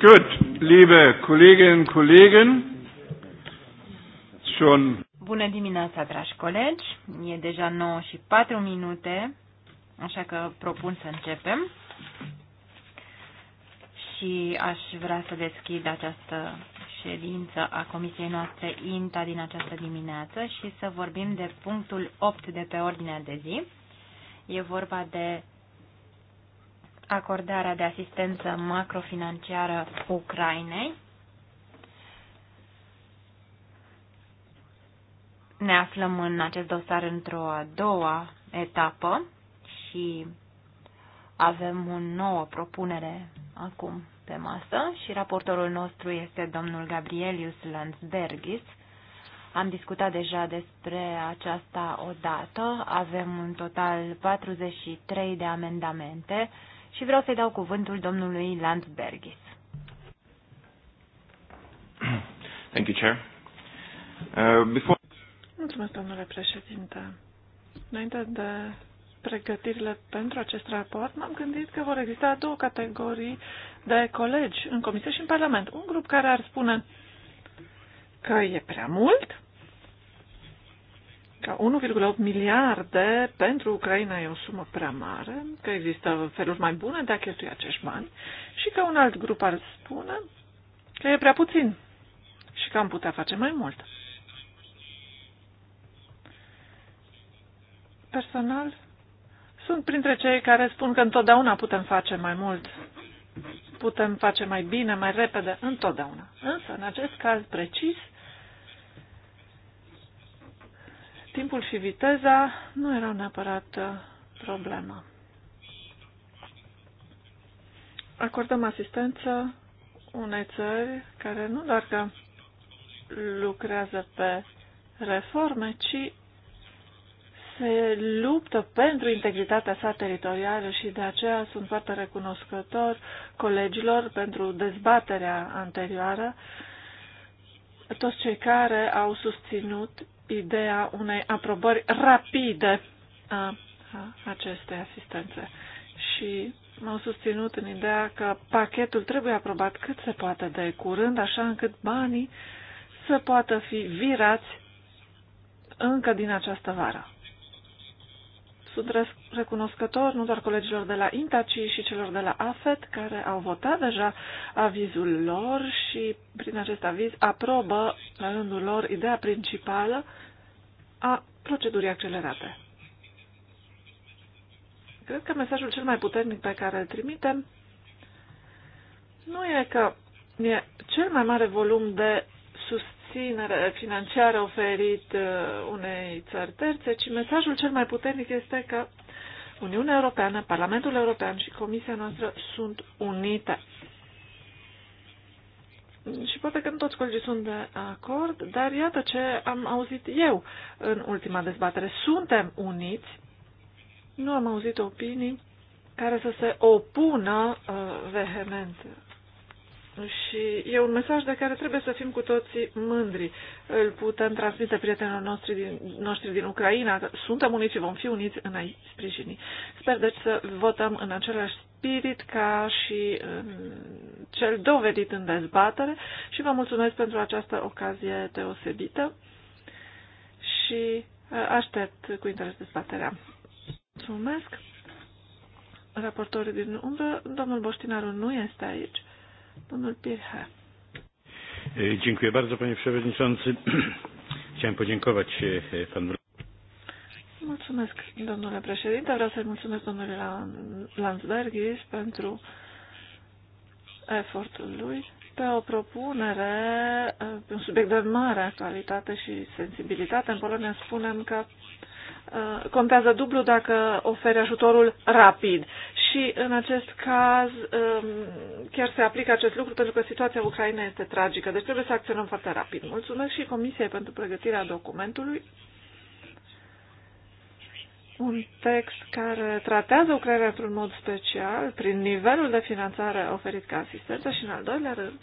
Gut, liebe Kolleginnen und Kollegen, schon. Bună dimineața, dragi colegi. E deja 9 și 4 minute, așa că propun să începem. Și aș vrea să deschid această ședință a comisiei noastre INTA din această dimineață și să vorbim de punctul 8 de pe ordinea de zi. E vorba de acordarea de asistență macrofinanciară Ucrainei. Ne aflăm în acest dosar într-o a doua etapă și avem o nouă propunere acum pe masă și raportorul nostru este domnul Gabrielius Landsbergis. Am discutat deja despre aceasta odată. Avem în total 43 de amendamente și vreau să-i dau cuvântul domnului Landbergis. Thank you, Chair. Uh, before... Mulțumesc, domnule președinte. Înainte de pregătirile pentru acest raport, m-am gândit că vor exista două categorii de colegi în Comisie și în Parlament. Un grup care ar spune că e prea mult ca 1,8 miliarde pentru Ucraina e o sumă prea mare, că există feluri mai bune de a cheltui acești bani și că un alt grup ar spune că e prea puțin și că am putea face mai mult. Personal, sunt printre cei care spun că întotdeauna putem face mai mult, putem face mai bine, mai repede, întotdeauna. Însă, în acest caz precis, timpul și viteza nu erau neapărat uh, problema. Acordăm asistență unei țări care nu doar că lucrează pe reforme, ci se luptă pentru integritatea sa teritorială și de aceea sunt foarte recunoscător colegilor pentru dezbaterea anterioară, toți cei care au susținut ideea unei aprobări rapide a acestei asistențe. Și m-au susținut în ideea că pachetul trebuie aprobat cât se poate de curând, așa încât banii să poată fi virați încă din această vară. Sunt recunoscător nu doar colegilor de la INTA, ci și celor de la AFET, care au votat deja avizul lor și prin acest aviz aprobă la rândul lor ideea principală a procedurii accelerate. Cred că mesajul cel mai puternic pe care îl trimitem nu e că e cel mai mare volum de susținere susținere financiară oferit uh, unei țări terțe, ci mesajul cel mai puternic este că Uniunea Europeană, Parlamentul European și Comisia noastră sunt unite. Și poate că nu toți colegii sunt de acord, dar iată ce am auzit eu în ultima dezbatere. Suntem uniți, nu am auzit opinii care să se opună uh, vehement și e un mesaj de care trebuie să fim cu toții mândri. Îl putem transmite prietenilor noștri din, noștri din Ucraina. Suntem uniți și vom fi uniți în a-i sprijini. Sper deci să votăm în același spirit ca și în cel dovedit în dezbatere și vă mulțumesc pentru această ocazie deosebită și uh, aștept cu interes dezbaterea. Mulțumesc! Raportorul din umbră, domnul Boștinaru nu este aici. Dziękuję bardzo, panie przewodniczący. Chciałem podziękować panu. Mulțumesc, domnule președinte. Vreau să-i mulțumesc domnului Landsbergis pentru efortul lui pe o propunere, pe un subiect de mare actualitate și sensibilitate. În Polonia spunem că contează dublu dacă oferi ajutorul rapid și în acest caz um, chiar se aplică acest lucru pentru că situația Ucrainei este tragică, deci trebuie să acționăm foarte rapid. Mulțumesc și Comisiei pentru pregătirea documentului. Un text care tratează Ucraina într-un mod special prin nivelul de finanțare oferit ca asistență și, în al doilea rând,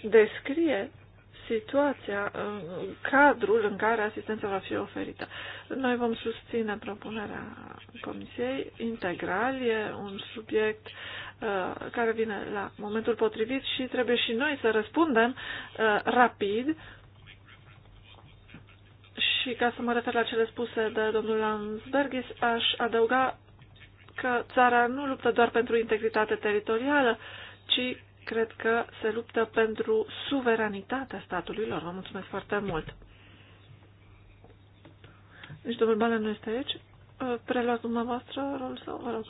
descrie situația, cadrul în care asistența va fi oferită. Noi vom susține propunerea Comisiei integral, e un subiect uh, care vine la momentul potrivit și trebuie și noi să răspundem uh, rapid și ca să mă refer la cele spuse de domnul Lansbergis, aș adăuga că țara nu luptă doar pentru integritate teritorială, ci cred că se luptă pentru suveranitatea statului lor. Vă mulțumesc foarte mult. Deci, domnul Bale nu este aici. Uh, preluați dumneavoastră rolul său, vă rog.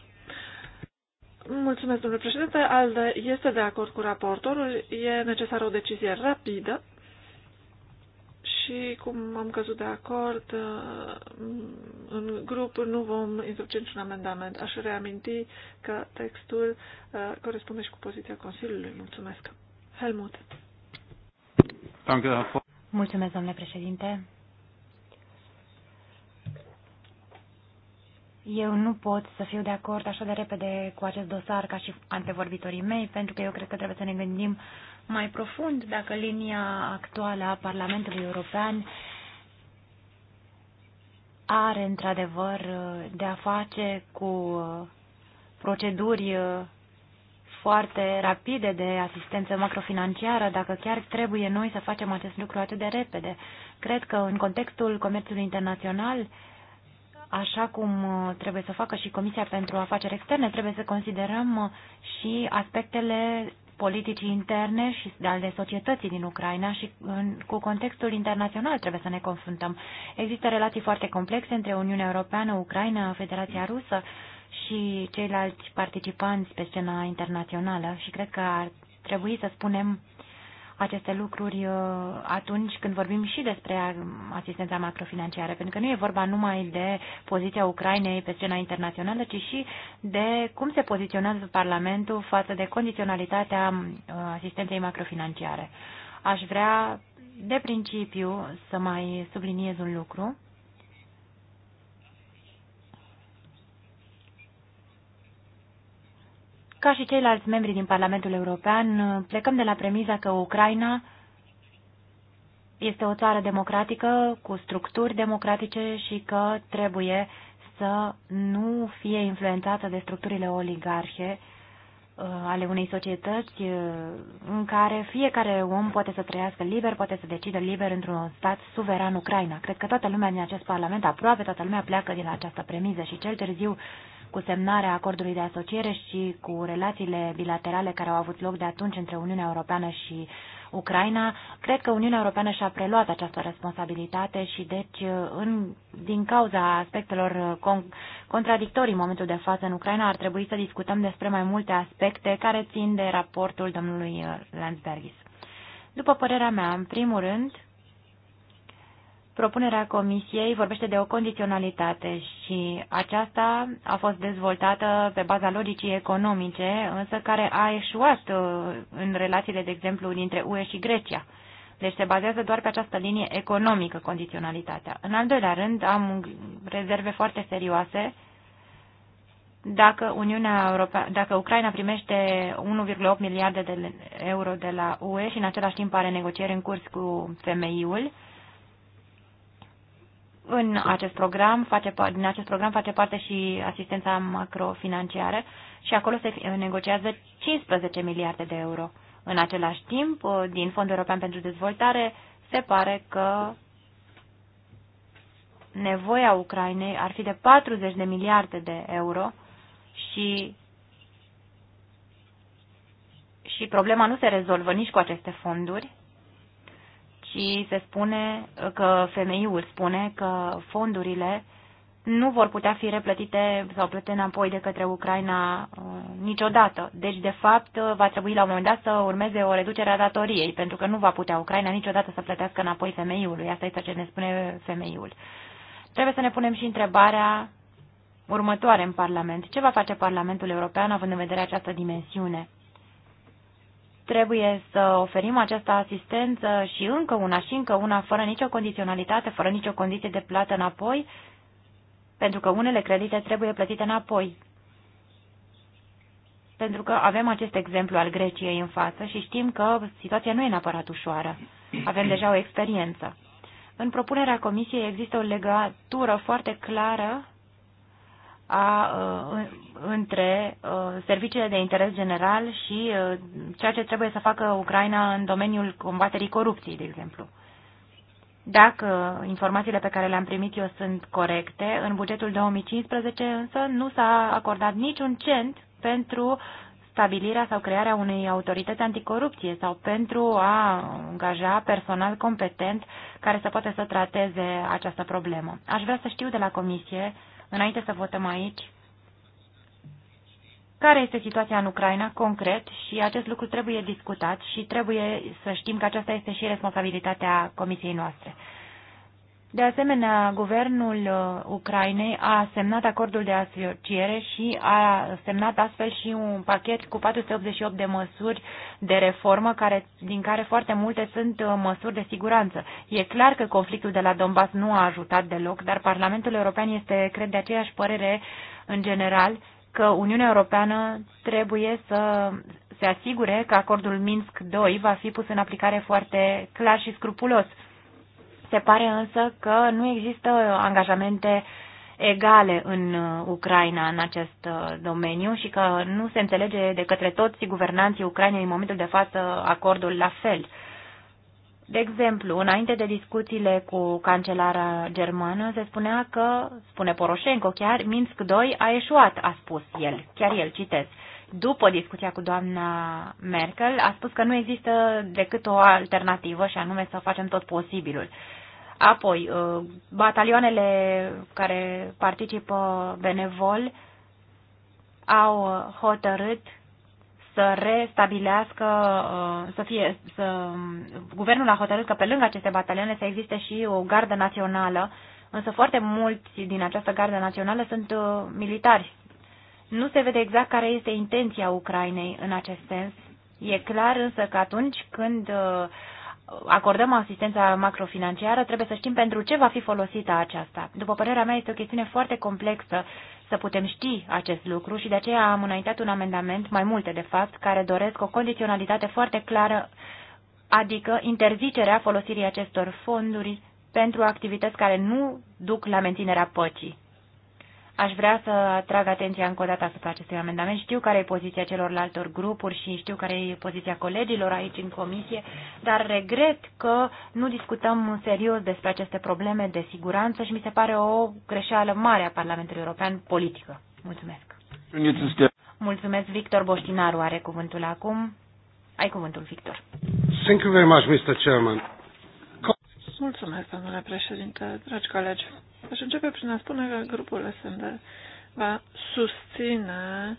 Mulțumesc, domnule președinte. ALDE este de acord cu raportorul. E necesară o decizie rapidă și cum am căzut de acord uh, în grup, nu vom introduce niciun amendament. Aș reaminti că textul uh, corespunde și cu poziția Consiliului. Mulțumesc. Helmut. Mulțumesc, domnule președinte. Eu nu pot să fiu de acord așa de repede cu acest dosar ca și antevorbitorii mei, pentru că eu cred că trebuie să ne gândim mai profund dacă linia actuală a Parlamentului European are într-adevăr uh, de a face cu uh, proceduri uh, foarte rapide de asistență macrofinanciară, dacă chiar trebuie noi să facem acest lucru atât de repede. Cred că în contextul comerțului internațional, așa cum trebuie să facă și Comisia pentru Afaceri Externe, trebuie să considerăm și aspectele politicii interne și de de societății din Ucraina și în, cu contextul internațional trebuie să ne confruntăm. Există relații foarte complexe între Uniunea Europeană, Ucraina, Federația Rusă și ceilalți participanți pe scena internațională și cred că ar trebui să spunem aceste lucruri uh, atunci când vorbim și despre asistența macrofinanciară, pentru că nu e vorba numai de poziția Ucrainei pe scena internațională, ci și de cum se poziționează Parlamentul față de condiționalitatea uh, asistenței macrofinanciare. Aș vrea, de principiu, să mai subliniez un lucru Ca și ceilalți membri din Parlamentul European, plecăm de la premiza că Ucraina este o țară democratică, cu structuri democratice și că trebuie să nu fie influențată de structurile oligarhe uh, ale unei societăți uh, în care fiecare om poate să trăiască liber, poate să decide liber într-un stat suveran Ucraina. Cred că toată lumea din acest parlament, aproape toată lumea, pleacă din această premiză și cel târziu cu semnarea acordului de asociere și cu relațiile bilaterale care au avut loc de atunci între Uniunea Europeană și Ucraina, cred că Uniunea Europeană și-a preluat această responsabilitate și deci în, din cauza aspectelor con, contradictorii în momentul de față în Ucraina ar trebui să discutăm despre mai multe aspecte care țin de raportul domnului Landsbergis. După părerea mea, în primul rând, Propunerea Comisiei vorbește de o condiționalitate și aceasta a fost dezvoltată pe baza logicii economice, însă care a eșuat uh, în relațiile, de exemplu, dintre UE și Grecia. Deci se bazează doar pe această linie economică, condiționalitatea. În al doilea rând, am rezerve foarte serioase dacă, Uniunea Europea, dacă Ucraina primește 1,8 miliarde de euro de la UE și în același timp are negocieri în curs cu femeiul, în acest program face, din acest program face parte și asistența macrofinanciară și acolo se negociază 15 miliarde de euro. În același timp, uh, din Fondul European pentru Dezvoltare, se pare că nevoia Ucrainei ar fi de 40 de miliarde de euro și, și problema nu se rezolvă nici cu aceste fonduri și se spune că femeiul spune că fondurile nu vor putea fi replătite sau plătite înapoi de către Ucraina uh, niciodată. Deci, de fapt, uh, va trebui la un moment dat să urmeze o reducere a datoriei, pentru că nu va putea Ucraina niciodată să plătească înapoi femeiului. Asta este ce ne spune femeiul. Trebuie să ne punem și întrebarea următoare în Parlament. Ce va face Parlamentul European având în vedere această dimensiune? Trebuie să oferim această asistență și încă una și încă una, fără nicio condiționalitate, fără nicio condiție de plată înapoi, pentru că unele credite trebuie plătite înapoi. Pentru că avem acest exemplu al Greciei în față și știm că situația nu e neapărat ușoară. Avem deja o experiență. În propunerea Comisiei există o legătură foarte clară a, între serviciile de interes general și ceea ce trebuie să facă Ucraina în domeniul combaterii corupției, de exemplu. Dacă informațiile pe care le-am primit eu sunt corecte, în bugetul 2015 însă nu s-a acordat niciun cent pentru stabilirea sau crearea unei autorități anticorupție sau pentru a angaja personal competent care să poată să trateze această problemă. Aș vrea să știu de la Comisie uh, înainte să votăm aici, care este situația în Ucraina concret și acest lucru trebuie discutat și trebuie să știm că aceasta este și responsabilitatea comisiei noastre. De asemenea, guvernul uh, Ucrainei a semnat acordul de asociere și a semnat astfel și un pachet cu 488 de măsuri de reformă, care, din care foarte multe sunt uh, măsuri de siguranță. E clar că conflictul de la Donbass nu a ajutat deloc, dar Parlamentul European este, cred, de aceeași părere în general că Uniunea Europeană trebuie să se asigure că acordul Minsk 2 va fi pus în aplicare foarte clar și scrupulos se pare însă că nu există angajamente egale în uh, Ucraina în acest uh, domeniu și că nu se înțelege de către toți guvernanții Ucrainei în momentul de față acordul la fel. De exemplu, înainte de discuțiile cu cancelara germană, se spunea că, spune Poroșenko chiar, Minsk 2 a eșuat, a spus el, chiar el, citez. După discuția cu doamna Merkel, a spus că nu există decât o alternativă și anume să facem tot posibilul. Apoi, uh, batalioanele care participă benevol au uh, hotărât să restabilească, uh, să fie, să, um, guvernul a hotărât că pe lângă aceste batalioane să existe și o gardă națională, însă foarte mulți din această gardă națională sunt militari. Nu se vede exact care este intenția Ucrainei în acest sens. E clar însă că atunci când acordăm asistența macrofinanciară, trebuie să știm pentru ce va fi folosită aceasta. După părerea mea, este o chestiune foarte complexă să putem ști acest lucru și de aceea am înaintat un amendament, mai multe de fapt, care doresc o condiționalitate foarte clară, adică interzicerea folosirii acestor fonduri pentru activități care nu duc la menținerea păcii. Aș vrea să atrag atenția încă o dată asupra acestui amendament. Știu care e poziția celorlaltor grupuri și știu care e poziția colegilor aici în comisie, dar regret că nu discutăm serios despre aceste probleme de siguranță și mi se pare o greșeală mare a Parlamentului European politică. Mulțumesc. Mulțumesc, Victor Boștinaru are cuvântul acum. Ai cuvântul, Victor. Thank you very much, Mr. Chairman. Mulțumesc, domnule președinte, dragi colegi. Aș începe prin a spune că grupul SND va susține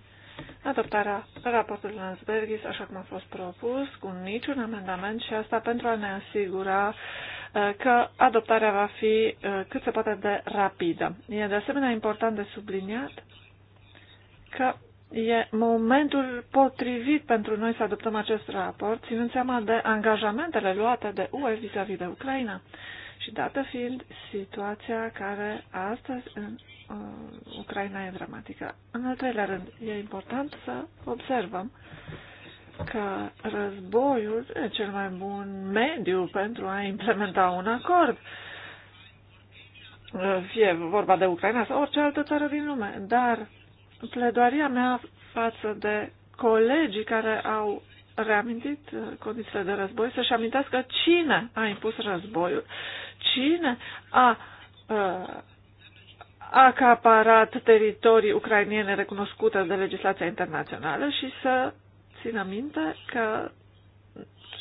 adoptarea raportului Lansbergis, așa cum a fost propus, cu niciun amendament și asta pentru a ne asigura uh, că adoptarea va fi uh, cât se poate de rapidă. E de asemenea important de subliniat că e momentul potrivit pentru noi să adoptăm acest raport, ținând seama de angajamentele luate de UE vis-a-vis -vis de Ucraina. Și dată fiind situația care astăzi în uh, Ucraina e dramatică. În al treilea rând, e important să observăm că războiul e cel mai bun mediu pentru a implementa un acord. Fie uh, vorba de Ucraina sau orice altă țară din lume. Dar pledoaria mea față de colegii care au reamintit uh, condițiile de război, să-și amintească cine a impus războiul, cine a a uh, acaparat teritorii ucrainiene recunoscute de legislația internațională și să țină minte că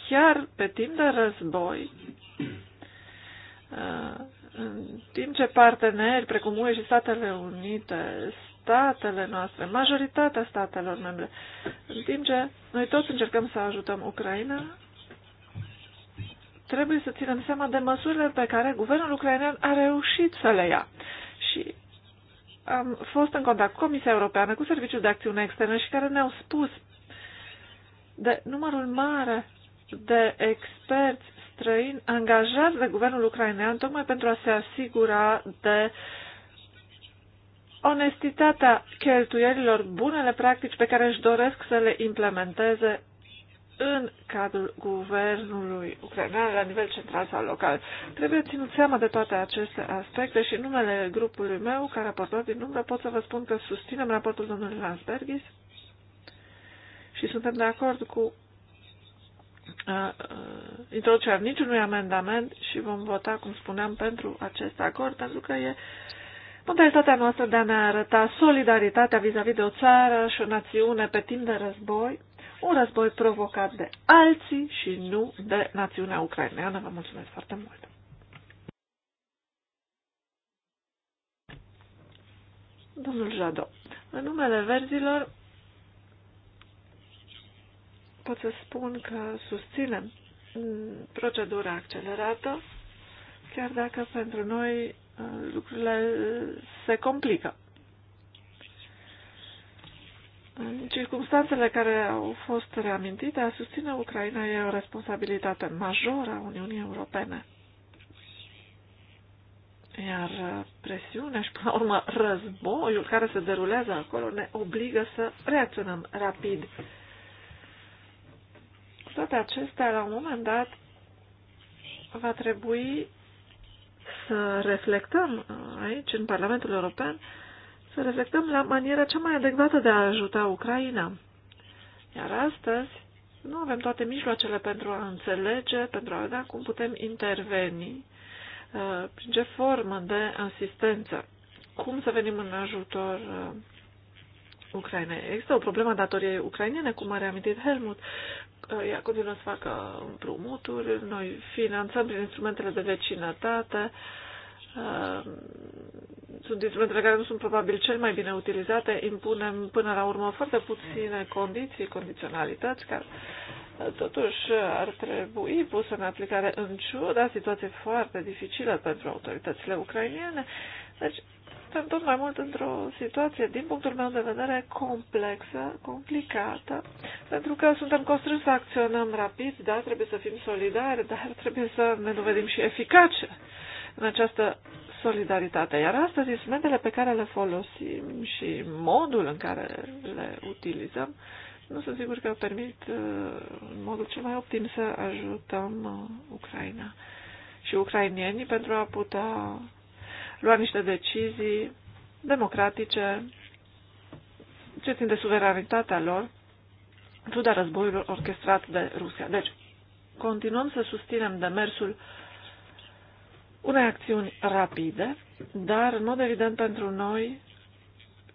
chiar pe timp de război, uh, în timp ce parteneri precum UE și Statele Unite statele noastre, majoritatea statelor membre. În timp ce noi toți încercăm să ajutăm Ucraina, trebuie să ținem seama de măsurile pe care guvernul ucrainean a reușit să le ia. Și am fost în contact cu Comisia Europeană, cu Serviciul de Acțiune Externă și care ne-au spus de numărul mare de experți străini angajați de guvernul ucrainean tocmai pentru a se asigura de uh, onestitatea cheltuielilor, bunele practici pe care își doresc să le implementeze în cadrul guvernului ucrainean la nivel central sau local. Trebuie ținut seama de toate aceste aspecte și numele grupului meu, ca raportor din umbră, pot să vă spun că susținem raportul domnului Lansbergis și suntem de acord cu uh, introducerea niciunui amendament și vom vota, cum spuneam, pentru acest acord, pentru că e uh, Modalitatea noastră de a ne arăta solidaritatea vis-a-vis -vis de o țară și o națiune pe timp de război, un război provocat de alții și nu de națiunea ucraineană. Vă mulțumesc foarte mult! Domnul Jado, în numele verzilor pot să spun că susținem procedura accelerată, chiar dacă pentru noi lucrurile se complică. În circumstanțele care au fost reamintite, a susține Ucraina e o responsabilitate majoră a Uniunii Europene. Iar presiunea și, până la urmă, războiul care se derulează acolo ne obligă să reacționăm rapid. Cu toate acestea, la un moment dat, va trebui să reflectăm aici, în Parlamentul European, să reflectăm la maniera cea mai adecvată de a ajuta Ucraina. Iar astăzi nu avem toate mijloacele pentru a înțelege, pentru a vedea cum putem interveni, uh, prin ce formă de asistență, cum să venim în ajutor uh, Ucrainei. Există o problemă datoriei ucrainene, cum a reamintit Helmut, ea continuă să facă împrumuturi, noi finanțăm prin instrumentele de vecinătate, ehm, sunt instrumentele care nu sunt probabil cel mai bine utilizate, impunem până la urmă foarte puține condiții, condiționalități care eh, totuși eh, ar trebui pusă în aplicare în ciuda situației foarte dificile pentru autoritățile ucrainiene. Deci suntem tot mai mult într-o situație, din punctul meu de vedere, complexă, complicată, pentru că suntem construiți să acționăm rapid, da, trebuie să fim solidari, dar trebuie să ne dovedim și eficace în această solidaritate. Iar astăzi, instrumentele pe care le folosim și modul în care le utilizăm, nu sunt sigur că permit uh, în modul cel mai optim să ajutăm uh, Ucraina și ucrainienii pentru a putea lua niște decizii democratice ce țin de suveranitatea lor, în ciuda războiului orchestrat de Rusia. Deci, continuăm să susținem demersul unei acțiuni rapide, dar, în mod evident pentru noi,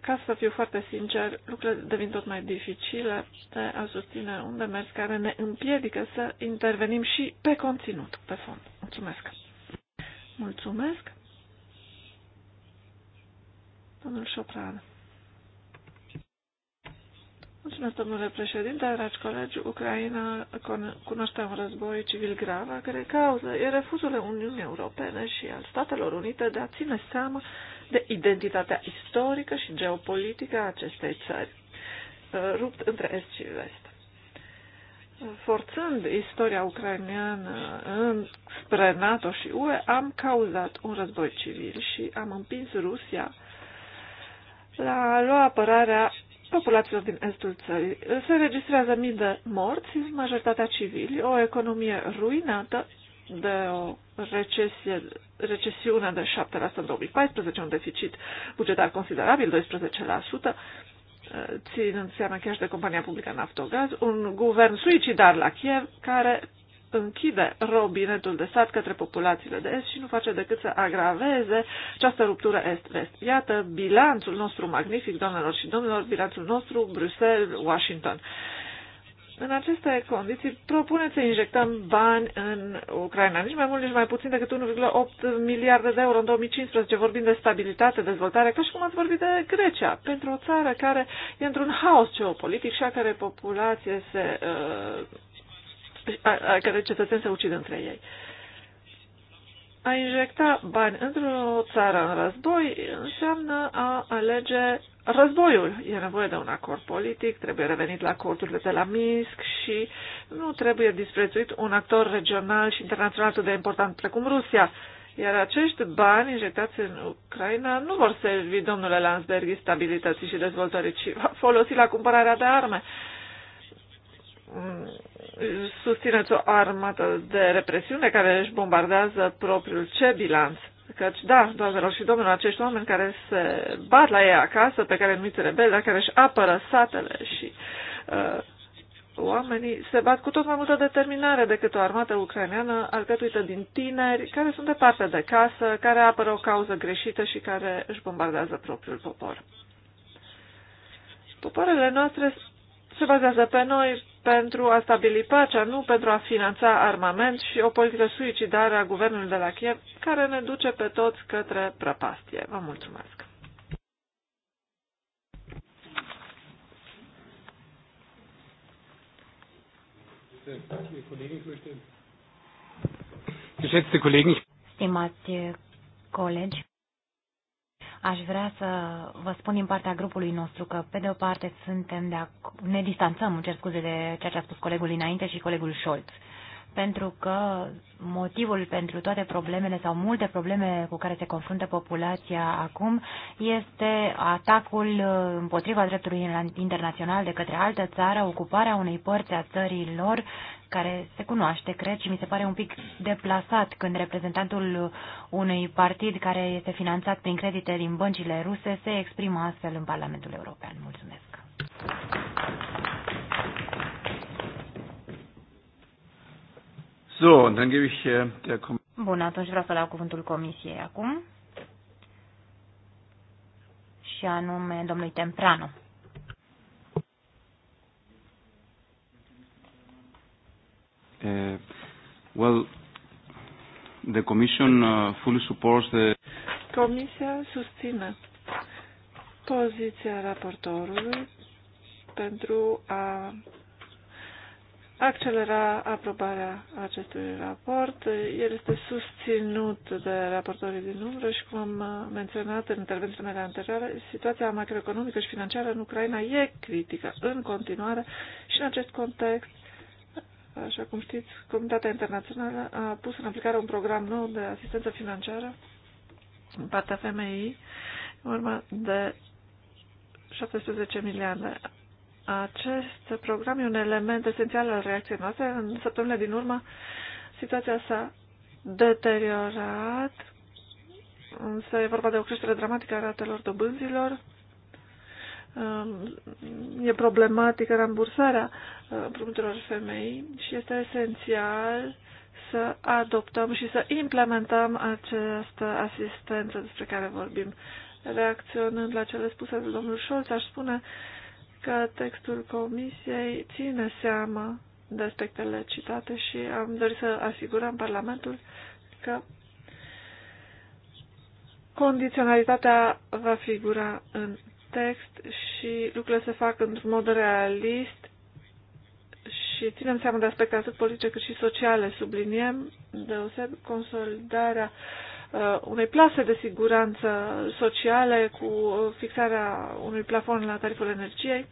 ca să fiu foarte sincer, lucrurile devin tot mai dificile de a susține un demers care ne împiedică să intervenim și pe conținut, pe fond. Mulțumesc! Mulțumesc! Domnul Șopran. Mulțumesc, domnule președinte, dragi colegi. Ucraina cunoștea un război civil grav, a care cauză e refuzul Uniunii Europene și al Statelor Unite de a ține seama de identitatea istorică și geopolitică a acestei țări, uh, rupt între Est și Vest. Forțând istoria ucraineană spre NATO și UE, am cauzat un război civil și am împins Rusia la a lua apărarea populațiilor din estul țării. Se registrează mii de morți, majoritatea civili, o economie ruinată de o recesie, recesiune de 7% în 2014, un deficit bugetar considerabil, 12%, ținând seama chiar și de compania publică Naftogaz, un guvern suicidar la Kiev care închide robinetul de sat către populațiile de est și nu face decât să agraveze această ruptură est-vest. Iată bilanțul nostru magnific, doamnelor și domnilor, bilanțul nostru Bruxelles-Washington. În aceste condiții, propuneți să injectăm bani în Ucraina. Nici mai mult, nici mai puțin decât 1,8 miliarde de euro în 2015, vorbim de stabilitate, dezvoltare, ca și cum ați vorbit de Grecia, pentru o țară care e într-un haos geopolitic și a care populație se uh, a cărei cetățeni se ucid între ei. A injecta bani într-o țară în război înseamnă a alege războiul. E nevoie de un acord politic, trebuie revenit la acordurile de la Minsk și nu trebuie disprețuit un actor regional și internațional atât de important precum Rusia. Iar acești bani injectați în Ucraina nu vor servi, domnule Landsbergi, stabilității și dezvoltării, ci va folosi la cumpărarea de arme susțineți o armată de represiune care își bombardează propriul ce bilanț. Căci, da, doamnelor și domnilor, acești oameni care se bat la ei acasă, pe care numiți rebeli, dar care își apără satele și uh, oamenii se bat cu tot mai multă determinare decât o armată ucraineană alcătuită din tineri care sunt departe de casă, care apără o cauză greșită și care își bombardează propriul popor. Poporele noastre se bazează pe noi, pentru a stabili pacea, nu pentru a finanța armament și o politică suicidară a guvernului de la Kiev, care ne duce pe toți către prăpastie. Vă mulțumesc! Stimați colegi, Aș vrea să vă spun din partea grupului nostru că, pe de o parte, suntem de ne distanțăm, cer scuze, de ceea ce a spus colegul înainte și colegul Scholz pentru că motivul pentru toate problemele sau multe probleme cu care se confruntă populația acum este atacul uh, împotriva dreptului internațional de către altă țară, ocuparea unei părți a țării lor care se cunoaște, cred, și mi se pare un pic deplasat când reprezentantul unui partid care este finanțat prin credite din băncile ruse se exprimă astfel în Parlamentul European. Mulțumesc! So, und dann gebe ich äh, der Bun, atunci vreau să dau cuvântul Comisiei acum și anume domnului Temprano. Uh, well, the Commission uh, fully supports the... Comisia susține poziția raportorului pentru a accelera aprobarea acestui raport. El este susținut de raportorii din umbră și, cum am menționat în intervențiile mele anterioare, situația macroeconomică și financiară în Ucraina e critică în continuare și în acest context Așa cum știți, Comunitatea Internațională a pus în aplicare un program nou de asistență financiară în partea FMI, în urmă de 17 miliarde. Acest program e un element esențial al reacției noastre. În săptămâna din urmă, situația s-a deteriorat, însă e vorba de o creștere dramatică a ratelor dobânzilor, Um, e problematică rambursarea uh, împrumuturilor femei și este esențial să adoptăm și să implementăm această asistență despre care vorbim. Reacționând la cele spuse de domnul Scholz, aș spune că textul Comisiei ține seama de aspectele citate și am dorit să asigurăm Parlamentul că condiționalitatea va figura în text și lucrurile se fac într-un mod realist și ținem seama de aspecte atât politice cât și sociale. Subliniem deoseb consolidarea uh, unei plase de siguranță sociale cu fixarea unui plafon la tariful energiei.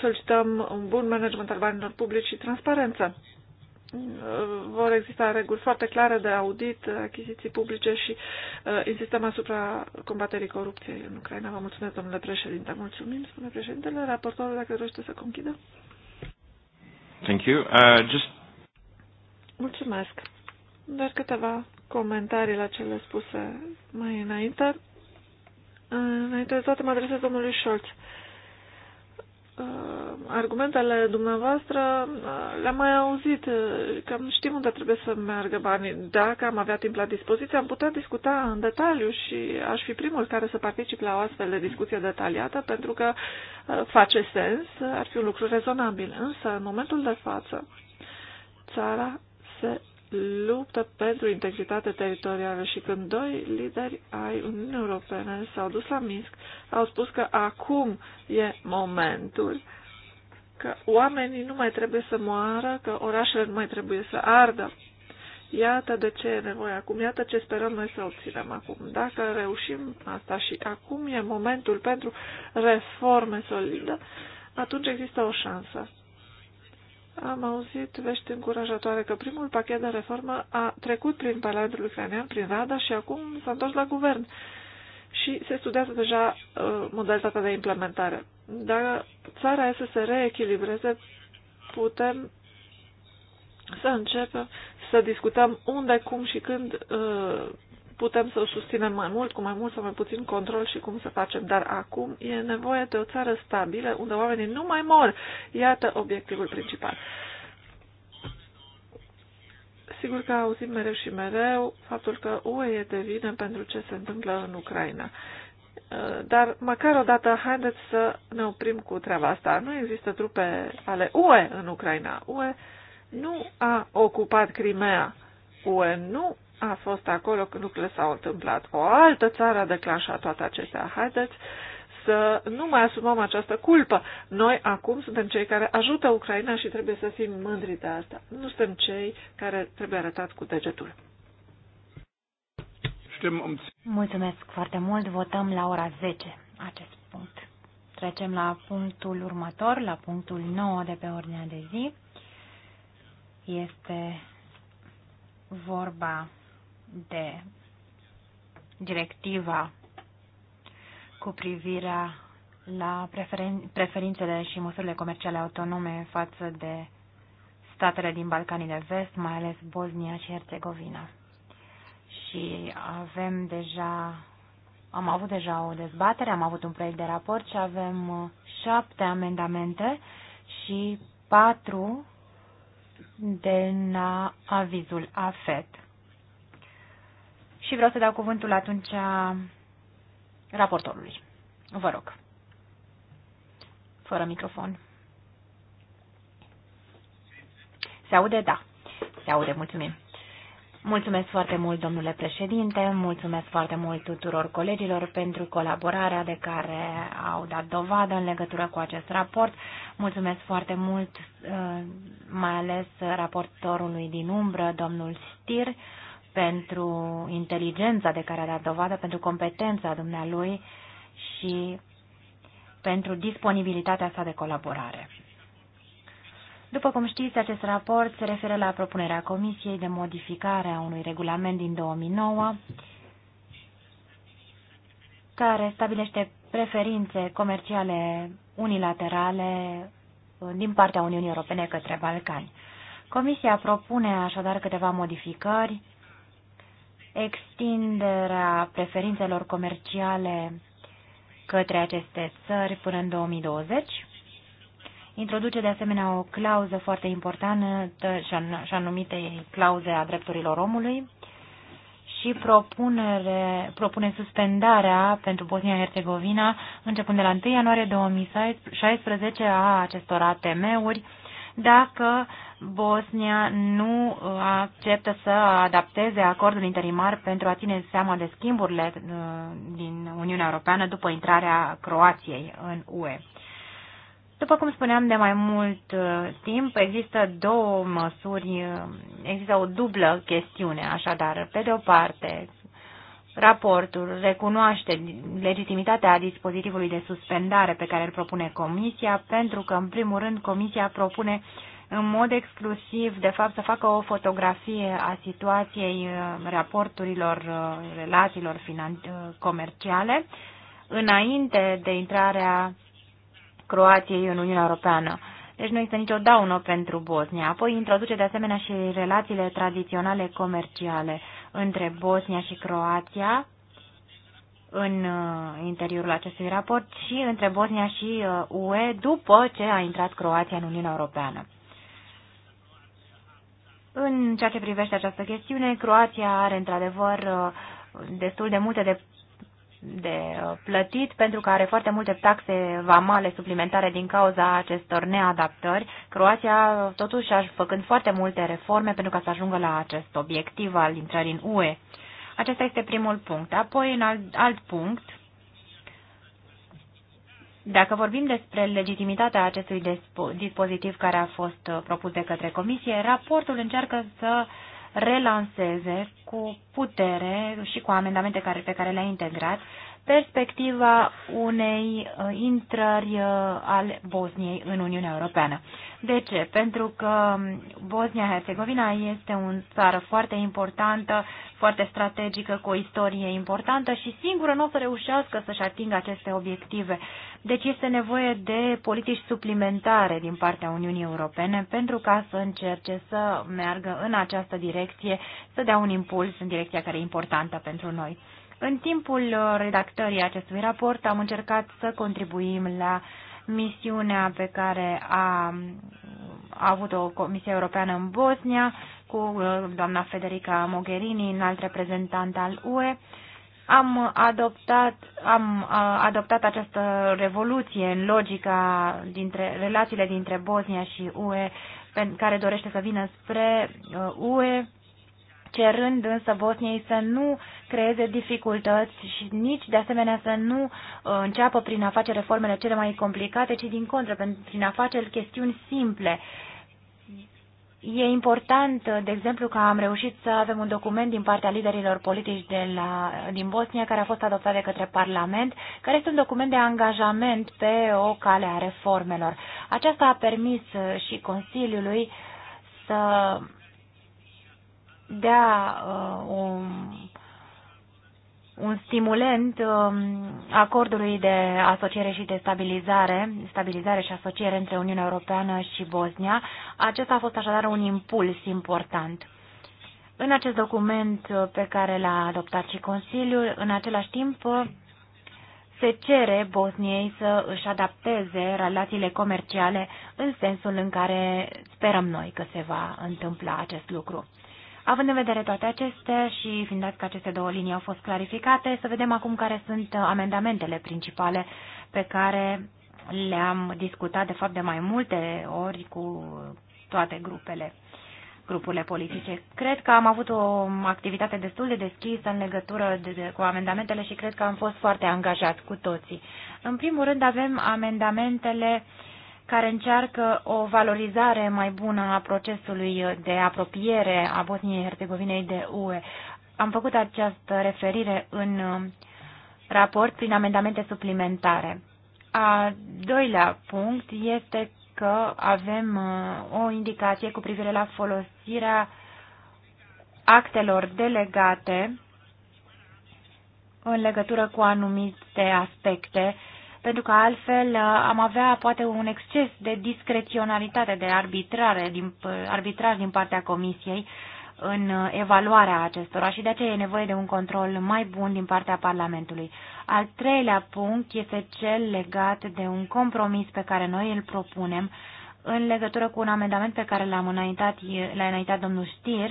Solicităm un bun management al banilor publici și transparență. Uh, vor exista reguli foarte clare de audit, achiziții publice și uh, insistăm asupra combaterii corupției în Ucraina. Vă mulțumesc, domnule președinte. Mulțumim, spune președintele. Raportorul, dacă dorește să conchidă. Thank you. Uh, just... Mulțumesc. Doar câteva comentarii la cele spuse mai înainte. Înainte de toate mă adresez domnului Scholz. Uh, Uh, argumentele dumneavoastră uh, le-am mai auzit, uh, știm unde trebuie să meargă banii. Dacă am avea timp la dispoziție, am putea discuta în detaliu și aș fi primul care să particip la o astfel de discuție detaliată, pentru că uh, face sens, ar fi un lucru rezonabil. Însă, în momentul de față, țara se luptă pentru integritate teritorială și când doi lideri ai Uniunii Europene s-au dus la Minsk, au spus că acum e momentul, că oamenii nu mai trebuie să moară, că orașele nu mai trebuie să ardă. Iată de ce e nevoie acum, iată ce sperăm noi să obținem acum. Dacă reușim asta și acum e momentul pentru reforme solide, atunci există o șansă am auzit vești încurajatoare că primul pachet de reformă a trecut prin Parlamentul ucrainean, prin Rada și acum s-a întors la guvern și se studiază deja uh, modalitatea de implementare. Dacă țara este să se reechilibreze, putem să începem să discutăm unde, cum și când uh, putem să o susținem mai mult, cu mai mult sau mai puțin control și cum să facem. Dar acum e nevoie de o țară stabilă unde oamenii nu mai mor. Iată obiectivul principal. Sigur că auzim mereu și mereu faptul că UE e de vină pentru ce se întâmplă în Ucraina. Dar măcar o dată haideți să ne oprim cu treaba asta. Nu există trupe ale UE în Ucraina. UE nu a ocupat Crimea. UE nu a fost acolo când lucrurile s-au întâmplat. O altă țară a declanșat toate acestea. Haideți să nu mai asumăm această culpă. Noi acum suntem cei care ajută Ucraina și trebuie să fim mândri de asta. Nu suntem cei care trebuie arătat cu degetul. Mulțumesc foarte mult. Votăm la ora 10 acest punct. Trecem la punctul următor, la punctul 9 de pe ordinea de zi. Este vorba de directiva cu privire la preferin- preferințele și măsurile comerciale autonome față de statele din Balcanii de Vest, mai ales Bosnia și Herțegovina. Și avem deja, am avut deja o dezbatere, am avut un proiect de raport și avem uh, șapte amendamente și patru de la avizul AFET și vreau să dau cuvântul atunci raportorului. Vă rog. Fără microfon. Se aude? Da. Se aude, mulțumim. Mulțumesc foarte mult, domnule președinte, mulțumesc foarte mult tuturor colegilor pentru colaborarea de care au dat dovadă în legătură cu acest raport. Mulțumesc foarte mult, uh, mai ales raportorului din umbră, domnul Stir, pentru inteligența de care a dat dovadă, pentru competența dumnealui și pentru disponibilitatea sa de colaborare. După cum știți, acest raport se referă la propunerea Comisiei de modificare a unui regulament din 2009 care stabilește preferințe comerciale unilaterale din partea Uniunii Europene către Balcani. Comisia propune așadar câteva modificări extinderea preferințelor comerciale către aceste țări până în 2020. Introduce de asemenea o clauză foarte importantă și anumite clauze a drepturilor omului și propunere, propune suspendarea pentru Bosnia-Herzegovina începând de la 1 ianuarie 2016 a acestor ATM-uri dacă Bosnia nu acceptă să adapteze acordul interimar pentru a ține seama de schimburile uh, din Uniunea Europeană după intrarea Croației în UE. După cum spuneam de mai mult uh, timp, există două măsuri, uh, există o dublă chestiune, așadar, pe de o parte, Raportul recunoaște legitimitatea dispozitivului de suspendare pe care îl propune Comisia, pentru că, în primul rând, Comisia propune uh, în mod exclusiv, de fapt, să facă o fotografie a situației uh, raporturilor, uh, relațiilor uh, comerciale, înainte de intrarea Croației în Uniunea Europeană. Deci nu există nicio daună pentru Bosnia. Apoi introduce de asemenea și relațiile tradiționale comerciale între Bosnia și Croația în interiorul acestui raport și între Bosnia și UE după ce a intrat Croația în Uniunea Europeană. În ceea ce privește această chestiune, Croația are într-adevăr uh, destul de multe de, de uh, plătit pentru că are foarte multe taxe vamale suplimentare din cauza acestor neadaptări. Croația totuși a făcând foarte multe reforme pentru ca să ajungă la acest obiectiv al intrării în UE. Acesta este primul punct. Apoi, în alt, alt punct, dacă vorbim despre legitimitatea acestui dispozitiv care a fost uh, propus de către Comisie, raportul încearcă să relanseze cu putere și cu amendamente care, pe care le-a integrat perspectiva unei uh, intrări uh, al Bosniei în Uniunea Europeană. De ce? Pentru că um, Bosnia-Herzegovina este o țară foarte importantă, foarte strategică, cu o istorie importantă și singură nu o să reușească să-și atingă aceste obiective. Deci este nevoie de politici suplimentare din partea Uniunii Europene pentru ca să încerce să meargă în această direcție, să dea un impuls în direcția care e importantă pentru noi. În timpul uh, redactării acestui raport am încercat să contribuim la misiunea pe care a, a avut-o Comisia Europeană în Bosnia cu uh, doamna Federica Mogherini, înalt reprezentant al UE. Am adoptat, am uh, adoptat această revoluție în logica dintre relațiile dintre Bosnia și UE, care dorește să vină spre UE cerând însă Bosniei să nu creeze dificultăți și nici de asemenea să nu uh, înceapă prin a face reformele cele mai complicate, ci din contră, prin a face chestiuni simple. E important, uh, de exemplu, că am reușit să avem un document din partea liderilor politici de la, din Bosnia care a fost adoptat de către Parlament, care este un document de angajament pe o cale a reformelor. Aceasta a permis uh, și Consiliului să dea uh, un, un stimulent uh, acordului de asociere și de stabilizare, stabilizare și asociere între Uniunea Europeană și Bosnia. Acesta a fost așadar un impuls important. În acest document uh, pe care l-a adoptat și Consiliul, în același timp uh, se cere Bosniei să își adapteze relațiile comerciale în sensul în care sperăm noi că se va întâmpla acest lucru. Având în vedere toate acestea și fiind dat că aceste două linii au fost clarificate, să vedem acum care sunt uh, amendamentele principale pe care le-am discutat de fapt de mai multe ori cu toate grupele grupurile politice. Cred că am avut o activitate destul de deschisă în legătură de, de, cu amendamentele și cred că am fost foarte angajat cu toții. În primul rând avem amendamentele uh, care încearcă o valorizare mai bună a procesului de apropiere a Bosniei Herțegovinei de UE. Am făcut această referire în uh, raport prin amendamente suplimentare. A doilea punct este că avem uh, o indicație cu privire la folosirea actelor delegate în legătură cu anumite aspecte pentru că altfel uh, am avea poate un exces de discreționalitate, de arbitrare, din, uh, arbitraj din partea Comisiei în uh, evaluarea acestora și de aceea e nevoie de un control mai bun din partea Parlamentului. Al treilea punct este cel legat de un compromis pe care noi îl propunem în legătură cu un amendament pe care l-a înaintat, înaintat domnul Știr,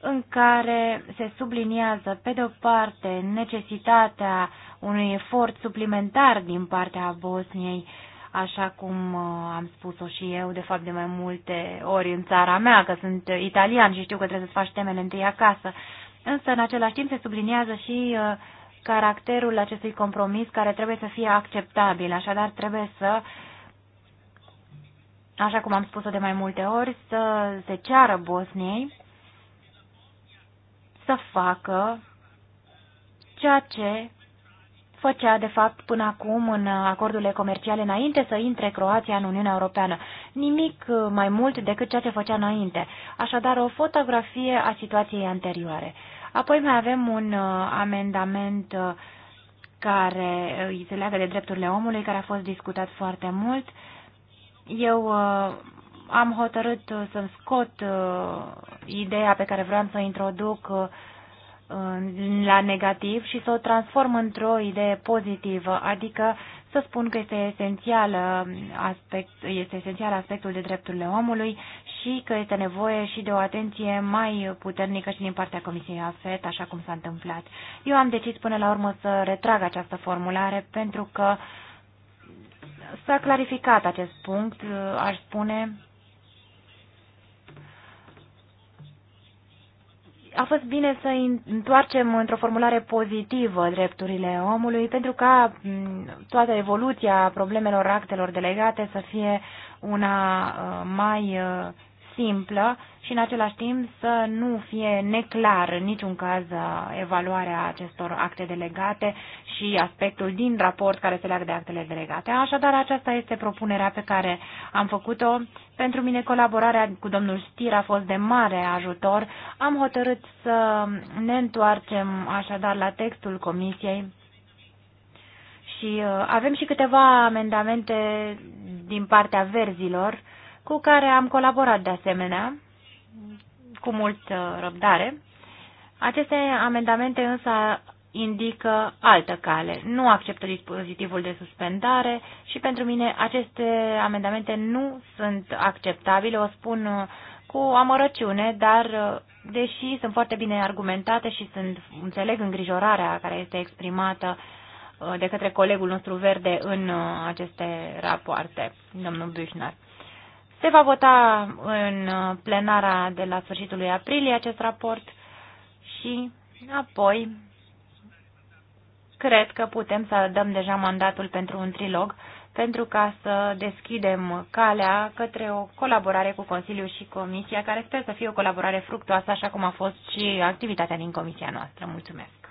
în care se subliniază, pe de-o parte, necesitatea unui efort suplimentar din partea Bosniei, așa cum uh, am spus-o și eu, de fapt, de mai multe ori în țara mea, că sunt italian și știu că trebuie să faci temele întâi acasă. Însă, în același timp, se subliniază și uh, caracterul acestui compromis care trebuie să fie acceptabil, așadar trebuie să așa cum am spus-o de mai multe ori, să se ceară Bosniei să facă ceea ce făcea, de fapt, până acum în acordurile comerciale înainte să intre Croația în Uniunea Europeană. Nimic mai mult decât ceea ce făcea înainte. Așadar, o fotografie a situației anterioare. Apoi mai avem un uh, amendament uh, care uh, se leagă de drepturile omului, care a fost discutat foarte mult. Eu am hotărât uh, să-mi scot uh, ideea pe care vreau să o introduc uh, la negativ și să o transform într-o idee pozitivă, adică să spun că este esențial, aspect, este esențial aspectul de drepturile omului și că este nevoie și de o atenție mai puternică și din partea Comisiei AFET, așa cum s-a întâmplat. Eu am decis până la urmă să retrag această formulare pentru că s-a clarificat acest punct, aș spune, a fost bine să întoarcem într-o formulare pozitivă drepturile omului pentru ca toată evoluția problemelor actelor delegate să fie una uh, mai uh, simplă și în același timp să nu fie neclar în niciun caz uh, evaluarea acestor acte delegate și aspectul din raport care se leagă de actele delegate. Așadar, aceasta este propunerea pe care am făcut-o. Pentru mine colaborarea cu domnul Stir a fost de mare ajutor. Am hotărât să ne întoarcem așadar la textul comisiei și uh, avem și câteva amendamente din partea verzilor cu care am colaborat de asemenea cu mult uh, răbdare. Aceste amendamente însă indică altă cale. Nu acceptă dispozitivul de suspendare și pentru mine aceste amendamente nu sunt acceptabile, o spun uh, cu amărăciune, dar uh, deși sunt foarte bine argumentate și sunt, înțeleg îngrijorarea care este exprimată de către colegul nostru verde în aceste rapoarte, domnul Bușnar. Se va vota în uh, plenara de la sfârșitul lui aprilie acest raport și apoi cred că putem să dăm deja mandatul pentru un trilog pentru ca să deschidem calea către o colaborare cu Consiliul și Comisia, care sper să fie o colaborare fructuoasă, așa cum a fost și activitatea din Comisia noastră. Mulțumesc!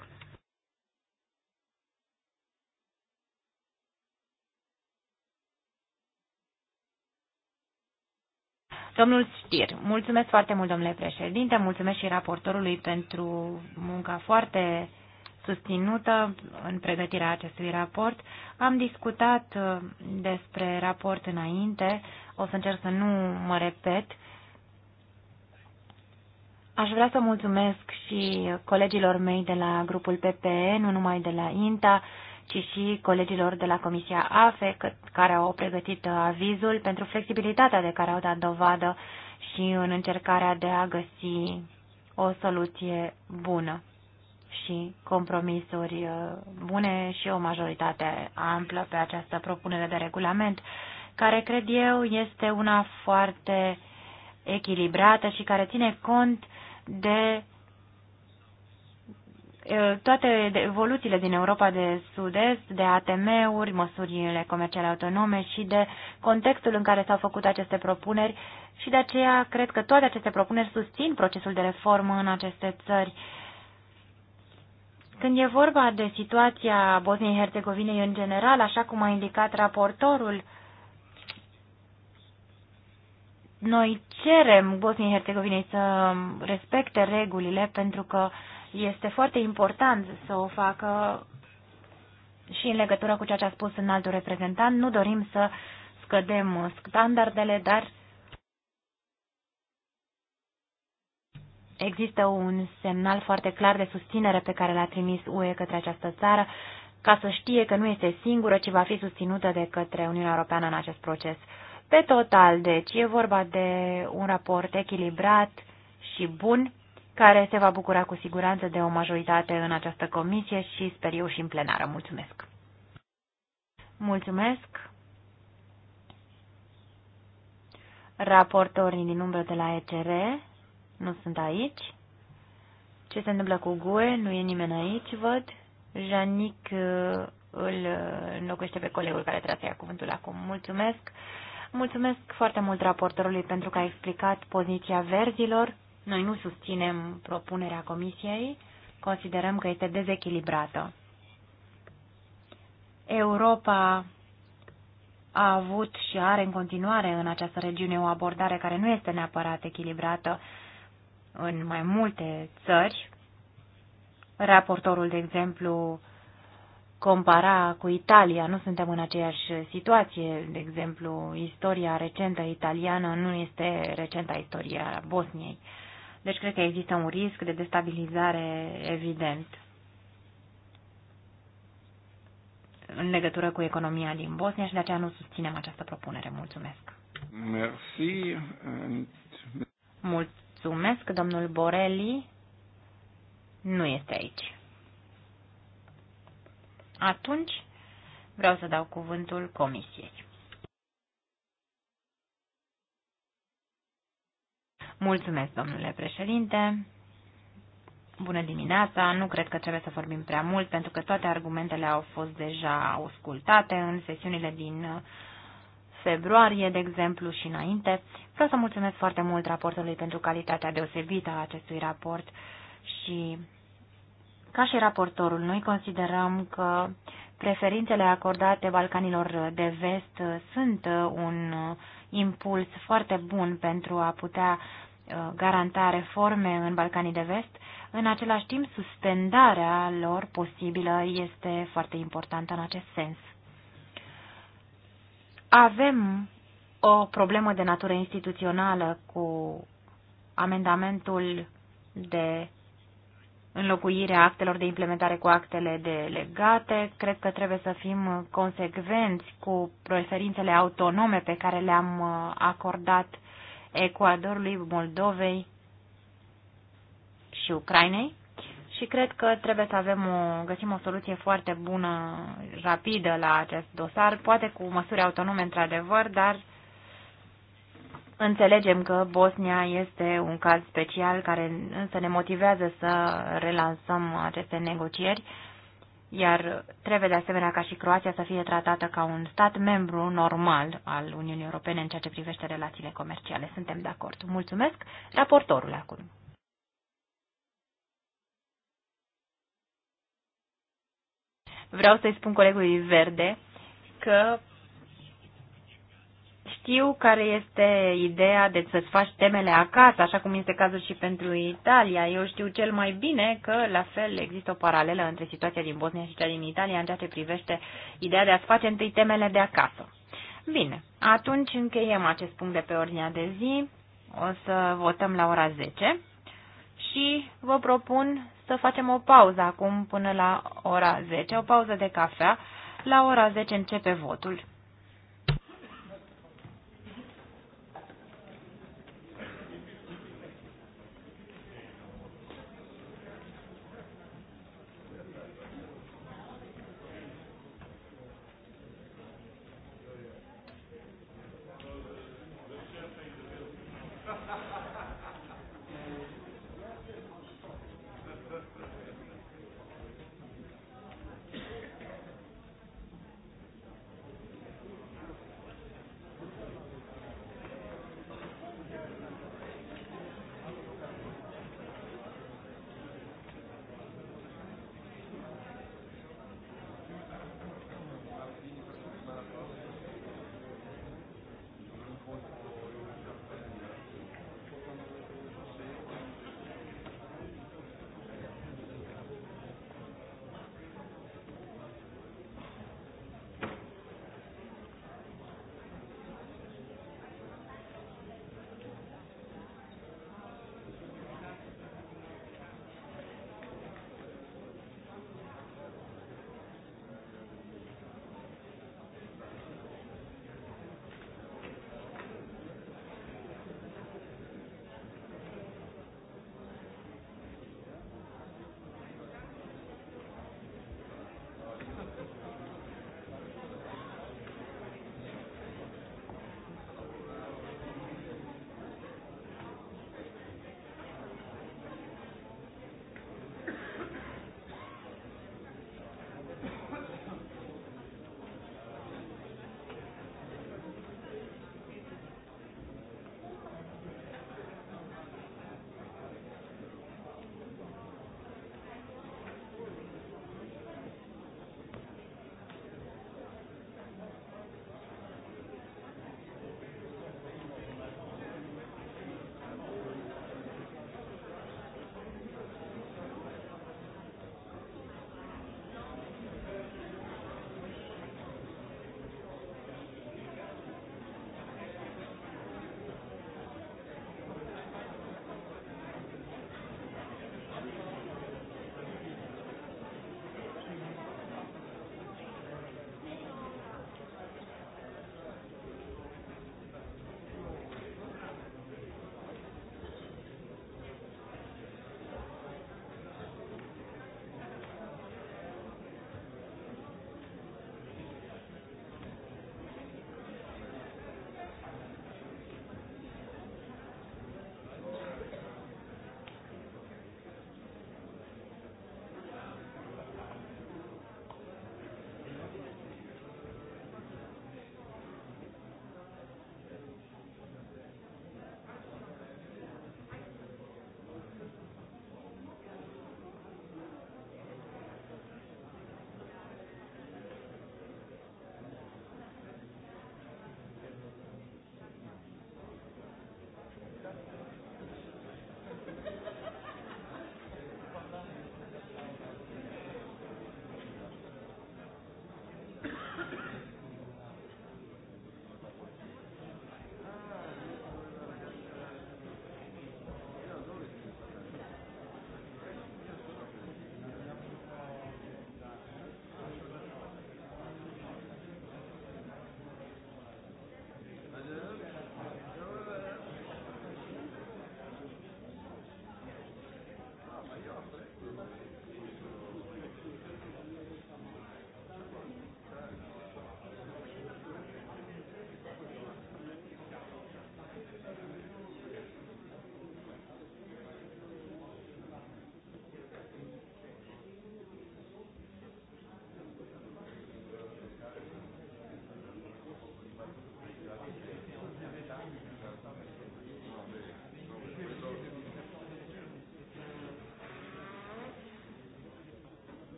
Domnul Stir, mulțumesc foarte mult, domnule președinte, mulțumesc și raportorului pentru munca foarte susținută în pregătirea acestui raport. Am discutat uh, despre raport înainte, o să încerc să nu mă repet. Aș vrea să mulțumesc și colegilor mei de la grupul PPE, nu numai de la INTA, ci și colegilor de la Comisia AFE, care au pregătit uh, avizul pentru flexibilitatea de care au dat dovadă și în încercarea de a găsi o soluție bună și compromisuri uh, bune și o majoritate amplă pe această propunere de regulament, care cred eu este una foarte echilibrată și care ține cont de toate evoluțiile din Europa de Sud-Est, de ATM-uri, măsurile comerciale autonome și de contextul în care s-au făcut aceste propuneri și de aceea cred că toate aceste propuneri susțin procesul de reformă în aceste țări. Când e vorba de situația Bosniei-Herzegovinei în general, așa cum a indicat raportorul, noi cerem Bosniei-Herzegovinei să respecte regulile pentru că uh, este foarte important să o facă și în legătură cu ceea ce a spus în altul reprezentant. Nu dorim să scădem standardele, dar există un semnal foarte clar de susținere pe care l-a trimis UE către această țară ca să știe că nu este singură, ci va fi susținută de către Uniunea Europeană în acest proces. Pe total, deci, e vorba de un raport echilibrat și bun care se va bucura cu siguranță de o majoritate în această comisie și sper eu și în plenară. Mulțumesc! Mulțumesc! Raportorii din umbră de la ECR nu sunt aici. Ce se întâmplă cu GUE? Nu e nimeni aici, văd. Janic uh, îl înlocuiește pe colegul care trebuie să ia cuvântul acum. Mulțumesc! Mulțumesc foarte mult raportorului pentru că a explicat poziția verzilor noi nu susținem propunerea Comisiei, considerăm că este dezechilibrată. Europa a avut și are în continuare în această regiune o abordare care nu este neapărat echilibrată în mai multe țări. Raportorul, de exemplu, compara cu Italia. Nu suntem în aceeași situație. De exemplu, istoria recentă italiană nu este recenta istoria Bosniei. Uh, deci cred că există un risc de destabilizare evident în legătură cu economia din Bosnia și de aceea nu susținem această propunere. Mulțumesc. Merci. Mulțumesc, domnul Borelli. Nu este aici. Atunci vreau să dau cuvântul comisiei. Mulțumesc, domnule președinte. Bună dimineața! Nu cred că trebuie să vorbim prea mult, pentru că toate argumentele au fost deja auscultate în sesiunile din uh, februarie, de exemplu, și înainte. Vreau să mulțumesc foarte mult raportului pentru calitatea deosebită a acestui raport și, ca și raportorul, noi considerăm că preferințele acordate Balcanilor de vest sunt un uh, impuls foarte bun pentru a putea Uh, garanta reforme în Balcanii de Vest, în același timp suspendarea lor posibilă este foarte importantă în acest sens. Avem o problemă de natură instituțională cu amendamentul de a actelor de implementare cu actele delegate. Cred că trebuie să fim consecvenți cu preferințele autonome pe care le-am uh, acordat Ecuadorului, Moldovei și Ucrainei și cred că trebuie să avem o, găsim o soluție foarte bună, rapidă la acest dosar, poate cu măsuri autonome într-adevăr, dar înțelegem că Bosnia este un caz special care însă ne motivează să relansăm aceste negocieri iar trebuie de asemenea ca și Croația să fie tratată ca un stat membru normal al Uniunii Europene în ceea ce privește relațiile comerciale. Suntem de acord. Mulțumesc. Raportorul acum. Vreau să-i spun colegului Verde că știu care este ideea de să-ți faci temele acasă, așa cum este cazul și pentru Italia. Eu știu cel mai bine că, la fel, există o paralelă între situația din Bosnia și cea din Italia în ceea ce privește ideea de a-ți face întâi temele de acasă. Bine, atunci încheiem acest punct de pe ordinea de zi. O să votăm la ora 10 și vă propun să facem o pauză acum până la ora 10, o pauză de cafea. La ora 10 începe votul.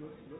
Yo, yo,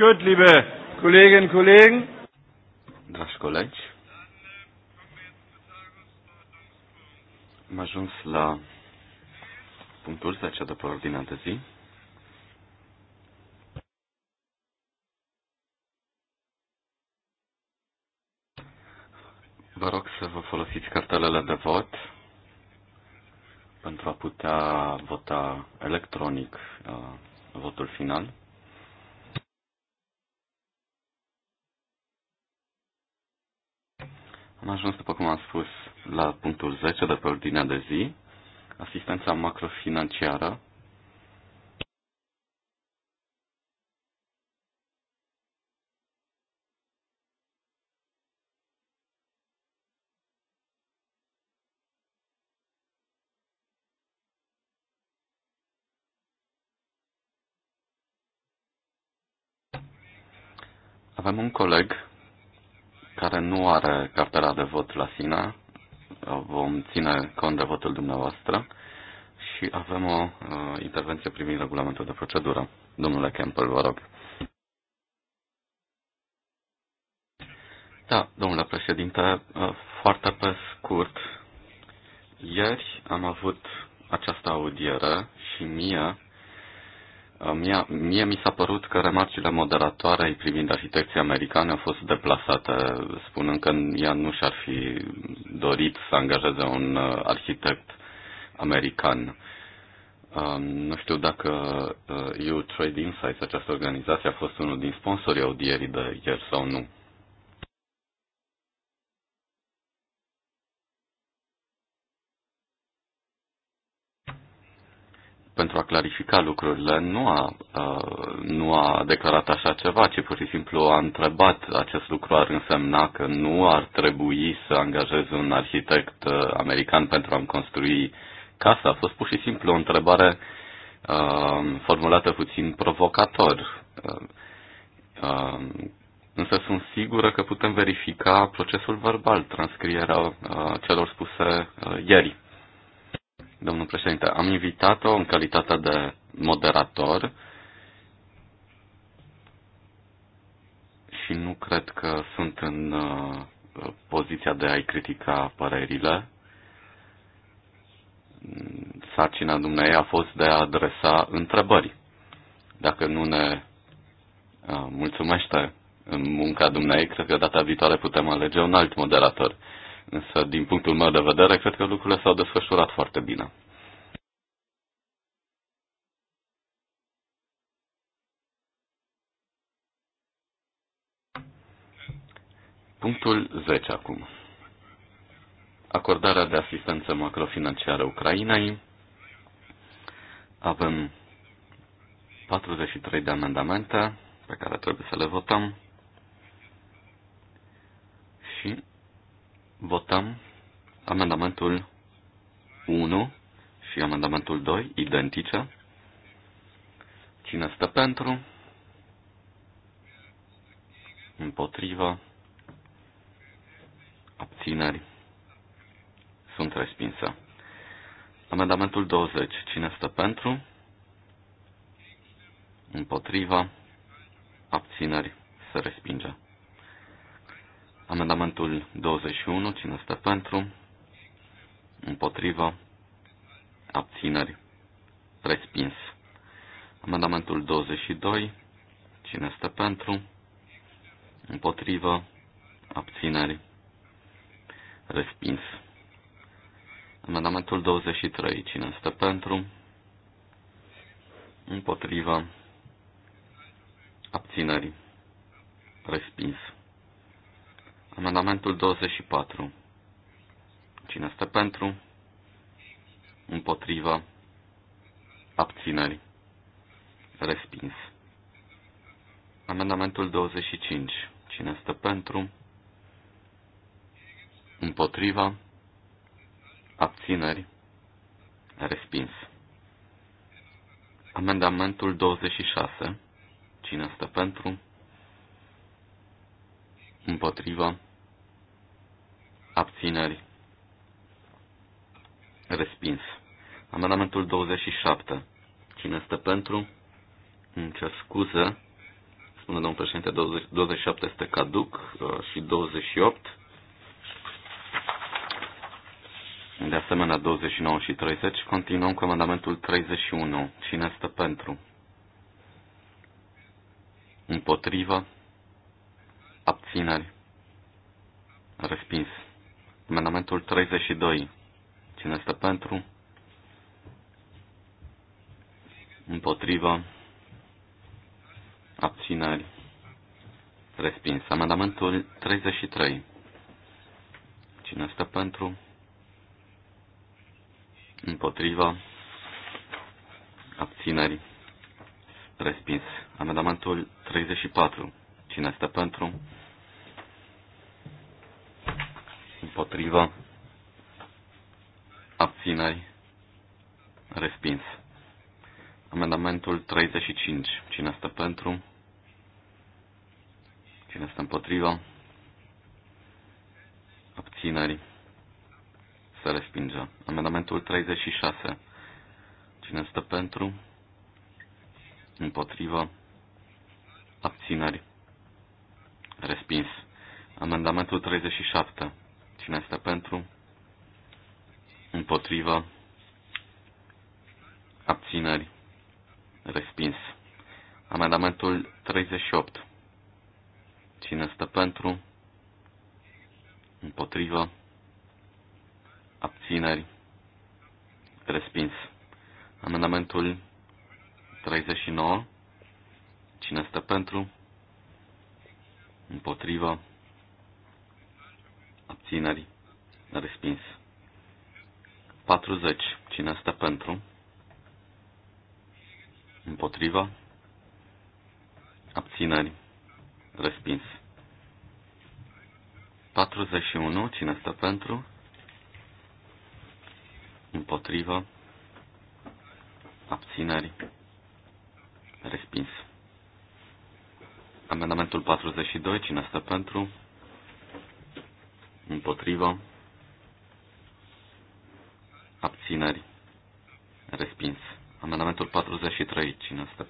Gut, liebe Kolleginnen und Kollegen. Dragi colegi, am ajuns la punctul 10 de după ordinea de zi. Vă rog să vă folosiți cartelele de vot pentru a putea vota electronic uh, votul final. Am ajuns, după cum am spus, la punctul 10 de pe ordinea de zi, asistența macrofinanciară. Avem un coleg care nu are cartela de vot la sine, vom ține cont de votul dumneavoastră și avem o uh, intervenție privind regulamentul de procedură. Domnule Campbell, vă rog. Da, domnule președinte, uh, foarte pe scurt. Ieri am avut această audiere și mie Mie, mie mi s-a părut că remarcile moderatoare privind arhitecții americană au fost deplasate, spunând că ea nu și-ar fi dorit să angajeze un uh, arhitect american. Um, nu știu dacă EU uh, Trade Insights, această organizație, a fost unul din sponsorii audierii de ieri sau nu. pentru a clarifica lucrurile, nu a, nu a declarat așa ceva, ci pur și simplu a întrebat acest lucru ar însemna că nu ar trebui să angajez un arhitect uh, american pentru a-mi construi casa. A fost pur și simplu o întrebare uh, formulată puțin provocator. Uh, însă sunt sigură că putem verifica procesul verbal, transcrierea celor spuse ieri domnul președinte. Am invitat-o în calitate de moderator și nu cred că sunt în uh, poziția de a-i critica părerile. Sarcina dumneavoastră a fost de a adresa întrebări. Dacă nu ne uh, mulțumește în munca dumneavoastră, cred că data viitoare putem alege un alt moderator. Însă, din punctul meu de vedere, cred că lucrurile s-au desfășurat foarte bine. Punctul 10 acum. Acordarea de asistență macrofinanciară Ucrainei. Avem 43 de amendamente pe care trebuie să le votăm și Votăm amendamentul 1 și amendamentul 2, identice. Cine stă pentru? Împotrivă? Abțineri? Sunt respinsă. Amendamentul 20. Cine stă pentru? Împotriva? Abțineri? Se respinge. Amendamentul 21, cine este pentru? Împotrivă? Abțineri? Respins. Amendamentul 22, cine este pentru? Împotrivă? Abțineri? Respins. Amendamentul 23, cine este pentru? Împotrivă? Abțineri? Respins. Amendamentul 24. Cine este pentru? Împotriva? Abțineri? Respins. Amendamentul 25. Cine este pentru? Împotriva? Abțineri? Respins. Amendamentul 26. Cine este pentru? Împotriva? abțineri, respins. Amendamentul 27. Cine este pentru? În ce scuză? Spune domnul președinte, 20, 27 este caduc uh, și 28. De asemenea, 29 și 30. Continuăm cu amendamentul 31. Cine este pentru? Împotriva? Abțineri? Respins. Amendamentul 32. Cine este pentru? Împotrivă. Abțineri. Respins. Amendamentul 33. Cine este pentru? Împotriva. Abțineri. Respins. Amendamentul 34. Cine este pentru? împotrivă, abțineri, respins. Amendamentul 35. Cine stă pentru? Cine stă împotrivă? Abțineri. Se respinge. Amendamentul 36. Cine stă pentru? Împotrivă? Abțineri. Respins. Amendamentul 37. Cine este pentru? Împotriva? Abțineri? Respins. Amendamentul 38. Cine este pentru? Împotriva? Abțineri? Respins. Amendamentul 39. Cine este pentru? Împotriva? tineri, respins. 40. Cine stă pentru? Împotriva? Abțineri, respins. 41. Cine stă pentru? Împotriva? Abțineri, respins. Amendamentul 42. Cine stă pentru? împotrivă, abțineri, respins. Amendamentul 43, cine stă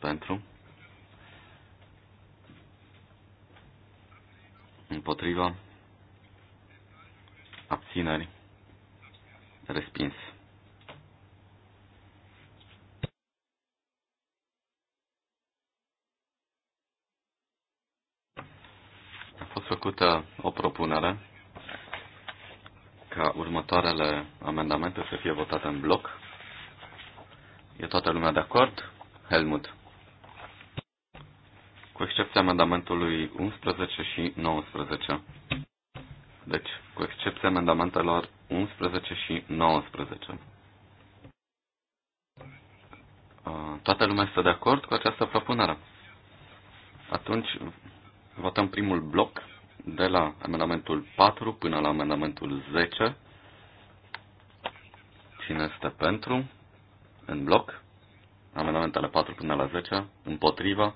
pentru? Împotriva. Abțineri. Respins. fost făcută o propunere ca următoarele amendamente să fie votate în bloc. E toată lumea de acord? Helmut. Cu excepția amendamentului 11 și 19. Deci, cu excepția amendamentelor 11 și 19. Uh, toată lumea este de acord cu această propunere. Atunci Votăm primul bloc de la amendamentul 4 până la amendamentul 10. Cine este pentru? În bloc. Amendamentele 4 până la 10. Împotriva.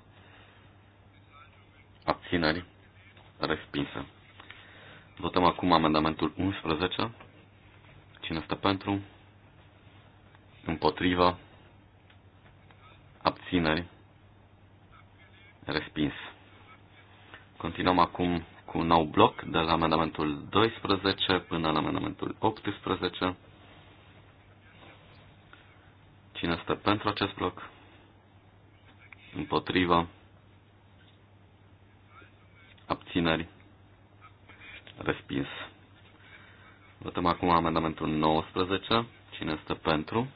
Abțineri. Respinsă. Votăm acum amendamentul 11. Cine este pentru? Împotriva. Abțineri. Respinsă. Continuăm acum cu un nou bloc de la amendamentul 12 până la amendamentul 18. Cine stă pentru acest bloc? Împotriva? Abțineri? Respins. Votăm acum amendamentul 19. Cine stă pentru?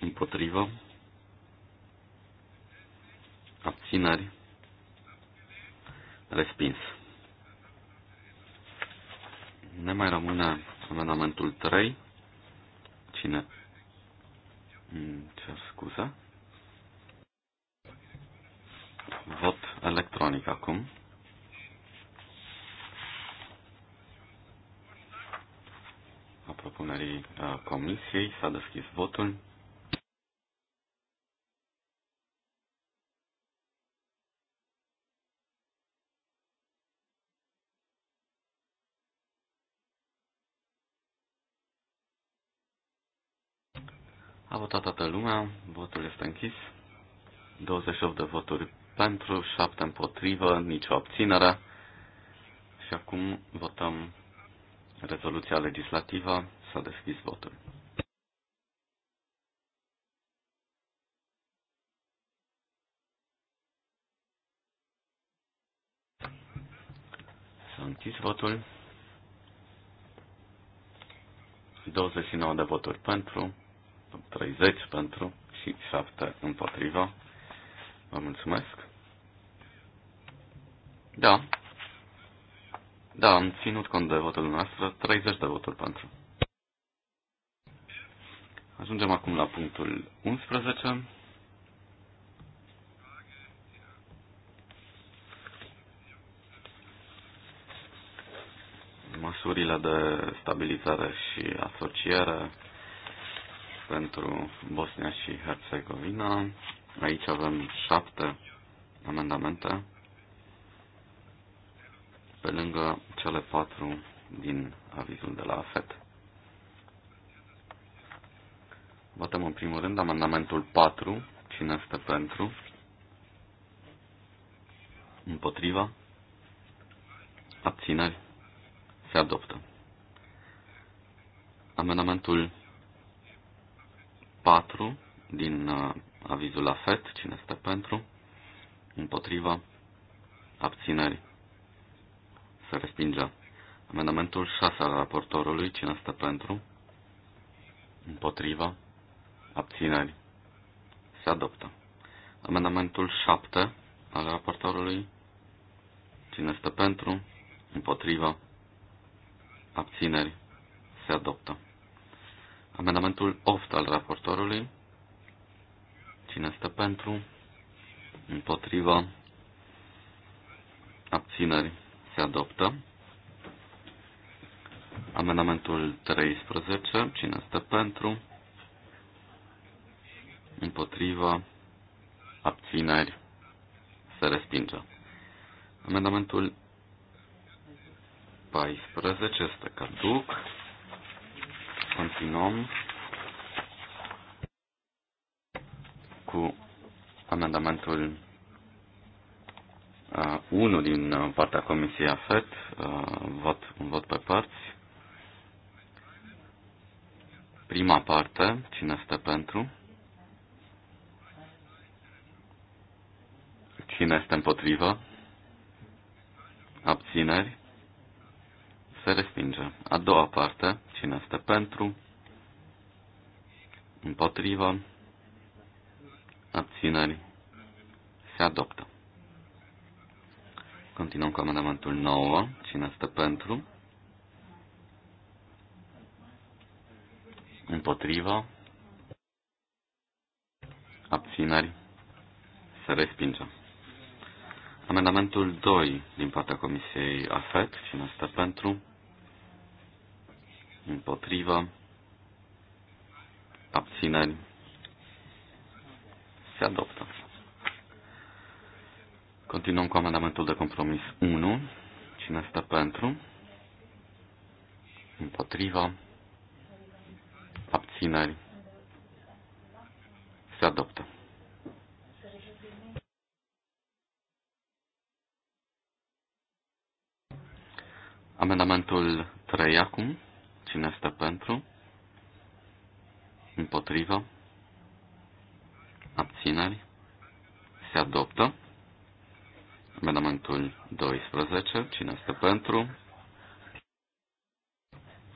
Împotrivă? abținări, respins. Ne mai rămâne amendamentul 3. Cine? Mm, ce scuză? Vot electronic acum. A propunerii uh, comisiei s-a deschis votul. A votat toată lumea, votul este închis. 28 de voturi pentru, 7 împotrivă, nicio abținere. Și acum votăm rezoluția legislativă. S-a deschis votul. S-a închis votul. 29 de voturi pentru, 30 pentru și 7 împotriva. Vă mulțumesc. Da. Da, am ținut cont de votul noastră, 30 de voturi pentru. Ajungem acum la punctul 11. Măsurile de stabilizare și asociere pentru Bosnia și Herțegovina. Aici avem șapte amendamente pe lângă cele patru din avizul de la AFET. Votăm în primul rând amendamentul 4. Cine este pentru? Împotriva? Abțineri? Se adoptă. Amendamentul 4 din uh, avizul FET, Cine este pentru? Împotriva? Abțineri? Se respinge. Amendamentul 6 al raportorului. Cine este pentru? Împotriva? Abțineri? Se adoptă. Amendamentul 7 al raportorului. Cine este pentru? Împotriva? Abțineri? Se adoptă. Amendamentul 8 al raportorului. Cine stă pentru? Împotriva? Abțineri? Se adoptă. Amendamentul 13. Cine stă pentru? Împotriva? Abțineri? Se respinge. Amendamentul 14 este caduc. Continuăm cu amendamentul uh, 1 din uh, partea Comisiei AFET, uh, vot, un vot pe părți. Prima parte, cine este pentru? Cine este împotrivă? Abțineri? se respinge. A doua parte, cine este pentru, împotriva, abțineri, se adoptă. Continuăm cu amendamentul 9, cine este pentru, împotriva, abțineri, se respinge. Amendamentul 2 din partea Comisiei AFET, cine este pentru, împotrivă, abțineri, se adoptă. Continuăm cu amendamentul de compromis 1. Cine stă pentru? Împotrivă. Abțineri? Se adoptă. Amendamentul 3 acum. Cine este pentru? Împotrivă? Abțineri? Se adoptă. Amendamentul 12. Cine este pentru?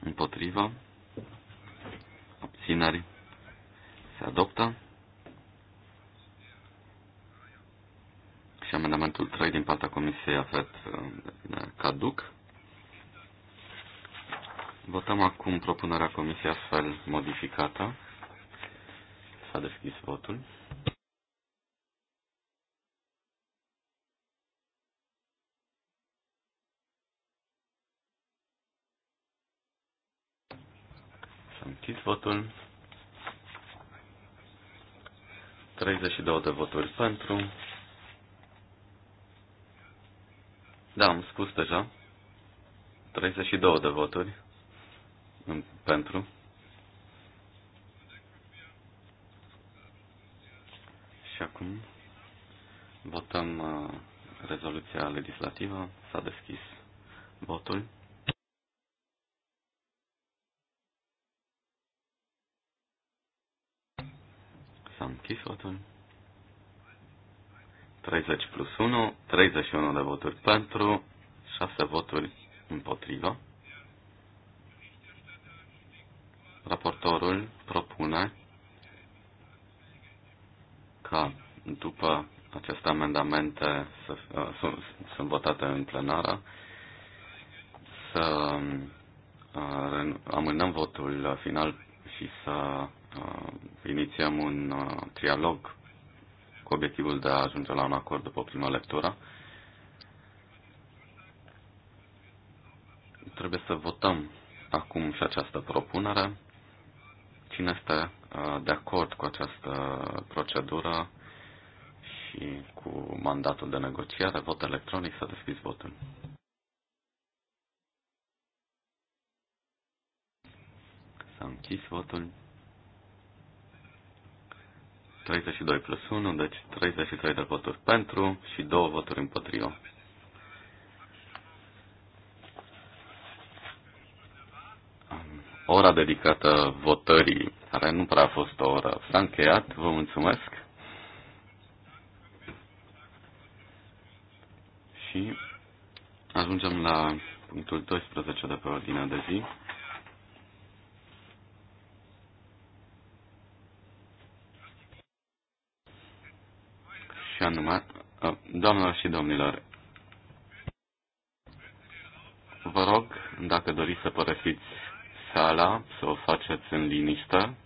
Împotrivă? Abțineri? Se adoptă. Și amendamentul 3 din partea Comisiei a fost uh, caduc. Votăm acum propunerea comisiei astfel modificată. S-a deschis votul. S-a închis votul. 32 de voturi pentru. Da, am spus deja. 32 de voturi pentru. Și acum votăm uh, rezoluția legislativă. S-a deschis votul. S-a închis votul. 30 plus 1, 31 de voturi pentru, 6 voturi împotriva. raportorul propune ca după aceste amendamente să, să, să, sunt votate în plenară, să amânăm votul final și să inițiem un trialog cu obiectivul de a ajunge la un acord după prima lectură. Trebuie să votăm acum și această propunere Cine este uh, de acord cu această procedură și cu mandatul de negociere, vot electronic, să deschizi votul. S-a închis votul. 32 plus 1, deci 33 de voturi pentru și 2 voturi împotriva. ora dedicată votării, care nu prea a fost o oră, s-a încheiat. Vă mulțumesc. Și ajungem la punctul 12 de pe ordinea de zi. Și anume, doamnelor și domnilor, vă rog, dacă doriți să părăsiți sala, să o faceți în liniște.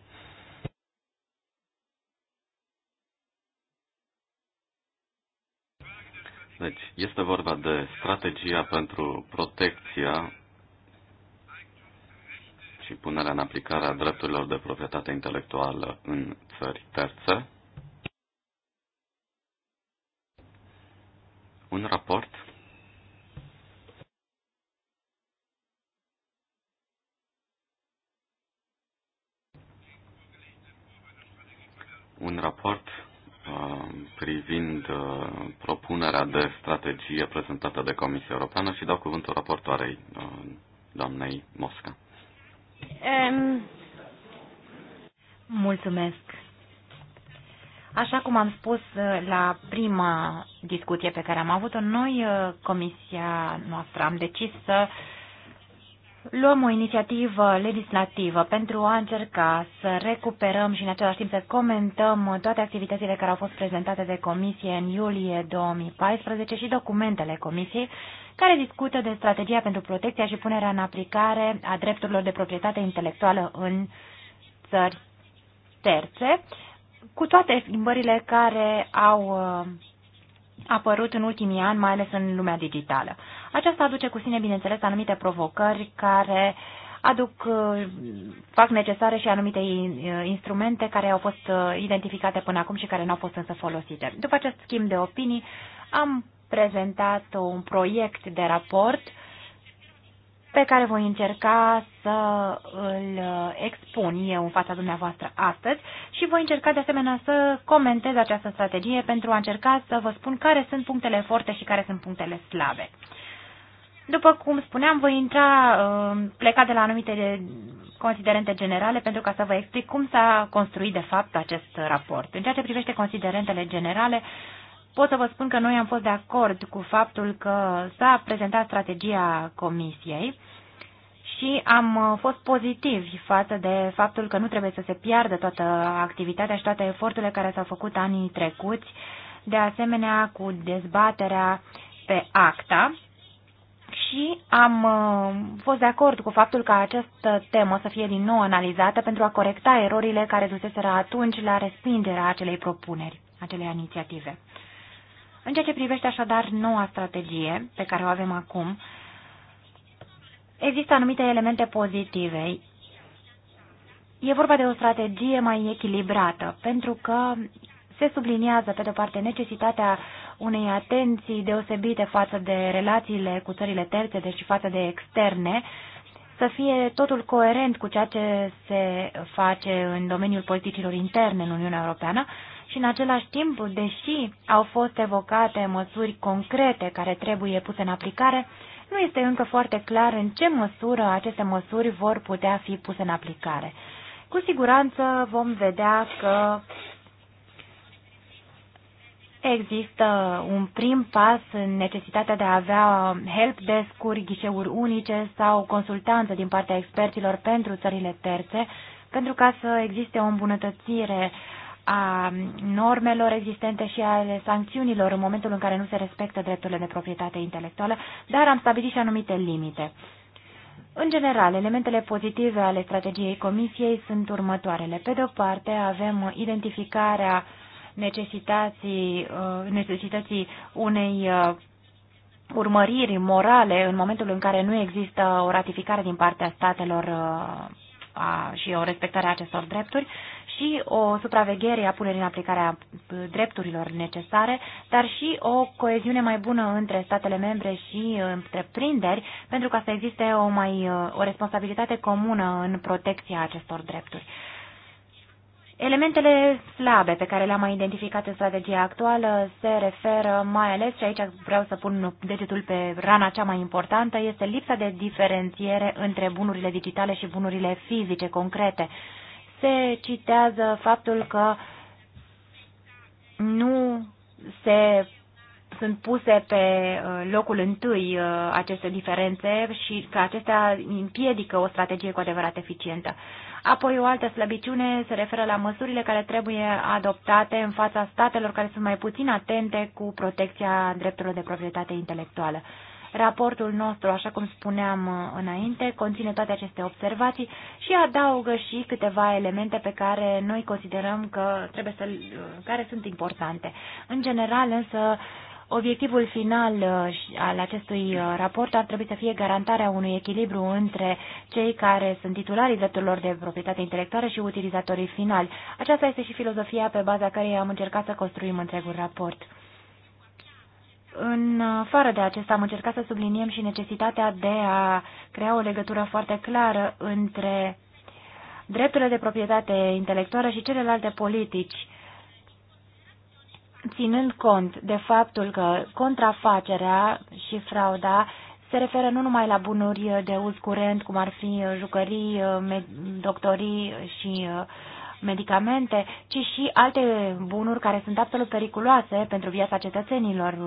Deci, este vorba de strategia pentru protecția și punerea în aplicare a drepturilor de proprietate intelectuală în țări terțe. Un raport un raport uh, privind uh, propunerea de strategie prezentată de Comisia Europeană și dau cuvântul raportoarei, uh, doamnei Mosca. Um, mulțumesc. Așa cum am spus la prima discuție pe care am avut-o, noi, comisia noastră, am decis să uh, luăm o inițiativă legislativă pentru a încerca să recuperăm și în același timp să comentăm toate activitățile care au fost prezentate de comisie în iulie 2014 și documentele comisiei care discută de strategia pentru protecția și punerea în aplicare a drepturilor de proprietate intelectuală în țări terțe, cu toate schimbările care au uh, apărut în ultimii ani, mai ales în lumea digitală. Aceasta aduce cu sine, bineînțeles, anumite provocări care aduc, uh, fac necesare și anumite uh, instrumente care au fost uh, identificate până acum și care nu au fost însă folosite. După acest schimb de opinii, am prezentat un proiect de raport pe care voi încerca să îl expun eu în fața dumneavoastră astăzi și voi încerca de asemenea să comentez această strategie pentru a încerca să vă spun care sunt punctele forte și care sunt punctele slabe. După cum spuneam, voi intra, uh, pleca de la anumite considerente generale pentru ca să vă explic cum s-a construit de fapt acest raport. În ceea ce privește considerentele generale, pot să vă spun că noi am fost de acord cu faptul că s-a prezentat strategia Comisiei și am uh, fost pozitivi față de faptul că nu trebuie să se piardă toată activitatea și toate eforturile care s-au făcut anii trecuți, de asemenea cu dezbaterea pe acta, și am uh, fost de acord cu faptul că această temă să fie din nou analizată pentru a corecta erorile care duseseră atunci la respingerea acelei propuneri, acelei inițiative. În ceea ce privește așadar noua strategie pe care o avem acum, există anumite elemente pozitive. E vorba de o strategie mai echilibrată, pentru că se subliniază, pe de-o parte, necesitatea unei atenții deosebite față de relațiile cu țările terțe, deci față de externe, să fie totul coerent cu ceea ce se face în domeniul politicilor interne în Uniunea Europeană și, în același timp, deși au fost evocate măsuri concrete care trebuie puse în aplicare, nu este încă foarte clar în ce măsură aceste măsuri vor putea fi puse în aplicare. Cu siguranță vom vedea că Există un prim pas în necesitatea de a avea helpdesk-uri, ghișeuri unice sau consultanță din partea experților pentru țările terțe, pentru ca să existe o îmbunătățire a normelor existente și ale sancțiunilor în momentul în care nu se respectă drepturile de proprietate intelectuală, dar am stabilit și anumite limite. În general, elementele pozitive ale strategiei Comisiei sunt următoarele. Pe de o parte, avem identificarea uh, necesității, uh, necesității unei uh, urmăriri morale în momentul în care nu există o ratificare din partea statelor uh, a, și o respectare a acestor drepturi și o supraveghere a punerii în aplicare a drepturilor necesare, dar și o coeziune mai bună între statele membre și întreprinderi, pentru ca să existe o, mai, o responsabilitate comună în protecția acestor drepturi. Elementele slabe pe care le-am mai identificat în strategia actuală se referă mai ales, și aici vreau să pun degetul pe rana cea mai importantă, este lipsa de diferențiere între bunurile digitale și bunurile fizice concrete. Se citează faptul că nu se sunt puse pe uh, locul întâi uh, aceste diferențe și că acestea împiedică o strategie cu adevărat eficientă. Apoi o altă slăbiciune se referă la măsurile care trebuie adoptate în fața statelor care sunt mai puțin atente cu protecția drepturilor de proprietate intelectuală. Raportul nostru, așa cum spuneam uh, înainte, conține toate aceste observații și adaugă și câteva elemente pe care noi considerăm că trebuie să, uh, care sunt importante. În general, însă, Obiectivul final uh, al acestui uh, raport ar trebui să fie garantarea unui echilibru între cei care sunt titularii drepturilor de proprietate intelectuală și utilizatorii finali. Aceasta este și filozofia pe baza care am încercat să construim întregul raport. În uh, fără de acesta, am încercat să subliniem și necesitatea de a crea o legătură foarte clară între drepturile de proprietate intelectuală și celelalte politici ținând cont de faptul că contrafacerea și frauda se referă nu numai la bunuri de uz curent, cum ar fi jucării, doctorii și uh, medicamente, ci și alte bunuri care sunt absolut periculoase pentru viața cetățenilor.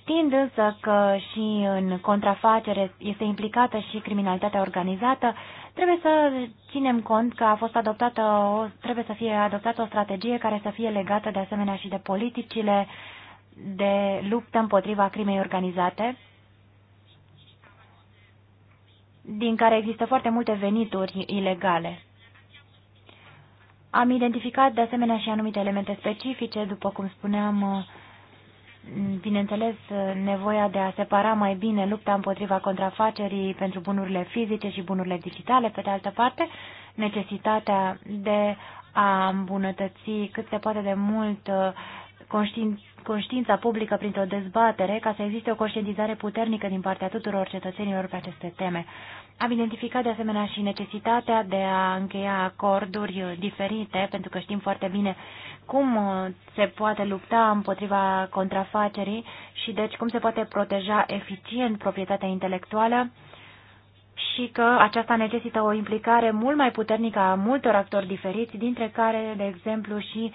Știind însă că și în contrafacere este implicată și criminalitatea organizată, Trebuie să ținem cont că a fost adoptată o, trebuie să fie adoptată o strategie care să fie legată de asemenea și de politicile de luptă împotriva crimei organizate, din care există foarte multe venituri ilegale. Am identificat de asemenea și anumite elemente specifice, după cum spuneam, bineînțeles, nevoia de a separa mai bine lupta împotriva contrafacerii pentru bunurile fizice și bunurile digitale, pe de altă parte, necesitatea de a îmbunătăți cât se poate de mult uh, conștient conștiința publică printr-o dezbatere ca să existe o conștientizare puternică din partea tuturor cetățenilor pe aceste teme. Am identificat de asemenea și necesitatea de a încheia acorduri diferite, pentru că știm foarte bine cum uh, se poate lupta împotriva contrafacerii și deci cum se poate proteja eficient proprietatea intelectuală și că aceasta necesită o implicare mult mai puternică a multor actori diferiți, dintre care, de exemplu, și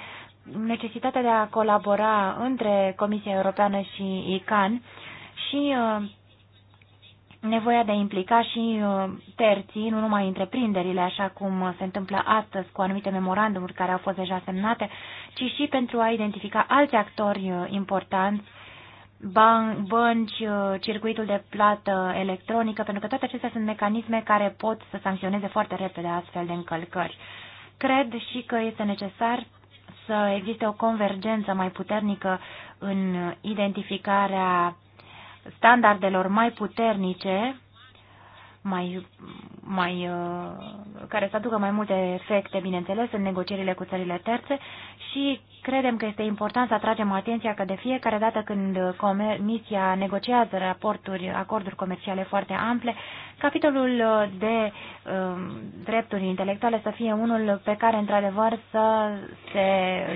necesitatea de a colabora între Comisia Europeană și ICAN și uh, nevoia de a implica și uh, terții, nu numai întreprinderile, așa cum se întâmplă astăzi cu anumite memorandumuri care au fost deja semnate, ci și pentru a identifica alți actori uh, importanți, bănci, circuitul de plată electronică, pentru că toate acestea sunt mecanisme care pot să sancționeze foarte repede astfel de încălcări. Cred și că este necesar să existe o convergență mai puternică în identificarea standardelor mai puternice, mai mai, uh, care să aducă mai multe efecte, bineînțeles, în negocierile cu țările terțe și credem că este important să atragem atenția că de fiecare dată când Comisia negociază raporturi, acorduri comerciale foarte ample, capitolul de um, drepturi intelectuale să fie unul pe care, într-adevăr, să se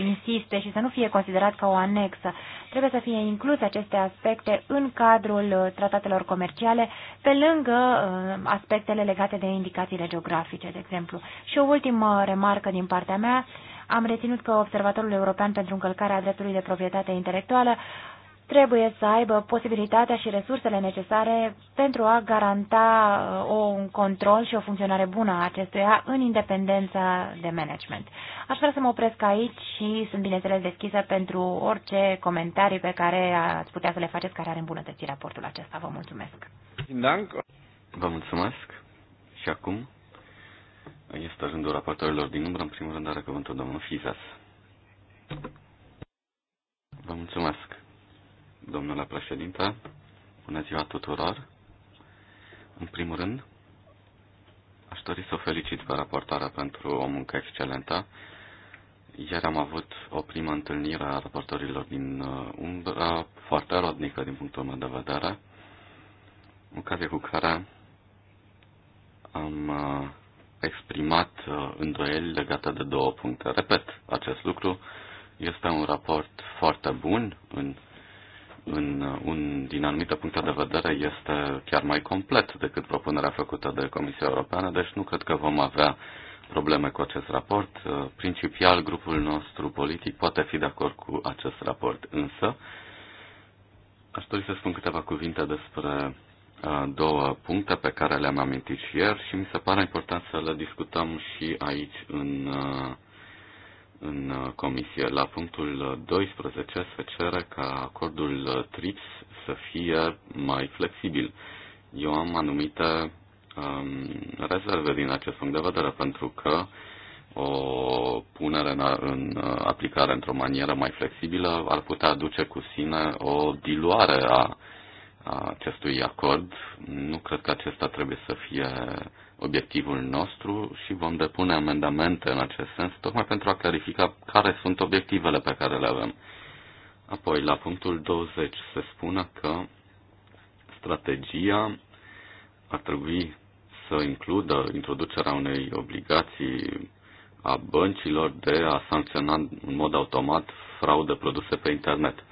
insiste și să nu fie considerat ca o anexă. Trebuie să fie incluse aceste aspecte în cadrul tratatelor comerciale, pe lângă uh, aspectele legate de indicațiile geografice, de exemplu. Și o ultimă remarcă din partea mea, am reținut că Observatorul European pentru încălcarea dreptului de proprietate intelectuală trebuie să aibă posibilitatea și resursele necesare pentru a garanta uh, un control și o funcționare bună a acestuia în independența de management. Aș vrea să mă opresc aici și sunt bineînțeles deschisă pentru orice comentarii pe care ați putea să le faceți care ar îmbunătăți raportul acesta. Vă mulțumesc! Vă mulțumesc! Și acum este rândul raportorilor din umbră. În primul rând are cuvântul domnul Fizas. Vă mulțumesc, domnule președinte. Bună ziua tuturor. În primul rând, aș dori să o felicit pe raportarea pentru o muncă excelentă. Ieri am avut o primă întâlnire a raportorilor din uh, umbră, foarte rodnică din punctul meu de vedere, ocazie cu care am uh, exprimat uh, îndoieli legate de două puncte. Repet, acest lucru este un raport foarte bun în în un, din anumite puncte de vedere este chiar mai complet decât propunerea făcută de Comisia Europeană, deci nu cred că vom avea probleme cu acest raport. Uh, principial, grupul nostru politic poate fi de acord cu acest raport, însă aș dori să spun câteva cuvinte despre două puncte pe care le-am amintit și ieri și mi se pare important să le discutăm și aici în, uh, în uh, comisie. La punctul 12 se cere ca acordul TRIPS să fie mai flexibil. Eu am anumite um, rezerve din acest punct de vedere pentru că o punere în, în aplicare într-o manieră mai flexibilă ar putea aduce cu sine o diluare a uh, acestui acord. Nu cred că acesta trebuie să fie obiectivul nostru și vom depune amendamente în acest sens, tocmai pentru a clarifica care sunt obiectivele pe care le avem. Apoi, la punctul 20 se spune că strategia ar trebui să includă introducerea unei obligații a băncilor de a sancționa în mod automat fraude produse pe internet.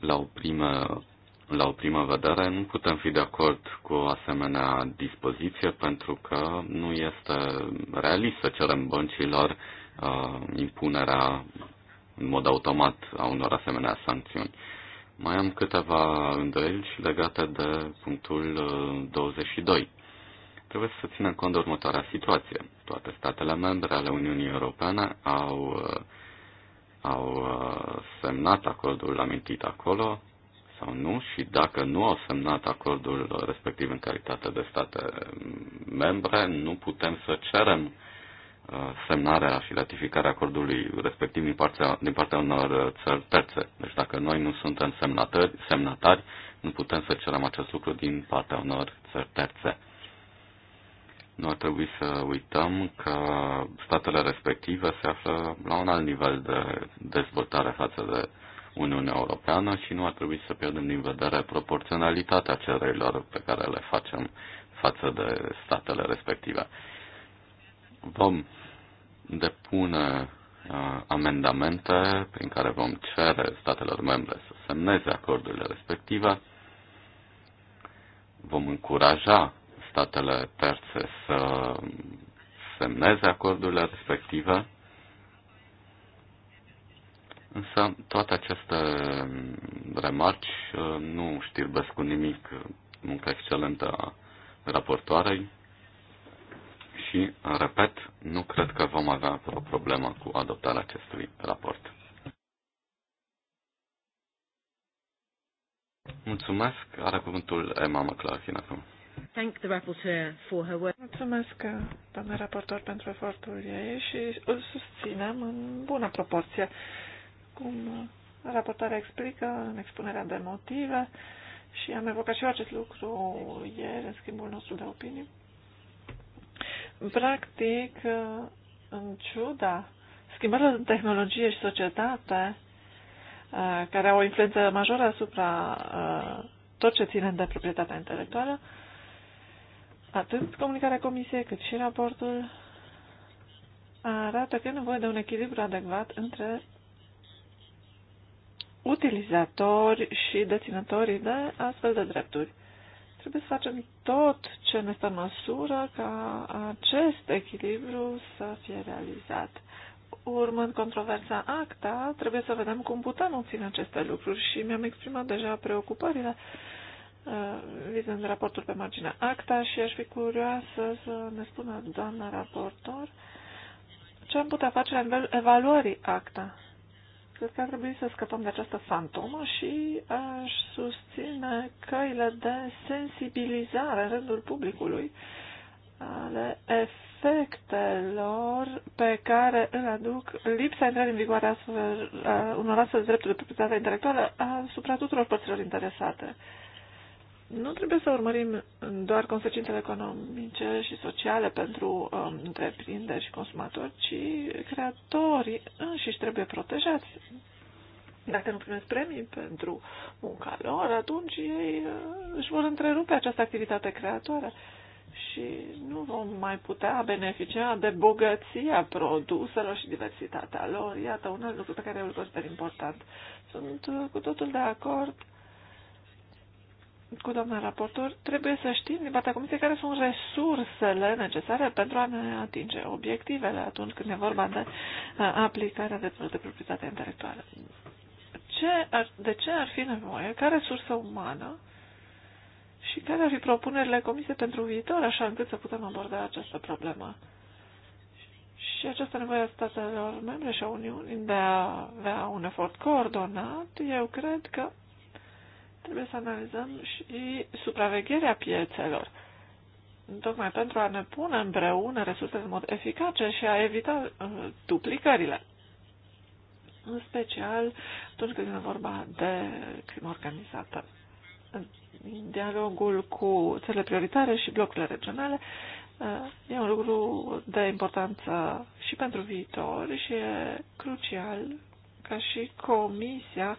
La o primă la o primă vedere, nu putem fi de acord cu o asemenea dispoziție pentru că nu este realist să cerem băncilor uh, impunerea în mod automat a unor asemenea sancțiuni. Mai am câteva îndoieli legate de punctul 22. Uh, Trebuie să ținem cont de următoarea situație. Toate statele membre ale Uniunii Europene au, uh, au uh, semnat acordul amintit acolo, sau nu și dacă nu au semnat acordul respectiv în calitate de state membre, nu putem să cerem uh, semnarea și ratificarea acordului respectiv din partea, din partea unor uh, țări terțe. Deci dacă noi nu suntem semnatari, semnatari, nu putem să cerem acest lucru din partea unor țări terțe. Nu ar trebui să uităm că statele respective se află la un alt nivel de dezvoltare față de uh, Uniunea Europeană și nu ar trebui să pierdem din vedere proporționalitatea cererilor pe care le facem față de statele respective. Vom depune uh, amendamente prin care vom cere statelor membre să semneze acordurile respective. Vom încuraja statele terțe să semneze acordurile respective Însă toate aceste remarci uh, nu știrbesc cu nimic uh, munca excelentă a raportoarei și, uh, repet, nu cred că vom avea o problemă cu adoptarea acestui raport. Mulțumesc. Are cuvântul Emma McLaughlin acum. Thank the rapporteur for her work. Mulțumesc, doamne raportor, pentru efortul ei și îl susținem în bună proporție cum raportarea explică în expunerea de motive și am evocat și eu acest lucru ieri în schimbul nostru de opinii. Practic, în ciuda schimbărilor în tehnologie și societate, uh, care au o influență majoră asupra uh, tot ce ține de proprietatea intelectuală, atât comunicarea comisiei cât și raportul arată că e nevoie de un echilibru adecvat între utilizatori și deținătorii de astfel de drepturi. Trebuie să facem tot ce ne stă în măsură ca acest echilibru să fie realizat. Urmând controversa ACTA, trebuie să vedem cum putem obține aceste lucruri și mi-am exprimat deja preocupările uh, vizând raportul pe marginea ACTA și aș fi curioasă să ne spună doamna raportor ce am putea face la nivel evaluării ACTA Cred că ar trebui să scăpăm de această fantomă și aș susține căile de sensibilizare în rândul publicului ale efectelor pe care îl aduc lipsa intrării în vigoare astfel, uh, unor astfel drepturi de proprietate intelectuală asupra tuturor părților interesate. Uh, nu trebuie să urmărim doar consecințele economice și sociale pentru um, întreprinderi și consumatori, ci creatorii înșiși trebuie protejați. Dacă nu primesc premii pentru munca lor, atunci ei uh, își vor întrerupe această activitate creatoare și nu vom mai putea beneficia de bogăția produselor și diversitatea lor. Iată un alt lucru pe care îl consider important. Sunt uh, cu totul de acord uh, cu doamna raportor, trebuie să știm din partea Comisiei care sunt resursele necesare pentru a ne atinge obiectivele atunci când e vorba de uh, aplicarea drepturilor de proprietate intelectuală. Ce ar, de ce ar fi nevoie? Care resursă umană? Și care ar fi propunerile Comisiei pentru viitor, așa încât să putem aborda această problemă? Și această nevoie a statelor membre și a Uniunii de a avea un efort coordonat, eu cred că Trebuie să analizăm și supravegherea piețelor, tocmai pentru a ne pune împreună resursele în mod eficace și a evita uh, duplicările. În special atunci când e vorba de crimă organizată dialogul cu țările prioritare și blocurile regionale uh, e un lucru de importanță și pentru viitor și e crucial ca și Comisia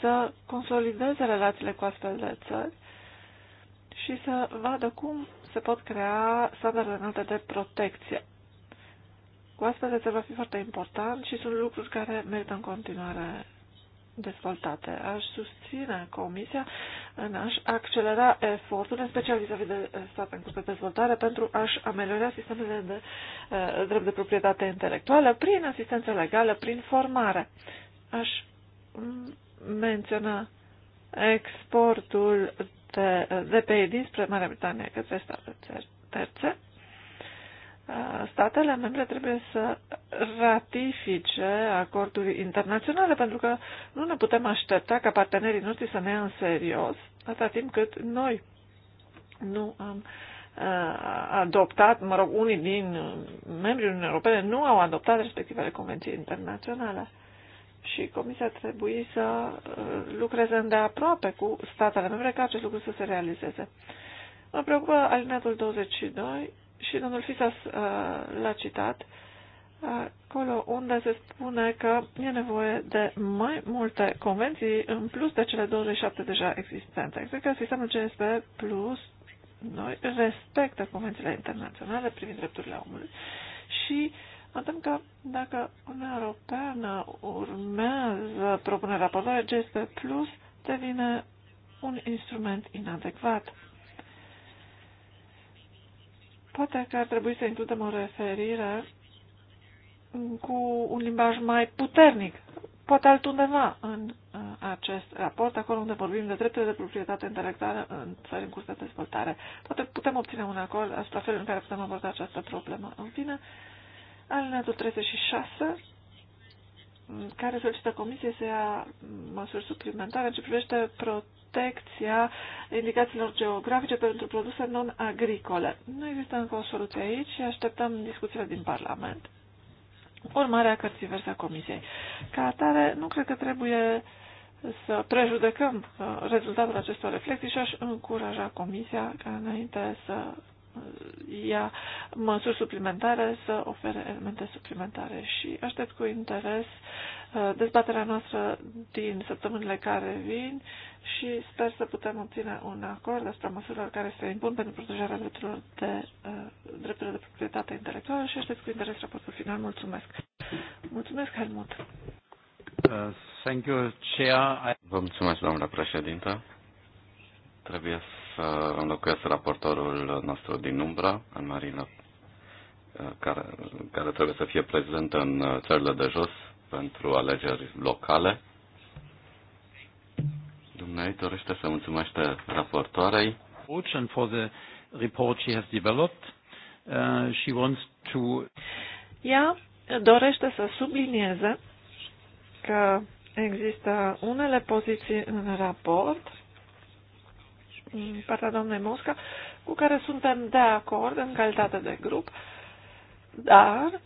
să consolideze relațiile cu astfel de țări și să vadă cum se pot crea standarde înalte de protecție. Cu astfel de țări va fi foarte important și sunt lucruri care merită în continuare dezvoltate. Aș susține Comisia în a accelera eforturile, în special vis-a-vis de state în curs de dezvoltare, pentru a-și ameliora sistemele de eh, drept de proprietate intelectuală prin asistență legală, prin formare. Aș menționa exportul de, de pe dinspre Marea Britanie către state terțe, statele membre trebuie să ratifice acorduri internaționale, pentru că nu ne putem aștepta ca partenerii noștri să ne ia în serios atâta timp cât noi nu am adoptat, mă rog, unii din membrii Uniunii Europene nu au adoptat respectivele convenții internaționale și Comisia trebuie să uh, lucreze îndeaproape cu statele membre ca acest lucru să se realizeze. Mă preocupă alineatul 22 și domnul Fisas uh, l-a citat, acolo unde se spune că e nevoie de mai multe convenții în plus de cele 27 deja existente. Cred că sistemul CSP Plus noi respectă convențiile internaționale privind drepturile omului și uh, Atât că dacă Uniunea Europeană urmează propunerea apărare, GSP Plus devine un instrument inadecvat. Poate că ar trebui să includem o referire cu un limbaj mai puternic, poate altundeva în uh, acest raport, acolo unde vorbim de drepturile de proprietate intelectuală în țări în curs de dezvoltare. Poate putem obține un acord asupra felului în care putem aborda această problemă. În fine, Alineatul 36, care solicită comisiei să ia măsuri suplimentare în ce privește protecția indicațiilor geografice pentru produse non-agricole. Nu există încă o soluție aici și așteptăm discuțiile din Parlament. Urmarea cărții verse a comisiei. Ca atare, nu cred că trebuie să prejudecăm uh, rezultatul acestor reflexii și aș încuraja comisia ca înainte să ia măsuri suplimentare, să ofere elemente suplimentare și aștept cu interes uh, dezbaterea noastră din săptămânile care vin și sper să putem obține un acord asupra măsurilor care se impun pentru protejarea drepturilor de, uh, drepturilor de proprietate intelectuală și aștept cu interes raportul final. Mulțumesc! Mulțumesc, Helmut! Uh, thank you, Chair. I... Vă mulțumesc, doamna președintă. Trebuie Uh, înlocuiesc raportorul nostru din umbra, Marină, uh, care, care trebuie să fie prezent în uh, țările de jos pentru alegeri locale. Dumnezeu dorește să mulțumește raportoarei. And for the report she has developed. Uh, she wants to... Ea dorește să sublinieze că există unele poziții în raport din partea doamnei Mosca, cu care suntem de acord în calitate de grup, dar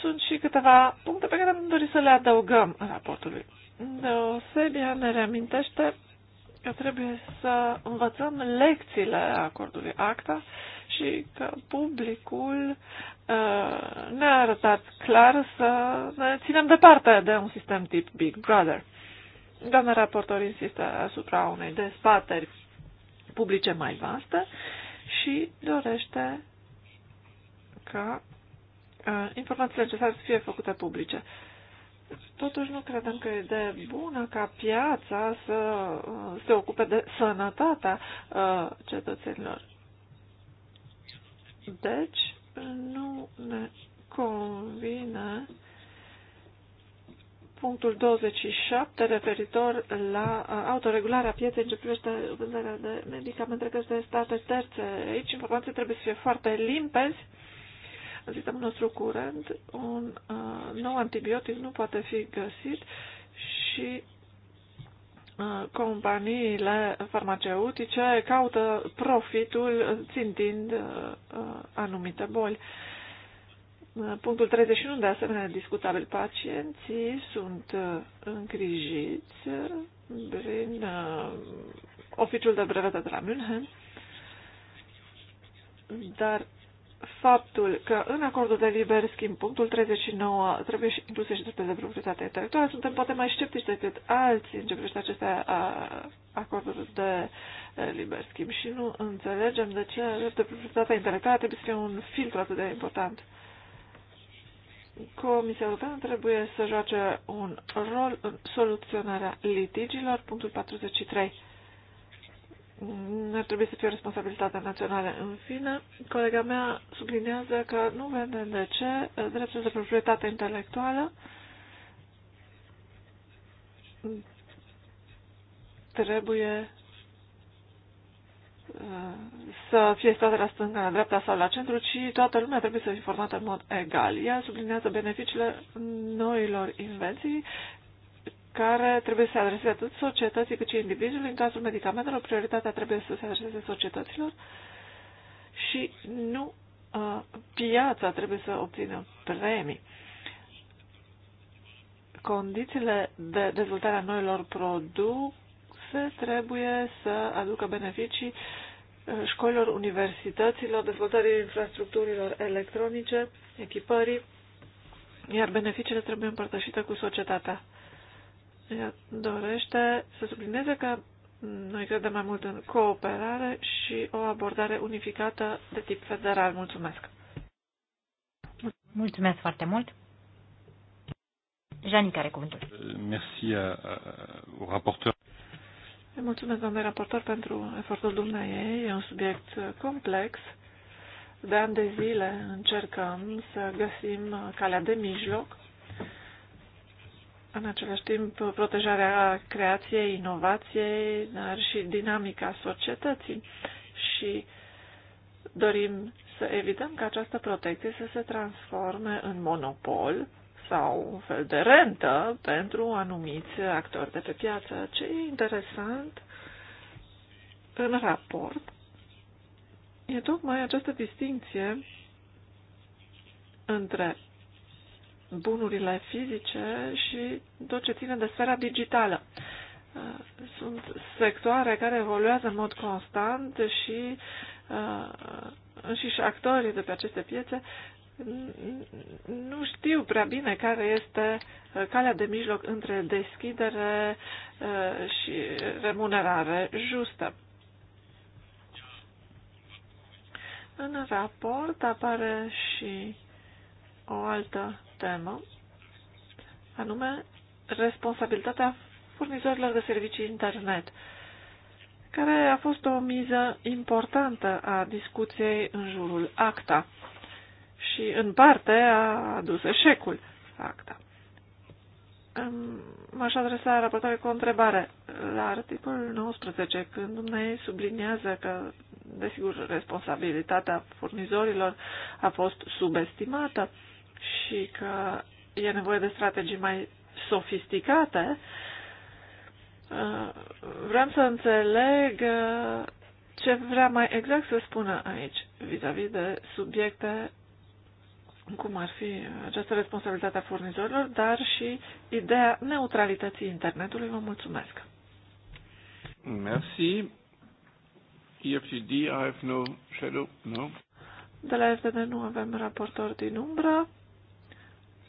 sunt și câteva puncte pe care am dorit să le adăugăm raportului. Deosebia ne reamintește că trebuie să învățăm lecțiile acordului ACTA și că publicul uh, ne-a arătat clar să ne ținem departe de un sistem tip Big Brother. Doamna raportor insistă asupra unei dezbateri publice mai vaste și dorește ca uh, informațiile necesare să fie făcute publice. Totuși nu credem că e de bună ca piața să uh, se ocupe de sănătatea uh, cetățenilor. Deci, nu ne convine uh, punctul 27 referitor la autoregularea pieței în ce privește vânzarea de medicamente către state terțe. Aici informații trebuie să fie foarte limpezi. În sistemul nostru curent, un uh, nou antibiotic nu poate fi găsit și companiile farmaceutice caută profitul țintind uh, anumite boli. Uh, Punctul 31, de asemenea, discutabil. Pacienții sunt uh, îngrijiți uh, prin uh, oficiul de brevetă de la München, dar faptul că în acordul de liber schimb, punctul 39, trebuie și incluse și drepturile de proprietate intelectuală, suntem poate mai sceptici decât alții în ce privește aceste acorduri de liber schimb și nu înțelegem de ce dreptul de proprietate intelectuală trebuie să fie un filtru atât de important. Comisia Europeană trebuie să joace un rol în soluționarea litigilor, punctul 43. Ar trebui să fie o responsabilitate națională. În fine, colega mea sublinează că nu vede de ce dreptul de proprietate intelectuală trebuie să fie state la stânga, la dreapta sau la centru, ci toată lumea trebuie să fie formată în mod egal. Ea sublinează beneficiile noilor invenții care trebuie să se adreseze atât societății cât și indivizului. În cazul medicamentelor, prioritatea trebuie să se adreseze societăților și nu uh, piața trebuie să obțină premii. Condițiile de dezvoltare a noilor produse taxe trebuie să aducă beneficii uh, școlilor, universităților, dezvoltării infrastructurilor electronice, echipării, iar beneficiile trebuie împărtășite cu societatea. Ea dorește să sublinieze că noi credem mai mult în cooperare și o abordare unificată de tip federal. Mulțumesc! Mulțumesc foarte mult! Janica are cuvântul. Merci au raporteur. Îi mulțumesc, doamne raportor, pentru efortul dumneai. E un subiect complex. De ani de zile încercăm să găsim calea de mijloc. În același timp, protejarea creației, inovației, dar și dinamica societății. Și dorim să evităm ca această protecție să se transforme în monopol sau un fel de rentă pentru anumiți actori de pe piață. Ce e interesant în raport e tocmai această distinție între bunurile fizice și tot ce ține de sfera digitală. Sunt sectoare care evoluează în mod constant și uh, și actorii de pe aceste piețe nu știu prea bine care este uh, calea de mijloc între deschidere uh, și remunerare justă. În raport apare și o altă temă, anume responsabilitatea furnizorilor de servicii internet, care a fost o miză importantă a discuției în jurul ACTA și în parte a adus eșecul acta. M-aș adresa raportare cu o întrebare. La articolul 19, când dumneavoastră subliniază că, desigur, responsabilitatea furnizorilor a fost subestimată și că e nevoie de strategii mai sofisticate, uh, vreau să înțeleg uh, ce vrea mai exact să spună aici vis-a-vis -vis de subiecte cum ar fi această responsabilitate a furnizorilor, dar și ideea neutralității internetului. Vă mulțumesc! Merci. EFTD, I have no shadow, no. De la FDD nu avem raportor din umbră.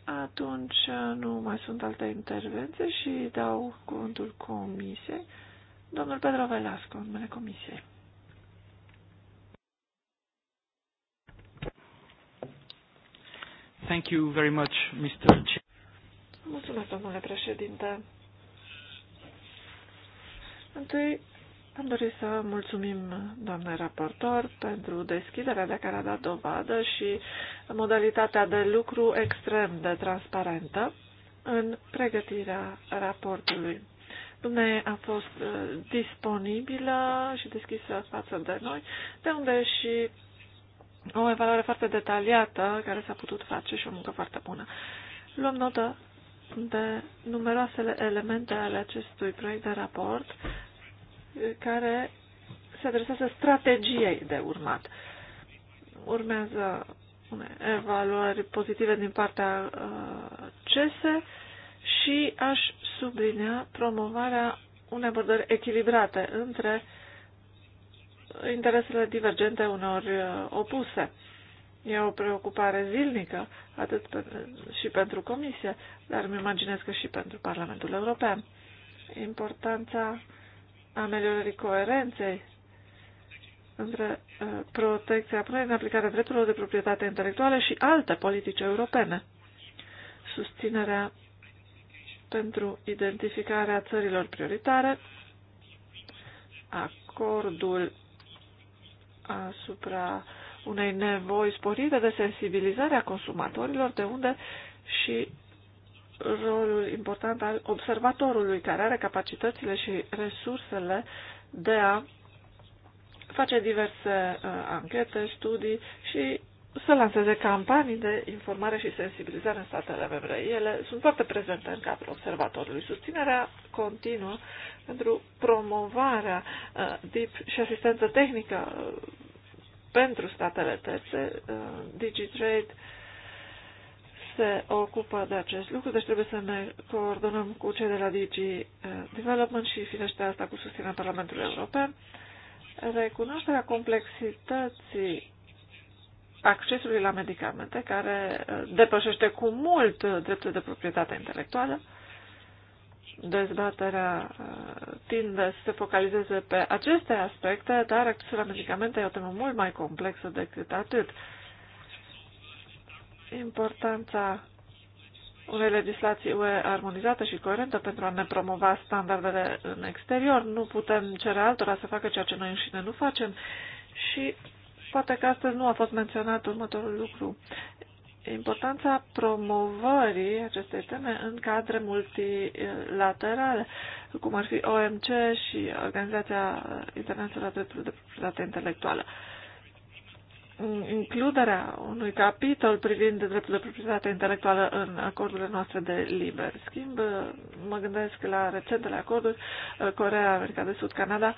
Atunci nu mai sunt alte intervenții și dau cuvântul comisiei. Domnul Pedro Velasco, numele comisiei. Thank you very much, Mr. Mulțumesc, domnule președinte. Întâi am dorit să mulțumim doamnei raportor pentru deschiderea de care a dat dovadă și modalitatea de lucru extrem de transparentă în pregătirea raportului. Dumnezeu a fost uh, disponibilă și deschisă față de noi, de unde și o evaluare foarte detaliată care s-a putut face și o muncă foarte bună. Luăm notă de numeroasele elemente ale acestui proiect de raport eh, care se adresează strategiei de urmat. Urmează evaluări pozitive din partea uh, CESE și aș sublinea promovarea unei abordări echilibrate între uh, interesele divergente unor uh, opuse. E o preocupare zilnică, atât pe, și pentru Comisie, dar îmi imaginez că și pentru Parlamentul European. Importanța ameliorării coerenței între uh, protecția până în aplicare drepturilor de proprietate intelectuală și alte politici europene. Susținerea pentru identificarea țărilor prioritare, acordul asupra unei nevoi sporite de sensibilizare a consumatorilor, de unde și rolul important al observatorului, care are capacitățile și resursele de a face diverse uh, anchete, studii și să lanseze campanii de informare și sensibilizare în statele membre. Ele sunt foarte prezente în cadrul observatorului. Susținerea continuă pentru promovarea uh, DIP și asistență tehnică uh, pentru statele terțe. Uh, DigiTrade se ocupă de acest lucru, deci trebuie să ne coordonăm cu cei de la Digi uh, Development și firește asta cu susținerea Parlamentului European. Recunoașterea complexității accesului la medicamente, care uh, depășește cu mult uh, dreptul de proprietate intelectuală. Dezbaterea uh, tinde să se focalizeze pe aceste aspecte, dar accesul la medicamente e o temă mult mai complexă decât atât. Importanța unei legislații UE armonizată și coerentă pentru a ne promova standardele în exterior. Nu putem cere altora să facă ceea ce noi înșine nu facem și Poate că astăzi nu a fost menționat următorul lucru. Importanța promovării acestei teme în cadre multilaterale, cum ar fi OMC și Organizația Internațională a Drepturilor de Proprietate Intelectuală includerea unui capitol privind dreptul de proprietate intelectuală în acordurile noastre de liber schimb. Mă gândesc la recentele acorduri Corea, America de Sud, Canada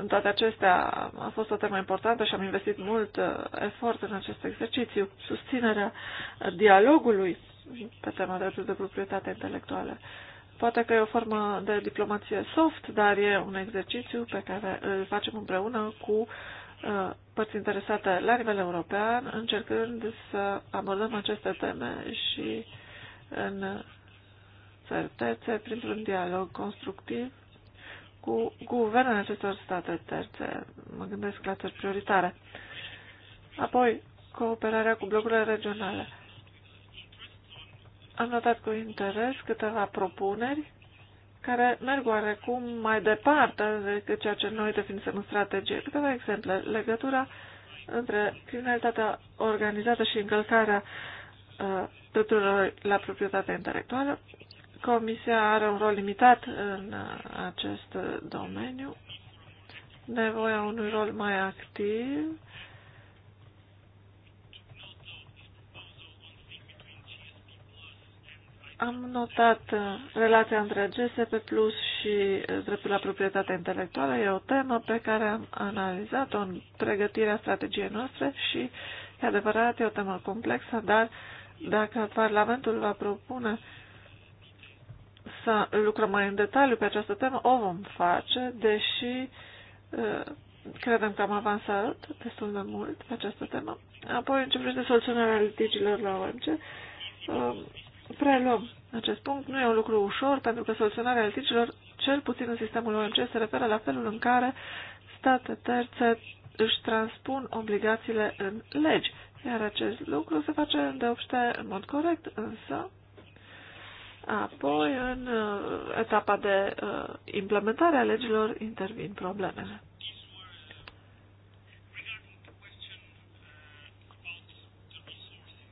în toate acestea a fost o temă importantă și am investit mult uh, efort în acest exercițiu, susținerea dialogului pe tema dreptului de proprietate intelectuală. Poate că e o formă de diplomație soft, dar e un exercițiu pe care îl facem împreună cu uh, părți interesate la nivel european, încercând să abordăm aceste teme și în certețe, printr-un dialog constructiv cu guvernele acestor state terțe. Mă gândesc la țări prioritare. Apoi, cooperarea cu blocurile regionale. Am notat cu interes câteva propuneri care merg oarecum mai departe decât ceea ce noi definisem în strategie. Câteva exemple. Legătura între criminalitatea organizată și încălcarea uh, drepturilor la proprietatea intelectuală, Comisia are un rol limitat în acest domeniu. Nevoia unui rol mai activ am notat relația între GSP Plus și dreptul la proprietate intelectuală. E o temă pe care am analizat-o în pregătirea strategiei noastre și, e adevărat, e o temă complexă, dar dacă Parlamentul va propune uh, să lucrăm mai în detaliu pe această temă, o vom face, deși credem că am avansat destul de mult pe această temă. Apoi, în ce privește soluționarea litigiilor la OMC, preluăm acest punct. Nu e un lucru ușor, pentru că soluționarea litigiilor, cel puțin în sistemul OMC, se referă la felul în care state terțe își transpun obligațiile în legi. Iar acest lucru se face de obște în mod corect, însă Apoi, în uh, etapa de uh, implementare a legilor, intervin problemele.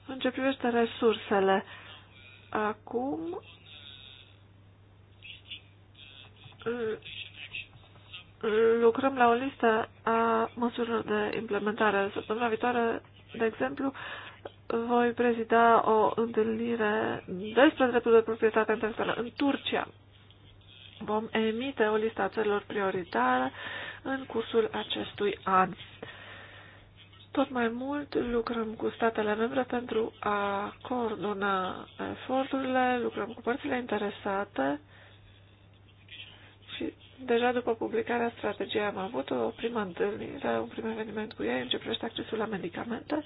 În ce privește resursele, acum uh, lucrăm la o listă a măsurilor de implementare. Săptămâna viitoare, de exemplu, voi prezida o întâlnire despre dreptul de proprietate intelectuală în Turcia. Vom emite o listă a țărilor prioritare în cursul acestui an. Tot mai mult lucrăm cu statele membre pentru a coordona eforturile, lucrăm cu părțile interesate și deja după publicarea strategiei am avut o primă întâlnire, un prim eveniment cu ei în ce privește accesul la medicamente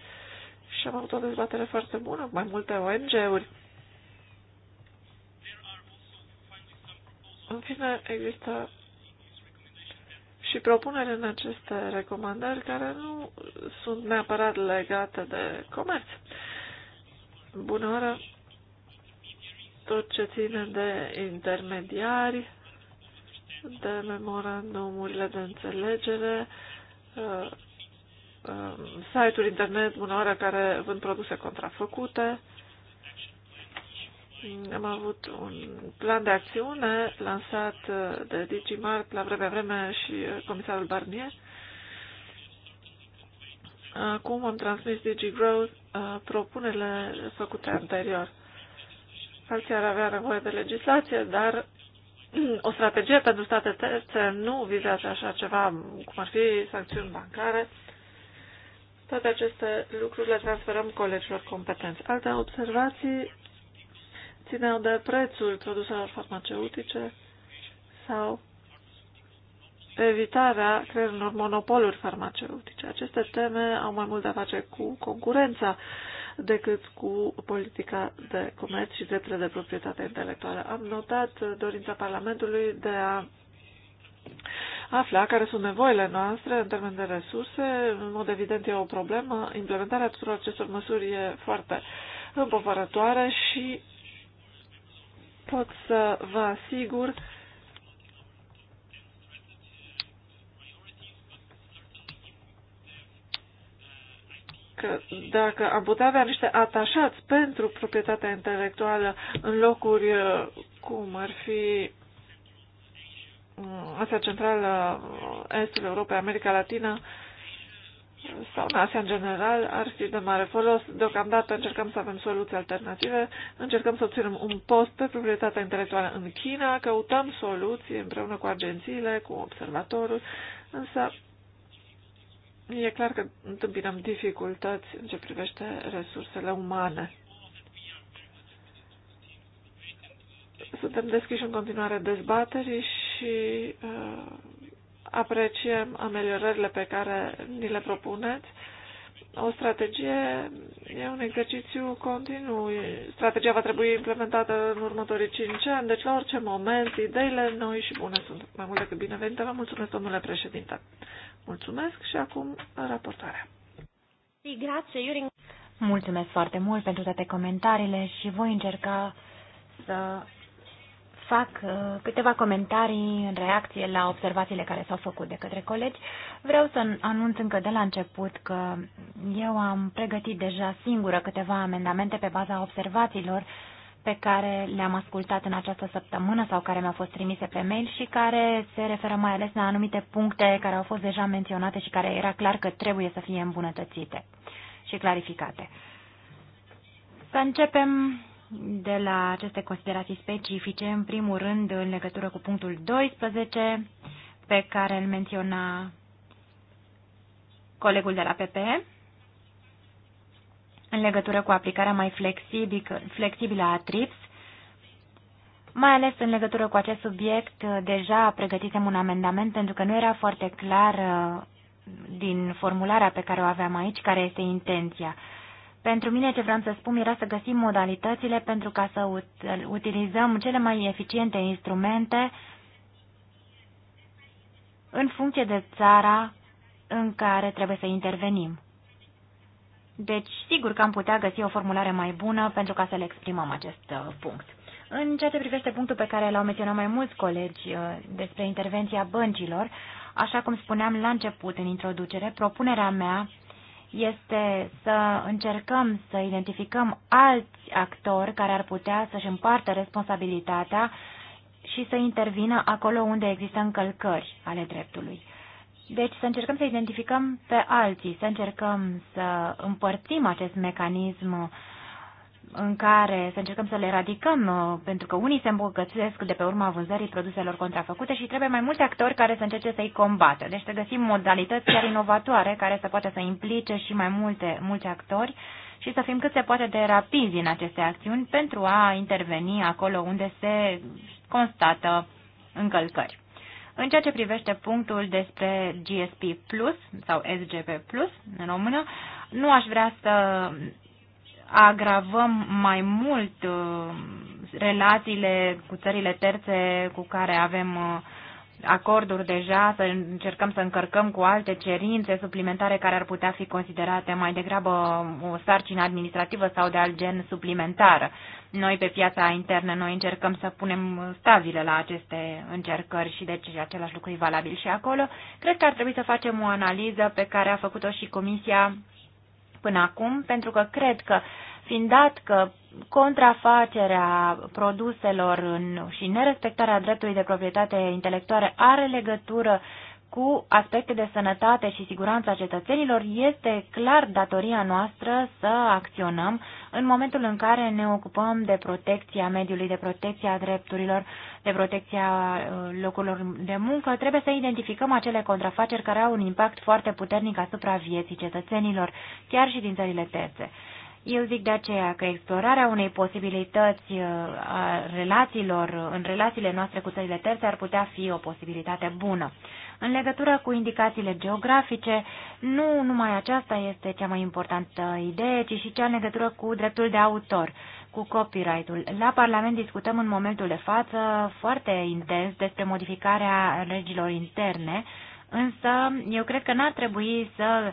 și am avut o dezbatere foarte bună cu mai multe ONG-uri. În fine, există și propuneri în aceste recomandări care nu sunt neapărat legate de comerț. Bună oră! Tot ce ține de intermediari, de memorandumurile de înțelegere, uh, Um, site-uri internet uneori care vând produse contrafăcute. Am avut un plan de acțiune lansat de DigiMart la vremea vreme și comisarul Barnier. Acum am transmis DigiGrowth uh, propunerile făcute anterior. Alții ar avea nevoie de legislație, dar o strategie pentru state terțe nu vizează așa ceva, cum ar fi sancțiuni bancare toate aceste lucruri le transferăm colegilor competenți. Alte observații țineau de prețul produselor farmaceutice sau evitarea creierilor monopoluri farmaceutice. Aceste teme au mai mult de a face cu concurența decât cu politica de comerț și drepturile de proprietate intelectuală. Am notat dorința Parlamentului de a afla care sunt nevoile noastre în termen de resurse. În mod evident e o problemă. Implementarea tuturor acestor măsuri e foarte împovărătoare și pot să vă asigur că dacă am putea avea niște atașați pentru proprietatea intelectuală în locuri uh, cum ar fi Asia Centrală, uh, Estul Europei, America Latină sau în Asia în general ar fi de mare folos. Deocamdată încercăm să avem soluții alternative, încercăm să obținem un post pe proprietatea intelectuală în China, căutăm soluții împreună cu agențiile, cu observatorul, însă e clar că întâmpinăm dificultăți în ce privește resursele umane. Suntem deschiși în continuare dezbaterii și uh, apreciem ameliorările pe care ni le propuneți. O strategie e un exercițiu continuu. Strategia va trebui implementată în următorii 5 ani, deci la orice moment ideile noi și bune sunt mai mult decât binevenite. Vă mulțumesc, domnule președinte. Mulțumesc și acum raportarea. Mulțumesc foarte mult pentru toate comentariile și voi încerca să fac uh, câteva comentarii în reacție la observațiile care s-au făcut de către colegi. Vreau să anunț încă de la început că eu am pregătit deja singură câteva amendamente pe baza observațiilor pe care le-am ascultat în această săptămână sau care mi-au fost trimise pe mail și care se referă mai ales la anumite puncte care au fost deja menționate și care era clar că trebuie să fie îmbunătățite și clarificate. Să începem de la aceste considerații specifice, în primul rând în legătură cu punctul 12 pe care îl menționa colegul de la PP, în legătură cu aplicarea mai flexibilă a TRIPS, mai ales în legătură cu acest subiect, deja pregătisem un amendament pentru că nu era foarte clar uh, din formularea pe care o aveam aici care este intenția. Pentru mine ce vreau să spun era să găsim modalitățile pentru ca să utilizăm cele mai eficiente instrumente în funcție de țara în care trebuie să intervenim. Deci, sigur că am putea găsi o formulare mai bună pentru ca să le exprimăm acest uh, punct. În ceea ce privește punctul pe care l-au menționat mai mulți colegi uh, despre intervenția băncilor, așa cum spuneam la început în introducere, propunerea mea este să încercăm să identificăm alți actori care ar putea să-și împartă responsabilitatea și să intervină acolo unde există încălcări ale dreptului. Deci să încercăm să identificăm pe alții, să încercăm să împărțim acest mecanism în care să încercăm să le eradicăm, uh, pentru că unii se îmbogățesc de pe urma vânzării produselor contrafăcute și trebuie mai mulți actori care să încerce să-i combată. Deci să găsim modalități chiar inovatoare care să poată să implice și mai multe, mulți actori și să fim cât se poate de rapizi în aceste acțiuni pentru a interveni acolo unde se constată încălcări. În ceea ce privește punctul despre GSP Plus sau SGP Plus în română, nu aș vrea să agravăm mai mult uh, relațiile cu țările terțe cu care avem uh, acorduri deja, să încercăm să încărcăm cu alte cerințe suplimentare care ar putea fi considerate mai degrabă o sarcină administrativă sau de alt gen suplimentară. Noi pe piața internă noi încercăm să punem stabile la aceste încercări și deci același lucru e valabil și acolo. Cred că ar trebui să facem o analiză pe care a făcut-o și Comisia până acum, pentru că cred că, fiind dat că contrafacerea produselor în, și nerespectarea dreptului de proprietate intelectuală are legătură cu aspecte de sănătate și siguranța cetățenilor, este clar datoria noastră să acționăm în momentul în care ne ocupăm de protecția mediului, de protecția drepturilor, de protecția uh, locurilor de muncă. Trebuie să identificăm acele contrafaceri care au un impact foarte puternic asupra vieții cetățenilor, chiar și din țările terțe. Eu zic de aceea că explorarea unei posibilități uh, a relațiilor, în relațiile noastre cu țările terțe ar putea fi o posibilitate bună. În legătură cu indicațiile geografice, nu numai aceasta este cea mai importantă idee, ci și cea în legătură cu dreptul de autor, cu copyright-ul. La Parlament discutăm în momentul de față foarte intens despre modificarea legilor interne, însă eu cred că n-ar trebui să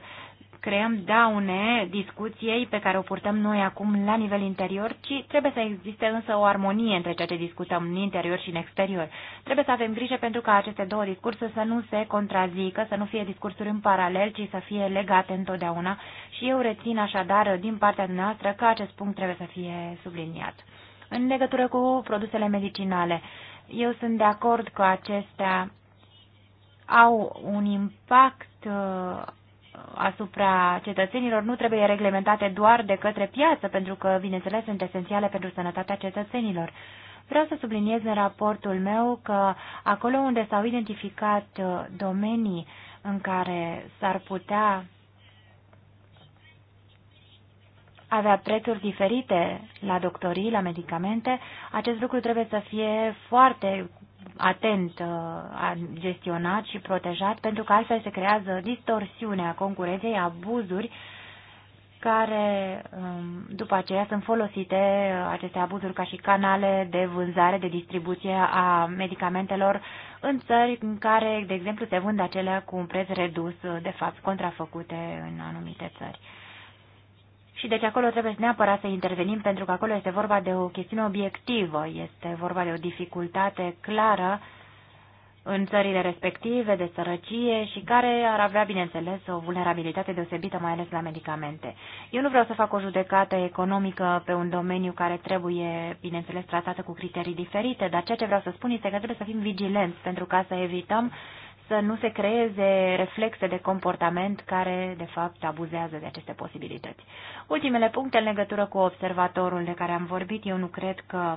creăm daune discuției pe care o purtăm noi acum la nivel interior, ci trebuie să existe însă o armonie între ceea ce discutăm în interior și în exterior. Trebuie să avem grijă pentru ca aceste două discursuri să nu se contrazică, să nu fie discursuri în paralel, ci să fie legate întotdeauna și eu rețin așadar din partea noastră că acest punct trebuie să fie subliniat. În legătură cu produsele medicinale, eu sunt de acord că acestea au un impact uh, asupra cetățenilor nu trebuie reglementate doar de către piață, pentru că, bineînțeles, sunt esențiale pentru sănătatea cetățenilor. Vreau să subliniez în raportul meu că acolo unde s-au identificat uh, domenii în care s-ar putea avea prețuri diferite la doctorii, la medicamente, acest lucru trebuie să fie foarte atent uh, gestionat și protejat, pentru că altfel se creează distorsiunea concurenței, abuzuri care um, după aceea sunt folosite uh, aceste abuzuri ca și canale de vânzare, de distribuție a medicamentelor în țări în care, de exemplu, se vând acelea cu un preț redus, uh, de fapt contrafăcute în anumite țări. Și deci acolo trebuie neapărat să intervenim, pentru că acolo este vorba de o chestiune obiectivă, este vorba de o dificultate clară în țările respective de sărăcie și care ar avea, bineînțeles, o vulnerabilitate deosebită, mai ales la medicamente. Eu nu vreau să fac o judecată economică pe un domeniu care trebuie, bineînțeles, tratată cu criterii diferite, dar ceea ce vreau să spun este că trebuie să fim vigilenți pentru ca să evităm să nu se creeze reflexe de comportament care, de fapt, abuzează de aceste posibilități. Ultimele puncte în legătură cu observatorul de care am vorbit, eu nu cred că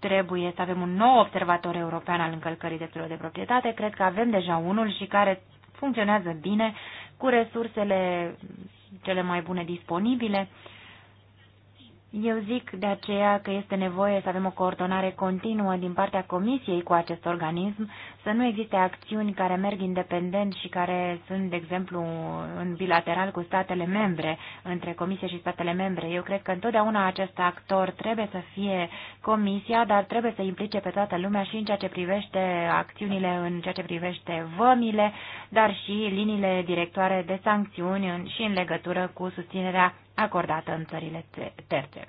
trebuie să avem un nou observator european al încălcării drepturilor de proprietate. Cred că avem deja unul și care funcționează bine cu resursele cele mai bune disponibile eu zic de aceea că este nevoie să avem o coordonare continuă din partea Comisiei cu acest organism, să nu existe acțiuni care merg independent și care sunt, de exemplu, în bilateral cu statele membre, între Comisie și statele membre. Eu cred că întotdeauna acest actor trebuie să fie Comisia, dar trebuie să implice pe toată lumea și în ceea ce privește acțiunile, în ceea ce privește vămile, dar și liniile directoare de sancțiuni și în legătură cu susținerea acordată în țările terțe.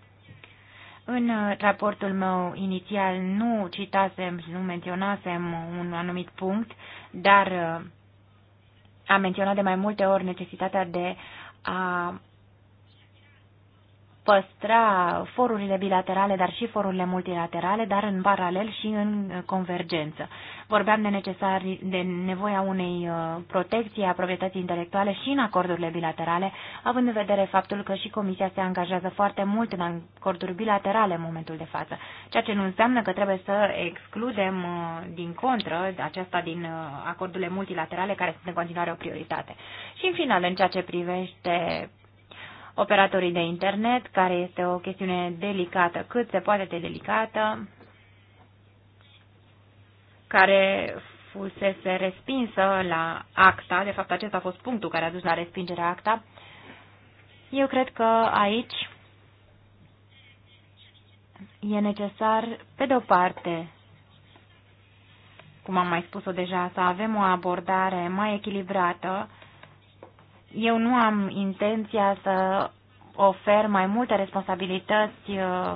În uh, raportul meu inițial nu citasem și nu menționasem un anumit punct, dar uh, am menționat de mai multe ori necesitatea de a păstra forurile bilaterale, dar și forurile multilaterale, dar în paralel și în uh, convergență. Vorbeam de, necesar, de nevoia unei uh, protecții a proprietății intelectuale și în acordurile bilaterale, având în vedere faptul că și Comisia se angajează foarte mult în acorduri bilaterale în momentul de față, ceea ce nu înseamnă că trebuie să excludem uh, din contră aceasta din acordurile multilaterale, care sunt în continuare o prioritate. Și în final, în ceea ce privește operatorii de internet, care este o chestiune delicată, cât se poate de delicată, care fusese respinsă la acta, de fapt acesta a fost punctul care a dus la respingerea acta, eu cred că aici e necesar, pe de o parte, cum am mai spus-o deja, să avem o abordare mai echilibrată eu nu am intenția să ofer mai multe responsabilități uh,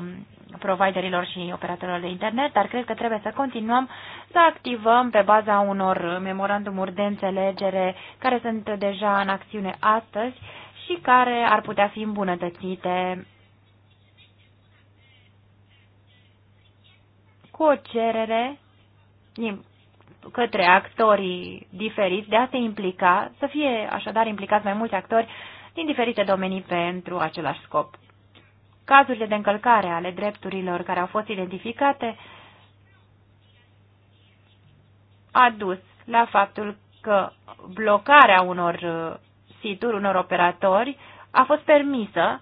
providerilor și operatorilor de internet, dar cred că trebuie să continuăm să activăm pe baza unor memorandumuri de înțelegere care sunt deja în acțiune astăzi și care ar putea fi îmbunătățite cu o cerere către actorii diferiți de a se implica, să fie așadar implicați mai mulți actori din diferite domenii pentru același scop. Cazurile de încălcare ale drepturilor care au fost identificate a dus la faptul că blocarea unor uh, situri, unor operatori, a fost permisă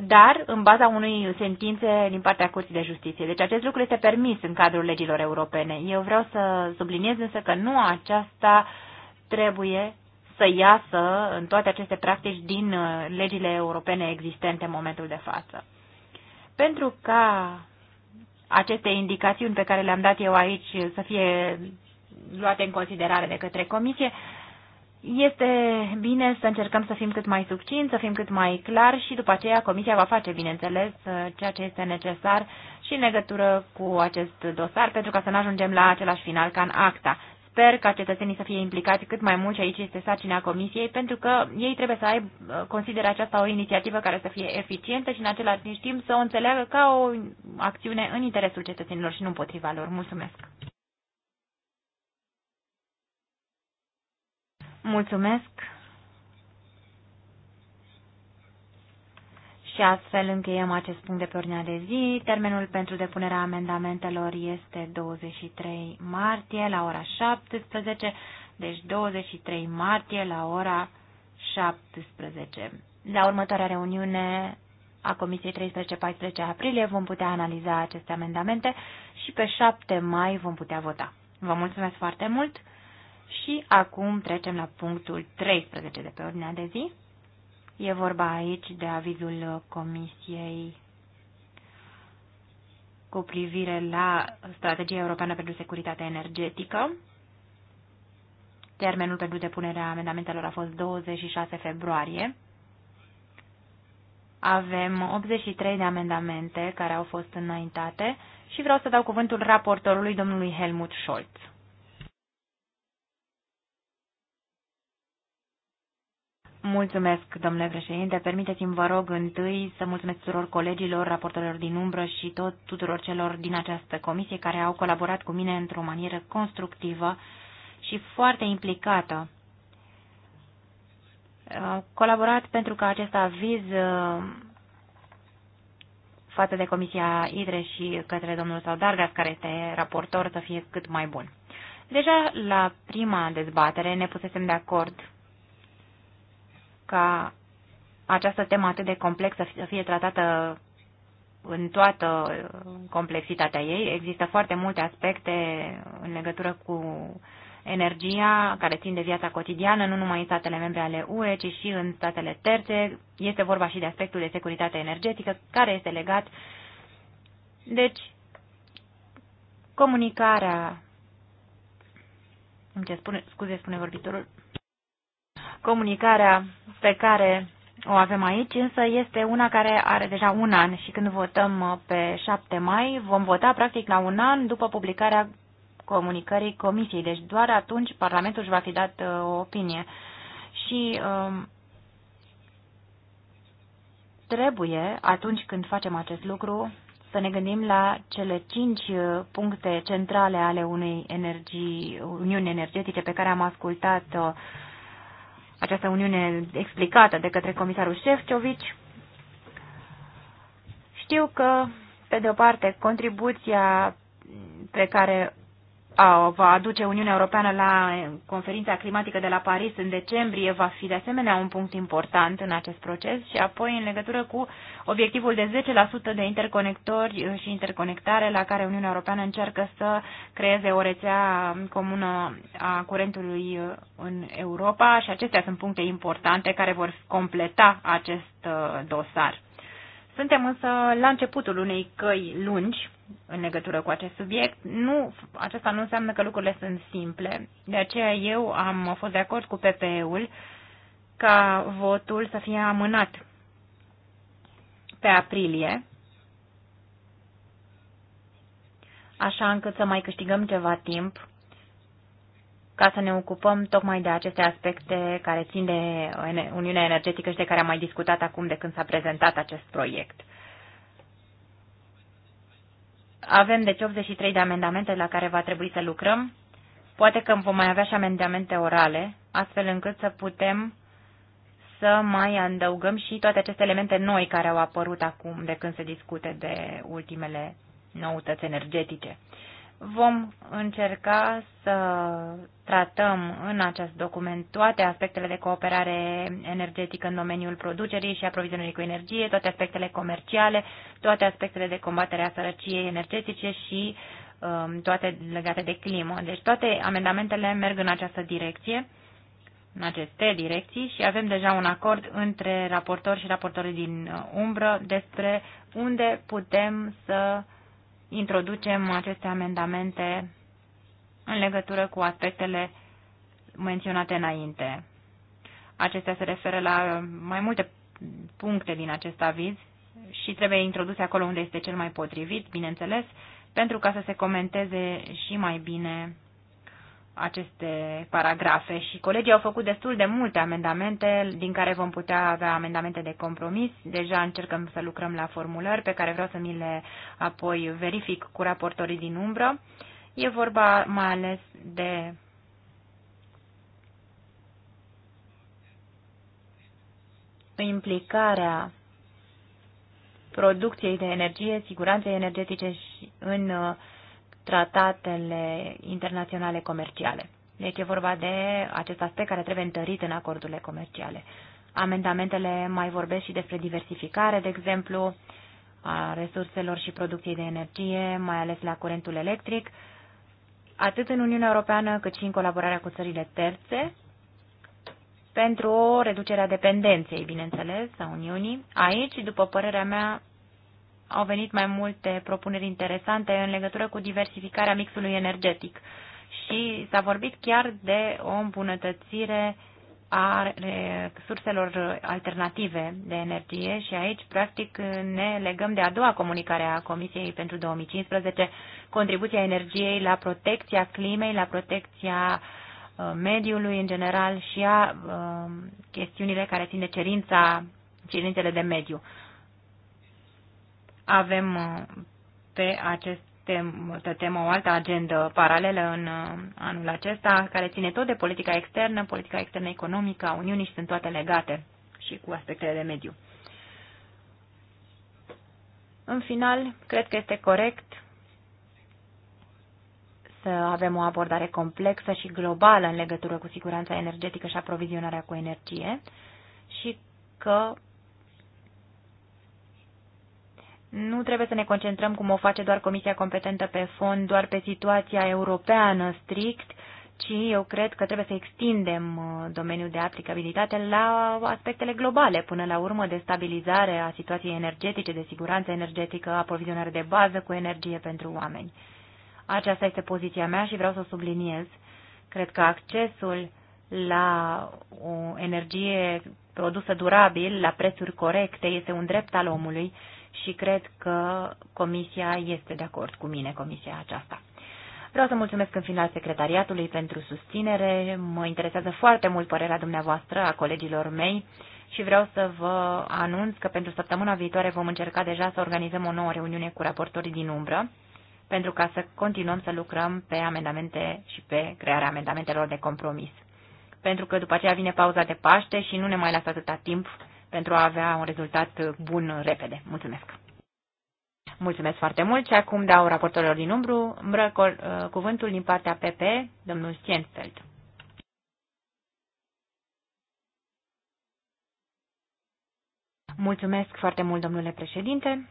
dar în baza unei sentințe din partea Curții de Justiție. Deci acest lucru este permis în cadrul legilor europene. Eu vreau să subliniez însă că nu aceasta trebuie să iasă în toate aceste practici din uh, legile europene existente în momentul de față. Pentru ca aceste indicațiuni pe care le-am dat eu aici să fie luate în considerare de către Comisie, este bine să încercăm să fim cât mai subțin, să fim cât mai clar și după aceea Comisia va face, bineînțeles, ceea ce este necesar și în legătură cu acest dosar, pentru ca să nu ajungem la același final ca în acta. Sper ca cetățenii să fie implicați cât mai mult și aici este sarcina Comisiei, pentru că ei trebuie să aibă, consideră aceasta o inițiativă care să fie eficientă și în același timp să o înțeleagă ca o acțiune în interesul cetățenilor și nu împotriva lor. Mulțumesc! Mulțumesc! Și astfel încheiem acest punct de pe ordinea de zi. Termenul pentru depunerea amendamentelor este 23 martie la ora 17, deci 23 martie la ora 17. La următoarea reuniune a Comisiei 13-14 aprilie vom putea analiza aceste amendamente și pe 7 mai vom putea vota. Vă mulțumesc foarte mult! Și acum trecem la punctul 13 de pe ordinea de zi. E vorba aici de avizul Comisiei cu privire la strategia europeană pentru securitatea energetică. Termenul pentru depunerea amendamentelor a fost 26 februarie. Avem 83 de amendamente care au fost înaintate și vreau să dau cuvântul raportorului domnului Helmut Scholz. Mulțumesc, domnule președinte. Permiteți-mi, vă rog, întâi să mulțumesc tuturor colegilor, raportorilor din umbră și tot tuturor celor din această comisie care au colaborat cu mine într-o manieră constructivă și foarte implicată. Au colaborat pentru că acest aviz uh, față de Comisia IDRE și către domnul Saudargas, care este raportor, să fie cât mai bun. Deja la prima dezbatere ne pusesem de acord ca această temă atât de complexă să fie tratată în toată uh, complexitatea ei. Există foarte multe aspecte în legătură cu energia care țin de viața cotidiană, nu numai în statele membre ale UE, ci și în statele terțe. Este vorba și de aspectul de securitate energetică, care este legat. Deci, comunicarea, îmi ce spune, scuze, spune vorbitorul, Comunicarea pe care o avem aici, însă este una care are deja un an și când votăm uh, pe 7 mai, vom vota practic la un an după publicarea comunicării Comisiei, deci doar atunci Parlamentul își va fi dat uh, o opinie. Și um, trebuie, atunci când facem acest lucru, să ne gândim la cele cinci uh, puncte centrale ale unei energii, uniuni energetice pe care am ascultat-o această uniune explicată de către comisarul Șefcovici, știu că, pe de o parte, contribuția pe care va aduce Uniunea Europeană la conferința climatică de la Paris în decembrie va fi de asemenea un punct important în acest proces și apoi în legătură cu obiectivul de 10% de interconectori și interconectare la care Uniunea Europeană încearcă să creeze o rețea comună a curentului în Europa și acestea sunt puncte importante care vor completa acest uh, dosar. Suntem însă la începutul unei căi lungi în legătură cu acest subiect. Nu, acesta nu înseamnă că lucrurile sunt simple. De aceea eu am fost de acord cu PPE-ul ca votul să fie amânat pe aprilie, așa încât să mai câștigăm ceva timp ca să ne ocupăm tocmai de aceste aspecte care țin de Uniunea Energetică și de care am mai discutat acum de când s-a prezentat acest proiect. Avem deci 83 de amendamente la care va trebui să lucrăm. Poate că vom mai avea și amendamente orale, astfel încât să putem să mai adăugăm și toate aceste elemente noi care au apărut acum de când se discute de ultimele noutăți energetice. Vom încerca să tratăm în acest document toate aspectele de cooperare energetică în domeniul producerii și aprovizionării cu energie, toate aspectele comerciale, toate aspectele de combatere a sărăciei energetice și um, toate legate de climă. Deci toate amendamentele merg în această direcție, în aceste direcții și avem deja un acord între raportori și raportorii din uh, umbră despre unde putem să introducem aceste amendamente în legătură cu aspectele menționate înainte. Acestea se referă la mai multe puncte din acest aviz și trebuie introduse acolo unde este cel mai potrivit, bineînțeles, pentru ca să se comenteze și mai bine aceste paragrafe și colegii au făcut destul de multe amendamente, din care vom putea avea amendamente de compromis. Deja încercăm să lucrăm la formulări pe care vreau să mi le apoi verific cu raportorii din umbră. E vorba mai ales de implicarea producției de energie, siguranței energetice și în uh, tratatele internaționale comerciale. Deci e vorba de acest aspect care trebuie întărit în acordurile comerciale. Amendamentele mai vorbesc și despre diversificare, de exemplu, a resurselor și producției de energie, mai ales la curentul electric, atât în Uniunea Europeană cât și în colaborarea cu țările terțe, pentru o reducere a dependenței, bineînțeles, a Uniunii. Aici, după părerea mea, au venit mai multe propuneri interesante în legătură cu diversificarea mixului energetic și s-a vorbit chiar de o îmbunătățire a surselor alternative de energie și aici, practic, ne legăm de a doua comunicare a Comisiei pentru 2015, contribuția energiei la protecția climei, la protecția uh, mediului în general și a uh, chestiunile care țin de cerința, cerințele de mediu avem uh, pe acest tem, temă o altă agendă paralelă în uh, anul acesta, care ține tot de politica externă, politica externă economică a Uniunii și sunt toate legate și cu aspectele de mediu. În final, cred că este corect să avem o abordare complexă și globală în legătură cu siguranța energetică și aprovizionarea cu energie și că nu trebuie să ne concentrăm, cum o face doar Comisia competentă pe fond, doar pe situația europeană strict, ci eu cred că trebuie să extindem uh, domeniul de aplicabilitate la aspectele globale, până la urmă de stabilizare a situației energetice, de siguranță energetică, aprovizionare de bază cu energie pentru oameni. Aceasta este poziția mea și vreau să o subliniez. Cred că accesul la o energie produsă durabil, la prețuri corecte, este un drept al omului și cred că comisia este de acord cu mine, comisia aceasta. Vreau să mulțumesc în final secretariatului pentru susținere. Mă interesează foarte mult părerea dumneavoastră a colegilor mei și vreau să vă anunț că pentru săptămâna viitoare vom încerca deja să organizăm o nouă reuniune cu raportorii din umbră pentru ca să continuăm să lucrăm pe amendamente și pe crearea amendamentelor de compromis. Pentru că după aceea vine pauza de Paște și nu ne mai lasă atâta timp pentru a avea un rezultat bun repede. Mulțumesc! Mulțumesc foarte mult și acum dau raportorilor din umbru uh, cuvântul din partea PP, domnul Stienfeld. Mulțumesc foarte mult, domnule președinte.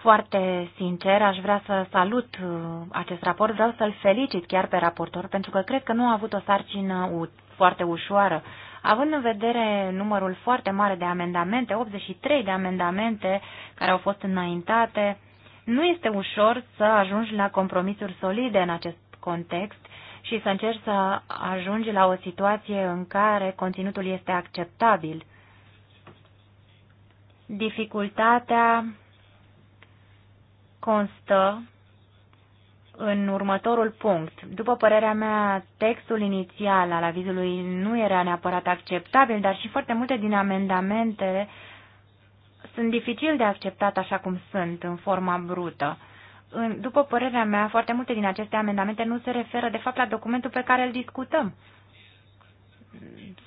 Foarte sincer, aș vrea să salut uh, acest raport, vreau să-l felicit chiar pe raportor, pentru că cred că nu a avut o sarcină foarte ușoară. Având în vedere numărul foarte mare de amendamente, 83 de amendamente care au fost înaintate, nu este ușor să ajungi la compromisuri solide în acest context și să încerci să ajungi la o situație în care conținutul este acceptabil. Dificultatea constă în următorul punct. După părerea mea, textul inițial al avizului nu era neapărat acceptabil, dar și foarte multe din amendamente sunt dificil de acceptat așa cum sunt, în forma brută. În, după părerea mea, foarte multe din aceste amendamente nu se referă, de fapt, la documentul pe care îl discutăm.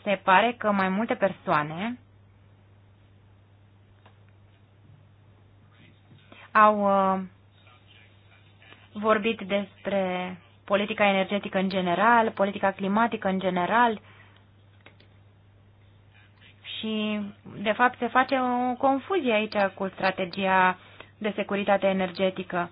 Se pare că mai multe persoane au uh, vorbit despre politica energetică în general, politica climatică în general și, de fapt, se face o confuzie aici cu strategia de securitate energetică.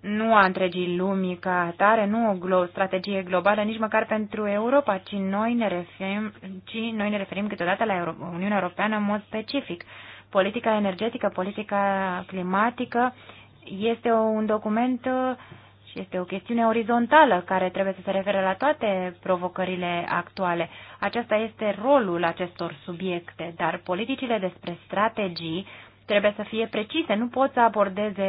Nu a întregii lumii ca atare, nu o strategie globală, nici măcar pentru Europa, ci noi ne referim, ci noi ne referim câteodată la Euro Uniunea Europeană în mod specific politica energetică, politica climatică este un document uh, și este o chestiune orizontală care trebuie să se refere la toate provocările actuale. Acesta este rolul acestor subiecte, dar politicile despre strategii trebuie să fie precise, nu pot să abordeze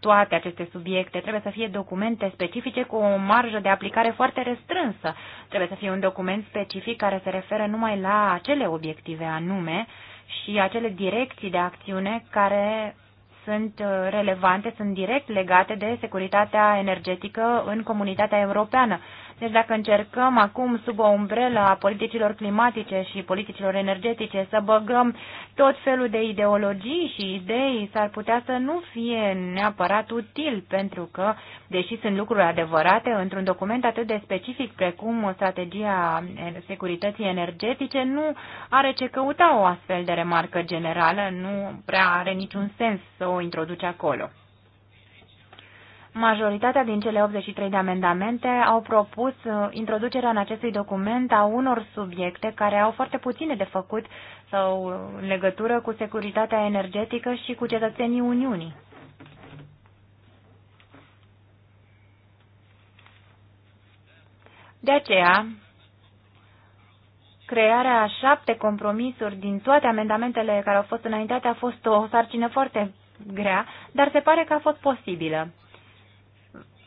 toate aceste subiecte, trebuie să fie documente specifice cu o marjă de aplicare foarte restrânsă, trebuie să fie un document specific care se referă numai la acele obiective anume și acele direcții de acțiune care sunt uh, relevante, sunt direct legate de securitatea energetică în comunitatea europeană. Deci dacă încercăm acum sub o umbrelă a politicilor climatice și politicilor energetice să băgăm tot felul de ideologii și idei, s-ar putea să nu fie neapărat util, pentru că, deși sunt lucruri adevărate, într-un document atât de specific precum strategia securității energetice, nu are ce căuta o astfel de remarcă generală, nu prea are niciun sens să o introduci acolo. Majoritatea din cele 83 de amendamente au propus uh, introducerea în acestui document a unor subiecte care au foarte puține de făcut sau în uh, legătură cu securitatea energetică și cu cetățenii Uniunii. De aceea, crearea a șapte compromisuri din toate amendamentele care au fost înaintate a fost o sarcină foarte grea, dar se pare că a fost posibilă.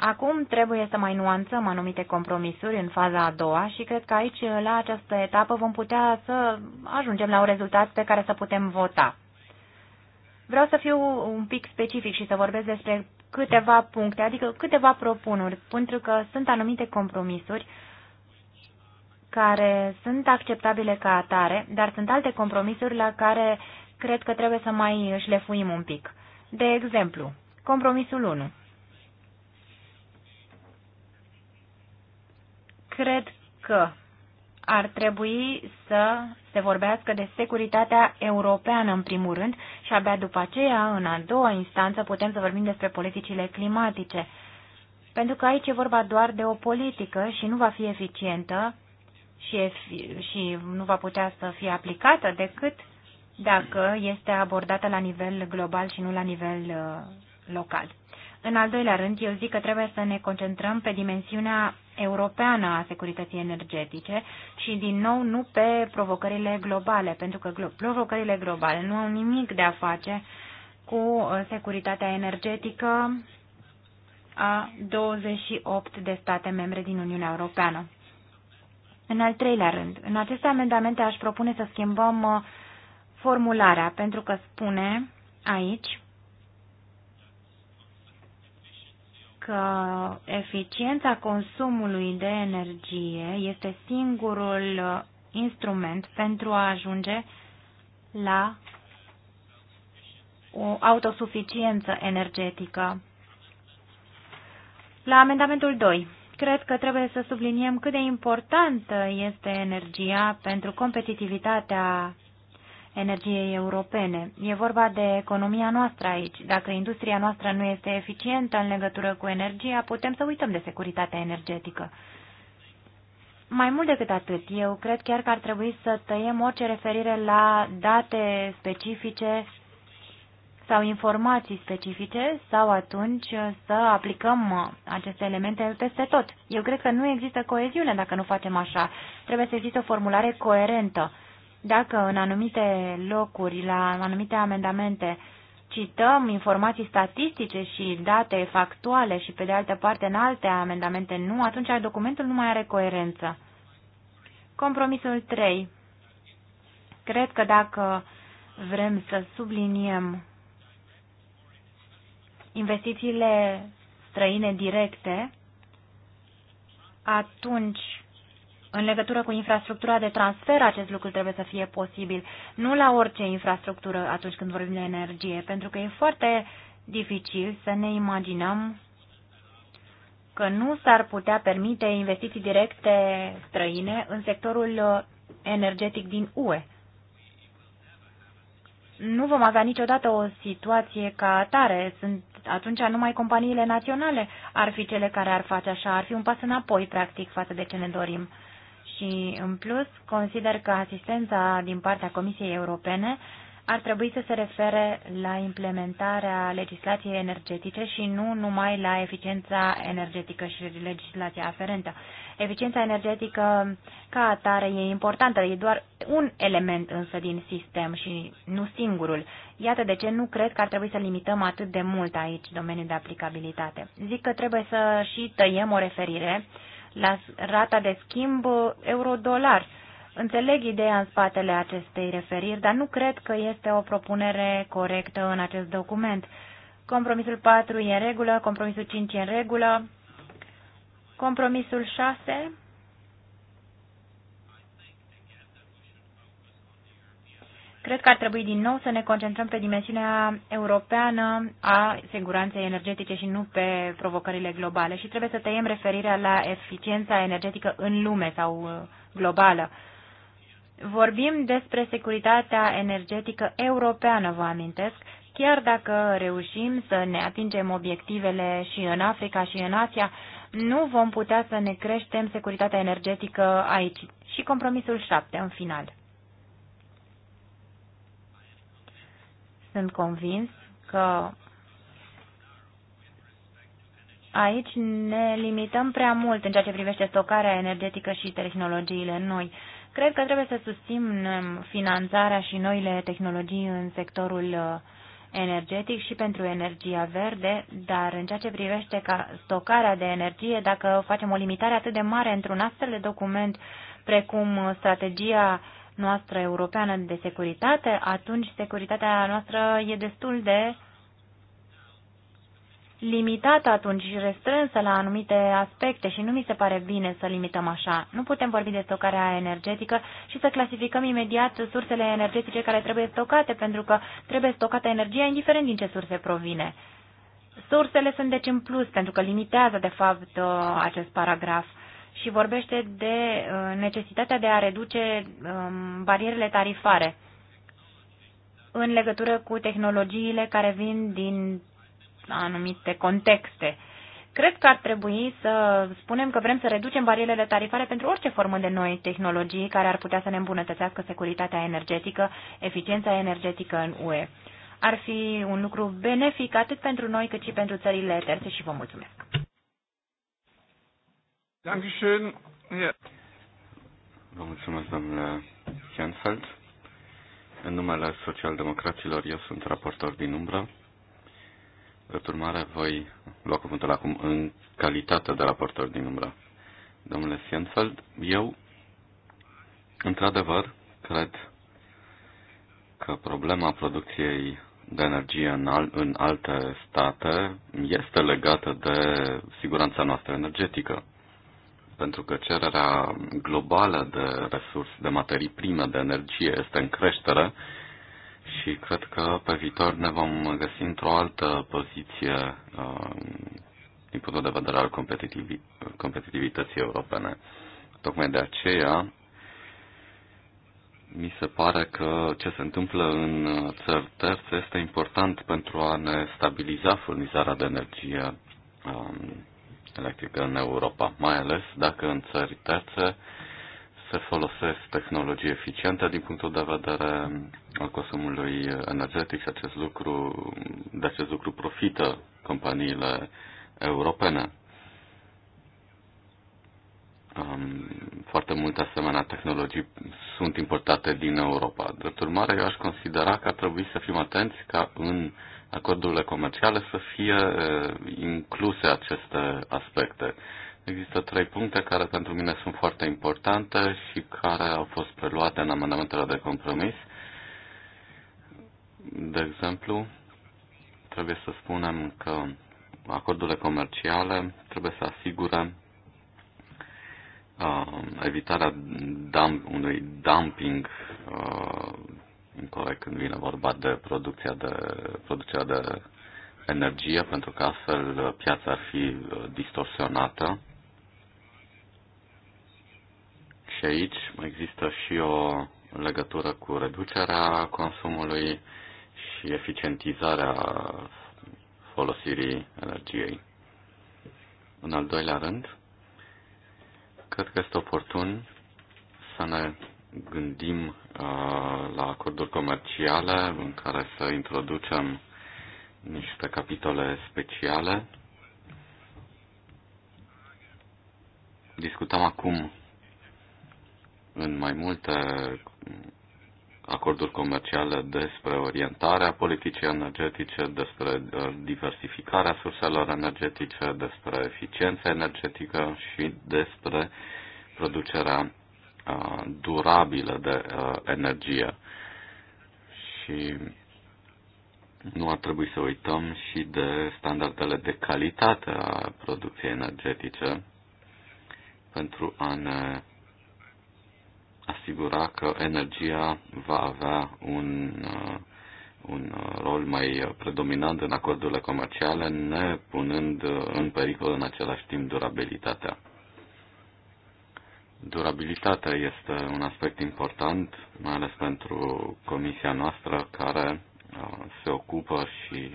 Acum trebuie să mai nuanțăm anumite compromisuri în faza a doua și cred că aici, la această etapă, vom putea să ajungem la un rezultat pe care să putem vota. Vreau să fiu un pic specific și să vorbesc despre câteva puncte, adică câteva propunuri, pentru că sunt anumite compromisuri care sunt acceptabile ca atare, dar sunt alte compromisuri la care cred că trebuie să mai șlefuim un pic. De exemplu, compromisul 1 Cred că ar trebui să se vorbească de securitatea europeană în primul rând și abia după aceea, în a doua instanță, putem să vorbim despre politicile climatice. Pentru că aici e vorba doar de o politică și nu va fi eficientă și, efi și nu va putea să fie aplicată decât dacă este abordată la nivel global și nu la nivel uh, local. În al doilea rând, eu zic că trebuie să ne concentrăm pe dimensiunea europeană a securității energetice și, din nou, nu pe provocările globale, pentru că provocările globale nu au nimic de a face cu uh, securitatea energetică a 28 de state membre din Uniunea Europeană. În al treilea rând, în aceste amendamente aș propune să schimbăm uh, formularea, pentru că spune aici că eficiența consumului de energie este singurul uh, instrument pentru a ajunge la o autosuficiență energetică. La amendamentul 2. Cred că trebuie să subliniem cât de importantă este energia pentru competitivitatea energiei europene. E vorba de economia noastră aici. Dacă industria noastră nu este eficientă în legătură cu energia, putem să uităm de securitatea energetică. Mai mult decât atât, eu cred chiar că ar trebui să tăiem orice referire la date specifice sau informații specifice sau atunci să aplicăm aceste elemente peste tot. Eu cred că nu există coeziune dacă nu facem așa. Trebuie să existe o formulare coerentă dacă în anumite locuri, la anumite amendamente, cităm informații statistice și date factuale și, pe de altă parte, în alte amendamente nu, atunci documentul nu mai are coerență. Compromisul 3. Cred că dacă vrem să subliniem investițiile străine directe, atunci în legătură cu infrastructura de transfer, acest lucru trebuie să fie posibil, nu la orice infrastructură atunci când vorbim de energie, pentru că e foarte dificil să ne imaginăm că nu s-ar putea permite investiții directe străine în sectorul uh, energetic din UE. Nu vom avea niciodată o situație ca atare. Sunt atunci numai companiile naționale ar fi cele care ar face așa, ar fi un pas înapoi, practic, față de ce ne dorim. Și, în plus, consider că asistența din partea Comisiei Europene ar trebui să se refere la implementarea legislației energetice și nu numai la eficiența energetică și legislația aferentă. Eficiența energetică ca atare e importantă, e doar un element însă din sistem și nu singurul. Iată de ce nu cred că ar trebui să limităm atât de mult aici domeniul de aplicabilitate. Zic că trebuie să și tăiem o referire uh, la rata de schimb uh, euro-dolar. Înțeleg ideea în spatele acestei referiri, dar nu cred că este o propunere corectă în acest document. Compromisul 4 e în regulă, compromisul 5 e în regulă, compromisul 6 Cred că ar trebui din nou să ne concentrăm pe dimensiunea europeană a siguranței energetice și nu pe provocările globale și trebuie să tăiem referirea la eficiența energetică în lume sau uh, globală. Vorbim despre securitatea energetică europeană, vă amintesc, chiar dacă reușim să ne atingem obiectivele și în Africa și în Asia, nu vom putea să ne creștem securitatea energetică aici. Și compromisul 7 în final. Sunt convins că aici ne limităm prea mult în ceea ce privește stocarea energetică și tehnologiile noi. Cred că trebuie să susținem finanțarea și noile tehnologii în sectorul uh, energetic și pentru energia verde, dar în ceea ce privește ca stocarea de energie, dacă facem o limitare atât de mare într-un astfel de document precum strategia uh, noastră europeană de securitate, atunci securitatea noastră e destul de limitată atunci și restrânsă la anumite aspecte și nu mi se pare bine să limităm așa. Nu putem vorbi de stocarea energetică și să clasificăm imediat sursele energetice care trebuie stocate, pentru că trebuie stocată energia indiferent din ce surse provine. Sursele sunt deci în plus, pentru că limitează, de fapt, uh, acest paragraf și vorbește de uh, necesitatea de a reduce um, barierele tarifare în legătură cu tehnologiile care vin din anumite contexte. Cred că ar trebui să spunem că vrem să reducem barierele tarifare pentru orice formă de noi tehnologii care ar putea să ne îmbunătățească securitatea energetică, eficiența energetică în UE. Ar fi un lucru benefic atât pentru noi cât și pentru țările terțe și vă mulțumesc. Dankeschön. Ja. Vă mulțumesc, domnule Schoenfeld. În numele socialdemocraților, eu sunt raportor din umbră. Drept urmare, voi lua cuvântul acum în calitate de raportor din umbră. Domnule Sienfeld, eu, într-adevăr, cred că problema producției de energie în, al, în alte state este legată de siguranța noastră energetică pentru că cererea globală de resurse, de materii prime, de energie este în creștere și cred că pe viitor ne vom găsi într-o altă poziție um, din punctul de vedere al competitiv competitivității europene. Tocmai de aceea mi se pare că ce se întâmplă în țări terțe este important pentru a ne stabiliza furnizarea de energie um, electrică în Europa, mai ales dacă în țări terțe se folosesc tehnologii eficiente din punctul de vedere al consumului energetic și acest lucru, de acest lucru profită companiile europene. foarte multe asemenea tehnologii sunt importate din Europa. Drept urmare, eu aș considera că ar trebui să fim atenți ca în acordurile comerciale să fie incluse aceste aspecte. Există trei puncte care pentru mine sunt foarte importante și care au fost preluate în amendamentele de compromis. De exemplu, trebuie să spunem că acordurile comerciale trebuie să asigure uh, evitarea dump, unui dumping uh, corect când vine vorba de producția de, producția de energie, pentru că astfel uh, piața ar fi uh, distorsionată. Și aici există și o legătură cu reducerea consumului și eficientizarea folosirii energiei. În al doilea rând, cred că este oportun să ne gândim uh, la acorduri comerciale în care să introducem niște capitole speciale. Discutăm acum în mai multe acorduri comerciale despre orientarea politicii energetice, despre uh, diversificarea surselor energetice, despre eficiența energetică și despre producerea durabilă de energie. Și nu ar trebui să uităm și de standardele de calitate a producției energetice pentru a ne asigura că energia va avea un, un rol mai predominant în acordurile comerciale, ne punând în pericol în același timp durabilitatea. Durabilitatea este un aspect important, mai ales pentru comisia noastră care uh, se ocupă și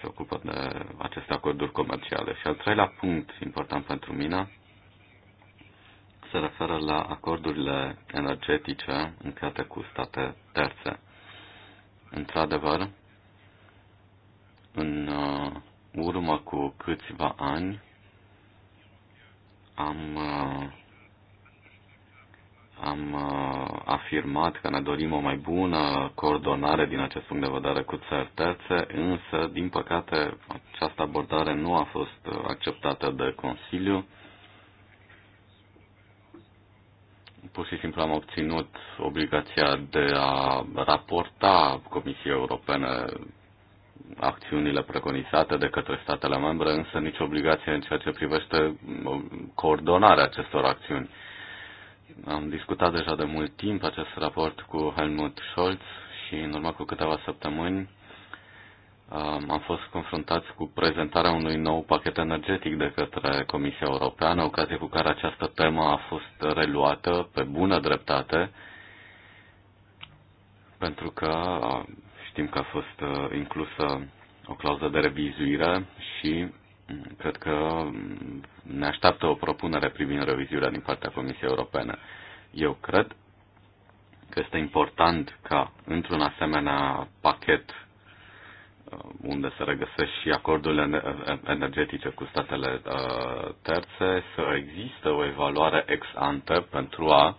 se ocupă de aceste acorduri comerciale. Și al treilea punct important pentru mine se referă la acordurile energetice încheiate cu state terțe. Într-adevăr, în uh, urmă cu câțiva ani am uh, am uh, afirmat că ne dorim o mai bună coordonare din acest punct de vedere cu țări terțe, însă, din păcate, această abordare nu a fost acceptată de Consiliu. Pur și simplu am obținut obligația de a raporta Comisiei Europene acțiunile preconizate de către statele membre, însă nici obligație în ceea ce privește coordonarea acestor acțiuni am discutat deja de mult timp acest raport cu Helmut Scholz și în urma cu câteva săptămâni um, am fost confruntați cu prezentarea unui nou pachet energetic de către Comisia Europeană, ocazie cu care această temă a fost reluată pe bună dreptate, pentru că uh, știm că a fost uh, inclusă o clauză de revizuire și cred că mm, ne așteaptă o propunere privind revizuirea din partea Comisiei Europene. Eu cred că este important ca într-un asemenea pachet uh, unde se regăsesc și acordurile energetice cu statele uh, terțe, să există o evaluare ex ante pentru a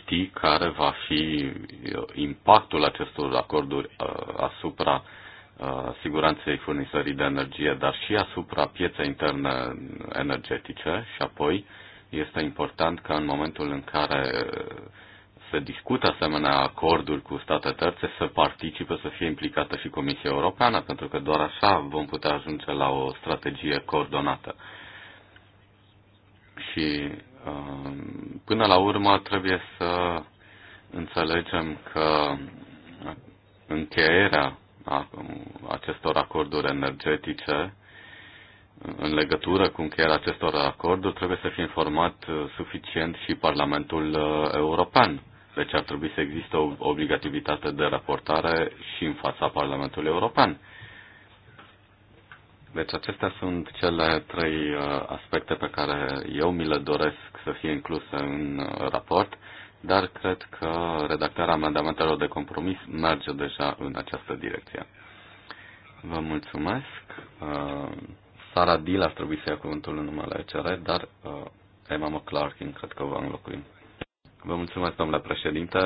ști care va fi uh, impactul acestor acorduri asupra siguranței furnizării de energie, dar și asupra pieței interne energetice și apoi este important ca în momentul în care se discută asemenea acorduri cu state terțe să participe, să fie implicată și Comisia Europeană, pentru că doar așa vom putea ajunge la o strategie coordonată. Și până la urmă trebuie să înțelegem că încheierea acestor acorduri energetice, în legătură cu încheierea acestor acorduri, trebuie să fie informat uh, suficient și Parlamentul uh, European. Deci ar trebui să existe o obligativitate de raportare și în fața Parlamentului European. Deci acestea sunt cele trei uh, aspecte pe care eu mi le doresc să fie incluse în raport dar cred că redactarea amendamentelor de compromis merge deja în această direcție. Vă mulțumesc. Uh, Sara Dil ar trebui să ia cuvântul în numele CR, dar uh, Emma McClarkin cred că va înlocui. Vă mulțumesc, domnule președinte.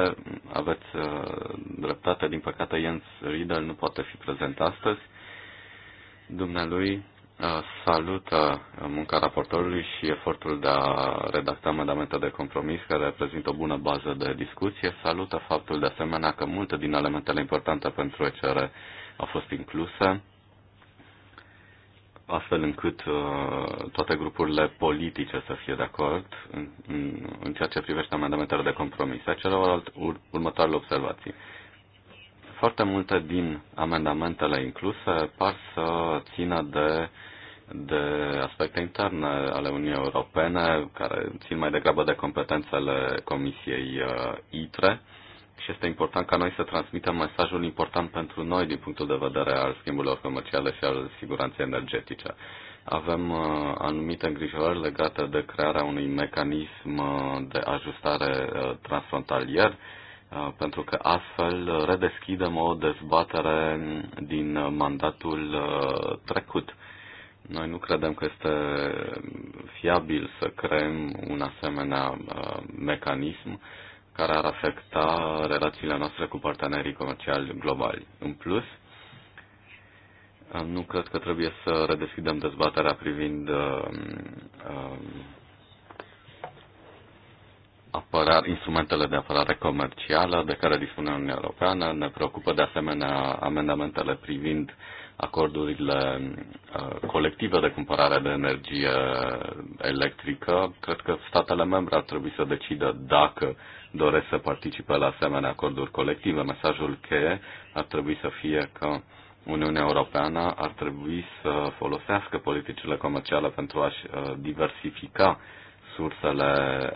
Aveți uh, dreptate. Din păcate, Jens Riedel nu poate fi prezent astăzi. Dumnealui Uh, salută uh, munca raportorului și efortul de a redacta amendamente de compromis care reprezintă o bună bază de discuție. Salută faptul de asemenea că multe din elementele importante pentru ECR au fost incluse, astfel încât uh, toate grupurile politice să fie de acord în, în, ceea ce privește amendamentele de compromis. Celălalt ur, următoarele observații foarte multe din amendamentele incluse par să țină de de aspecte interne ale Uniunii Europene, care țin mai degrabă de competențele Comisiei uh, ITRE și este important ca noi să transmitem mesajul important pentru noi din punctul de vedere al schimburilor comerciale și al siguranței energetice. Avem uh, anumite îngrijorări legate de crearea unui mecanism uh, de ajustare uh, transfrontalier, uh, pentru că astfel redeschidem o dezbatere din mandatul uh, trecut. Noi nu credem că este fiabil să creăm un asemenea uh, mecanism care ar afecta relațiile noastre cu partenerii comerciali globali. În plus, nu cred că trebuie să redeschidem dezbaterea privind uh, um, apărare, instrumentele de apărare comercială de care dispune Uniunea Europeană. Ne preocupă de asemenea amendamentele privind uh, acordurile uh, colective de cumpărare de energie electrică, cred că statele membre ar trebui să decidă dacă doresc să participe la asemenea acorduri colective. Mesajul cheie ar trebui să fie că Uniunea Europeană ar trebui să folosească politicile comerciale pentru a-și uh, diversifica sursele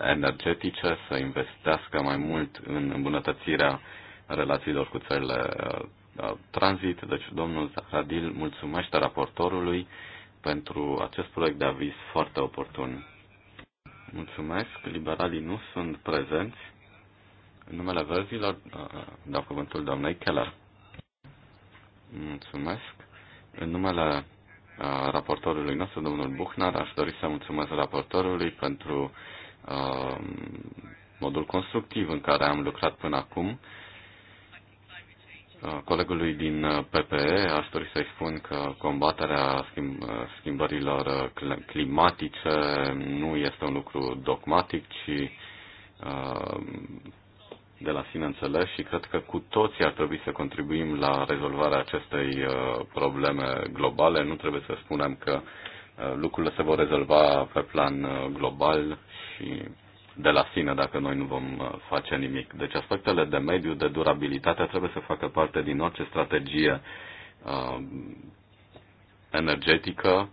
energetice, să investească mai mult în îmbunătățirea relațiilor cu țările uh, da, tranzit. Deci domnul Zahradil mulțumește raportorului pentru acest proiect de aviz foarte oportun. Mulțumesc. Liberalii nu sunt prezenți. În numele verzilor da, dau cuvântul doamnei Keller. Mulțumesc. În numele raportorului nostru, domnul Buchnar, aș dori să mulțumesc raportorului pentru modul constructiv în care am lucrat până acum colegului din PPE, aș dori să-i spun că combaterea schimb, schimbărilor climatice nu este un lucru dogmatic, ci de la sine înțeles și cred că cu toții ar trebui să contribuim la rezolvarea acestei probleme globale. Nu trebuie să spunem că lucrurile se vor rezolva pe plan global și de la sine dacă noi nu vom uh, face nimic. Deci aspectele de mediu, de durabilitate trebuie să facă parte din orice strategie uh, energetică,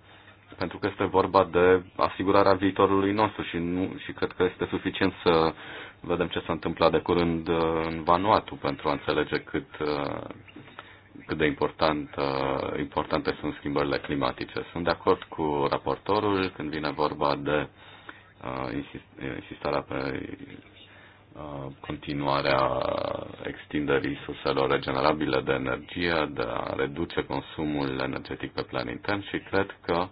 pentru că este vorba de asigurarea viitorului nostru și, nu, și cred că este suficient să vedem ce s-a întâmplat de curând uh, în Vanuatu pentru a înțelege cât, uh, cât de important, importante sunt schimbările climatice. Sunt de acord cu raportorul când vine vorba de uh, insistarea pe continuarea extinderii surselor regenerabile de energie, de a reduce consumul energetic pe plan intern și cred că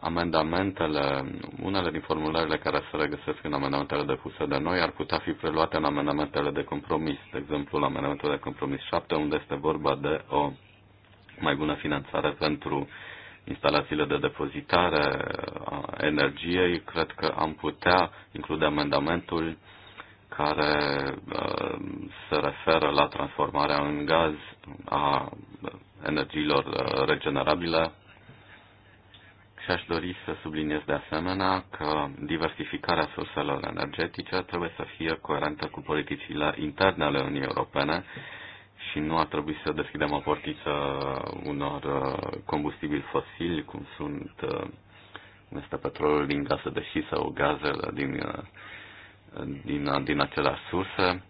amendamentele, unele din formulările care se regăsesc în amendamentele depuse de noi ar putea fi preluate în amendamentele de compromis, de exemplu la amendamentul de compromis 7, unde este vorba de o mai bună finanțare pentru uh, instalațiile de depozitare a energiei, cred că am putea include amendamentul care uh, se referă la transformarea în gaz a energiilor uh, regenerabile și aș dori să subliniez de asemenea că diversificarea surselor energetice trebuie să fie coerentă cu politicile interne ale Uniunii Europene și nu ar trebui să deschidem o portiță unor uh, combustibili fosili, cum sunt cum uh, este petrolul din gaze de șist sau gazele din, uh, din, din aceleași surse.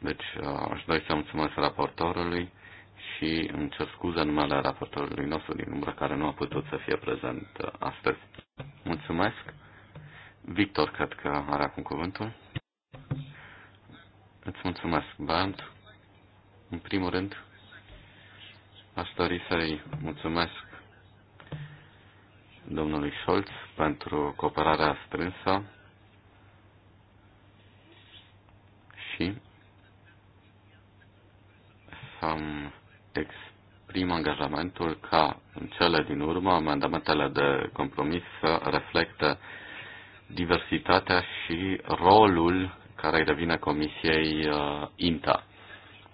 Deci aș dori să mulțumesc raportorului și îmi cer scuze numele raportorului nostru din umbră care nu a putut să fie prezent astăzi. Mulțumesc. Victor, cred că are acum cuvântul. Îți mulțumesc, Bernd. În primul rând, aș dori să-i mulțumesc domnului Scholz pentru cooperarea strânsă și să-mi exprim angajamentul ca în cele din urmă amendamentele de compromis să reflecte diversitatea și rolul care îi revine Comisiei uh, INTA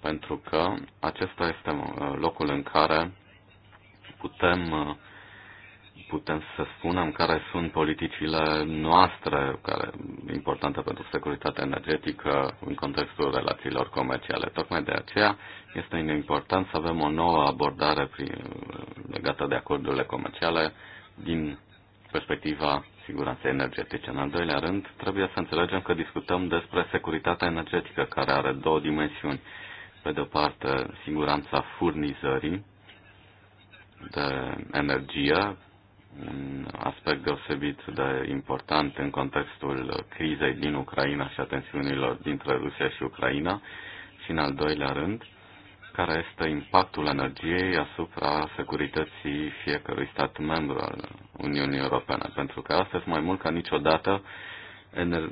pentru că acesta este uh, locul în care putem, uh, putem să spunem care sunt politicile noastre care importante pentru securitatea energetică în contextul relațiilor comerciale. Tocmai de aceea este important să avem o nouă abordare prin, uh, legată de acordurile comerciale din perspectiva siguranței energetice. În al doilea rând, trebuie să înțelegem că discutăm despre securitatea energetică, care are două dimensiuni pe de-o parte, siguranța furnizării de energie, un aspect deosebit de important în contextul crizei din Ucraina și a tensiunilor dintre Rusia și Ucraina, și în al doilea rând, care este impactul energiei asupra securității fiecărui stat membru al Uniunii Europene. Pentru că astăzi, mai mult ca niciodată,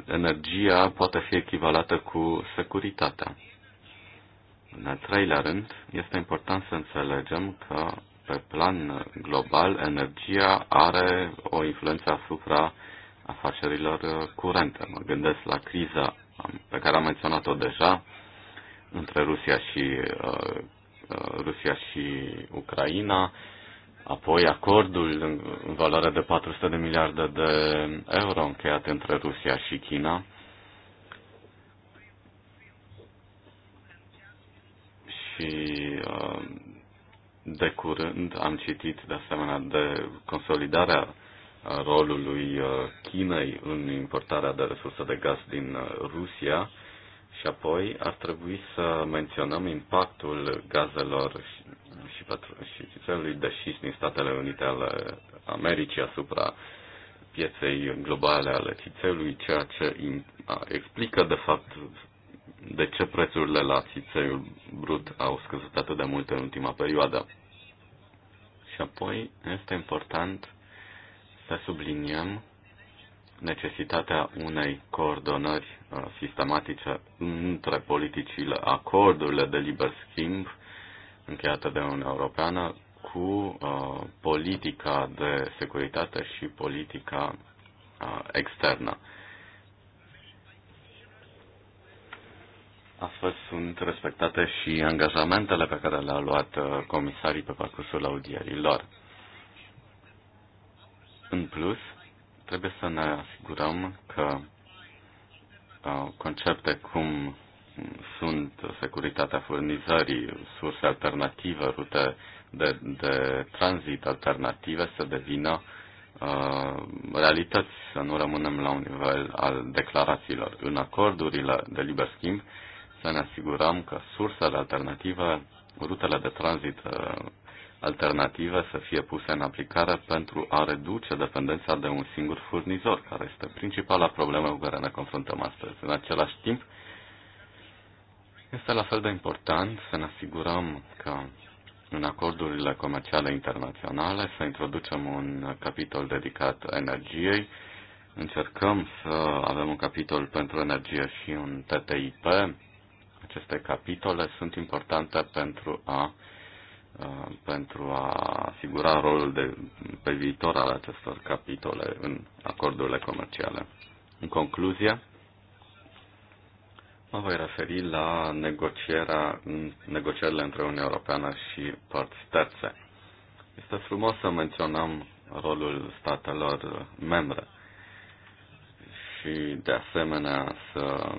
energia poate fi echivalată cu securitatea. În al treilea rând, este important să înțelegem că pe plan global energia are o influență asupra afacerilor curente. Mă gândesc la criza pe care am menționat-o deja între Rusia și, uh, Rusia și Ucraina, apoi acordul în valoare de 400 de miliarde de euro încheiat între Rusia și China, și uh, de curând am citit de asemenea de consolidarea uh, rolului uh, Chinei în importarea de resurse de gaz din Rusia și apoi ar trebui să menționăm impactul gazelor și, și celui de șist din Statele Unite ale Americii asupra pieței globale ale țițelui, ceea ce explică de fapt de ce prețurile la țițeiul brut au scăzut atât de mult în ultima perioadă. Și apoi este important să subliniem necesitatea unei coordonări uh, sistematice între politicile, acordurile de liber schimb încheiate de Uniunea Europeană cu uh, politica de securitate și politica uh, externă. Astfel sunt respectate și angajamentele pe care le-au luat uh, comisarii pe parcursul audierilor. În plus, trebuie să ne asigurăm că uh, concepte cum sunt securitatea furnizării, surse alternative, rute de, de tranzit alternative să devină uh, realități, să nu rămânem la un nivel al declarațiilor. În acordurile de liber schimb, uh, să ne asigurăm că sursele alternative, rutele de tranzit uh, alternative să fie puse în aplicare pentru a reduce dependența de un singur furnizor, care este principala problemă cu care ne confruntăm astăzi. În același timp, este la fel de important să ne asigurăm că în acordurile comerciale internaționale să introducem un capitol dedicat energiei, încercăm să avem un capitol pentru energie și un TTIP, aceste capitole sunt importante pentru a, pentru a asigura rolul de, pe viitor al acestor capitole în acordurile comerciale. În concluzie, mă voi referi la negocierea, negocierile între Uniunea Europeană și părți terțe. Este frumos să menționăm rolul statelor membre și de asemenea să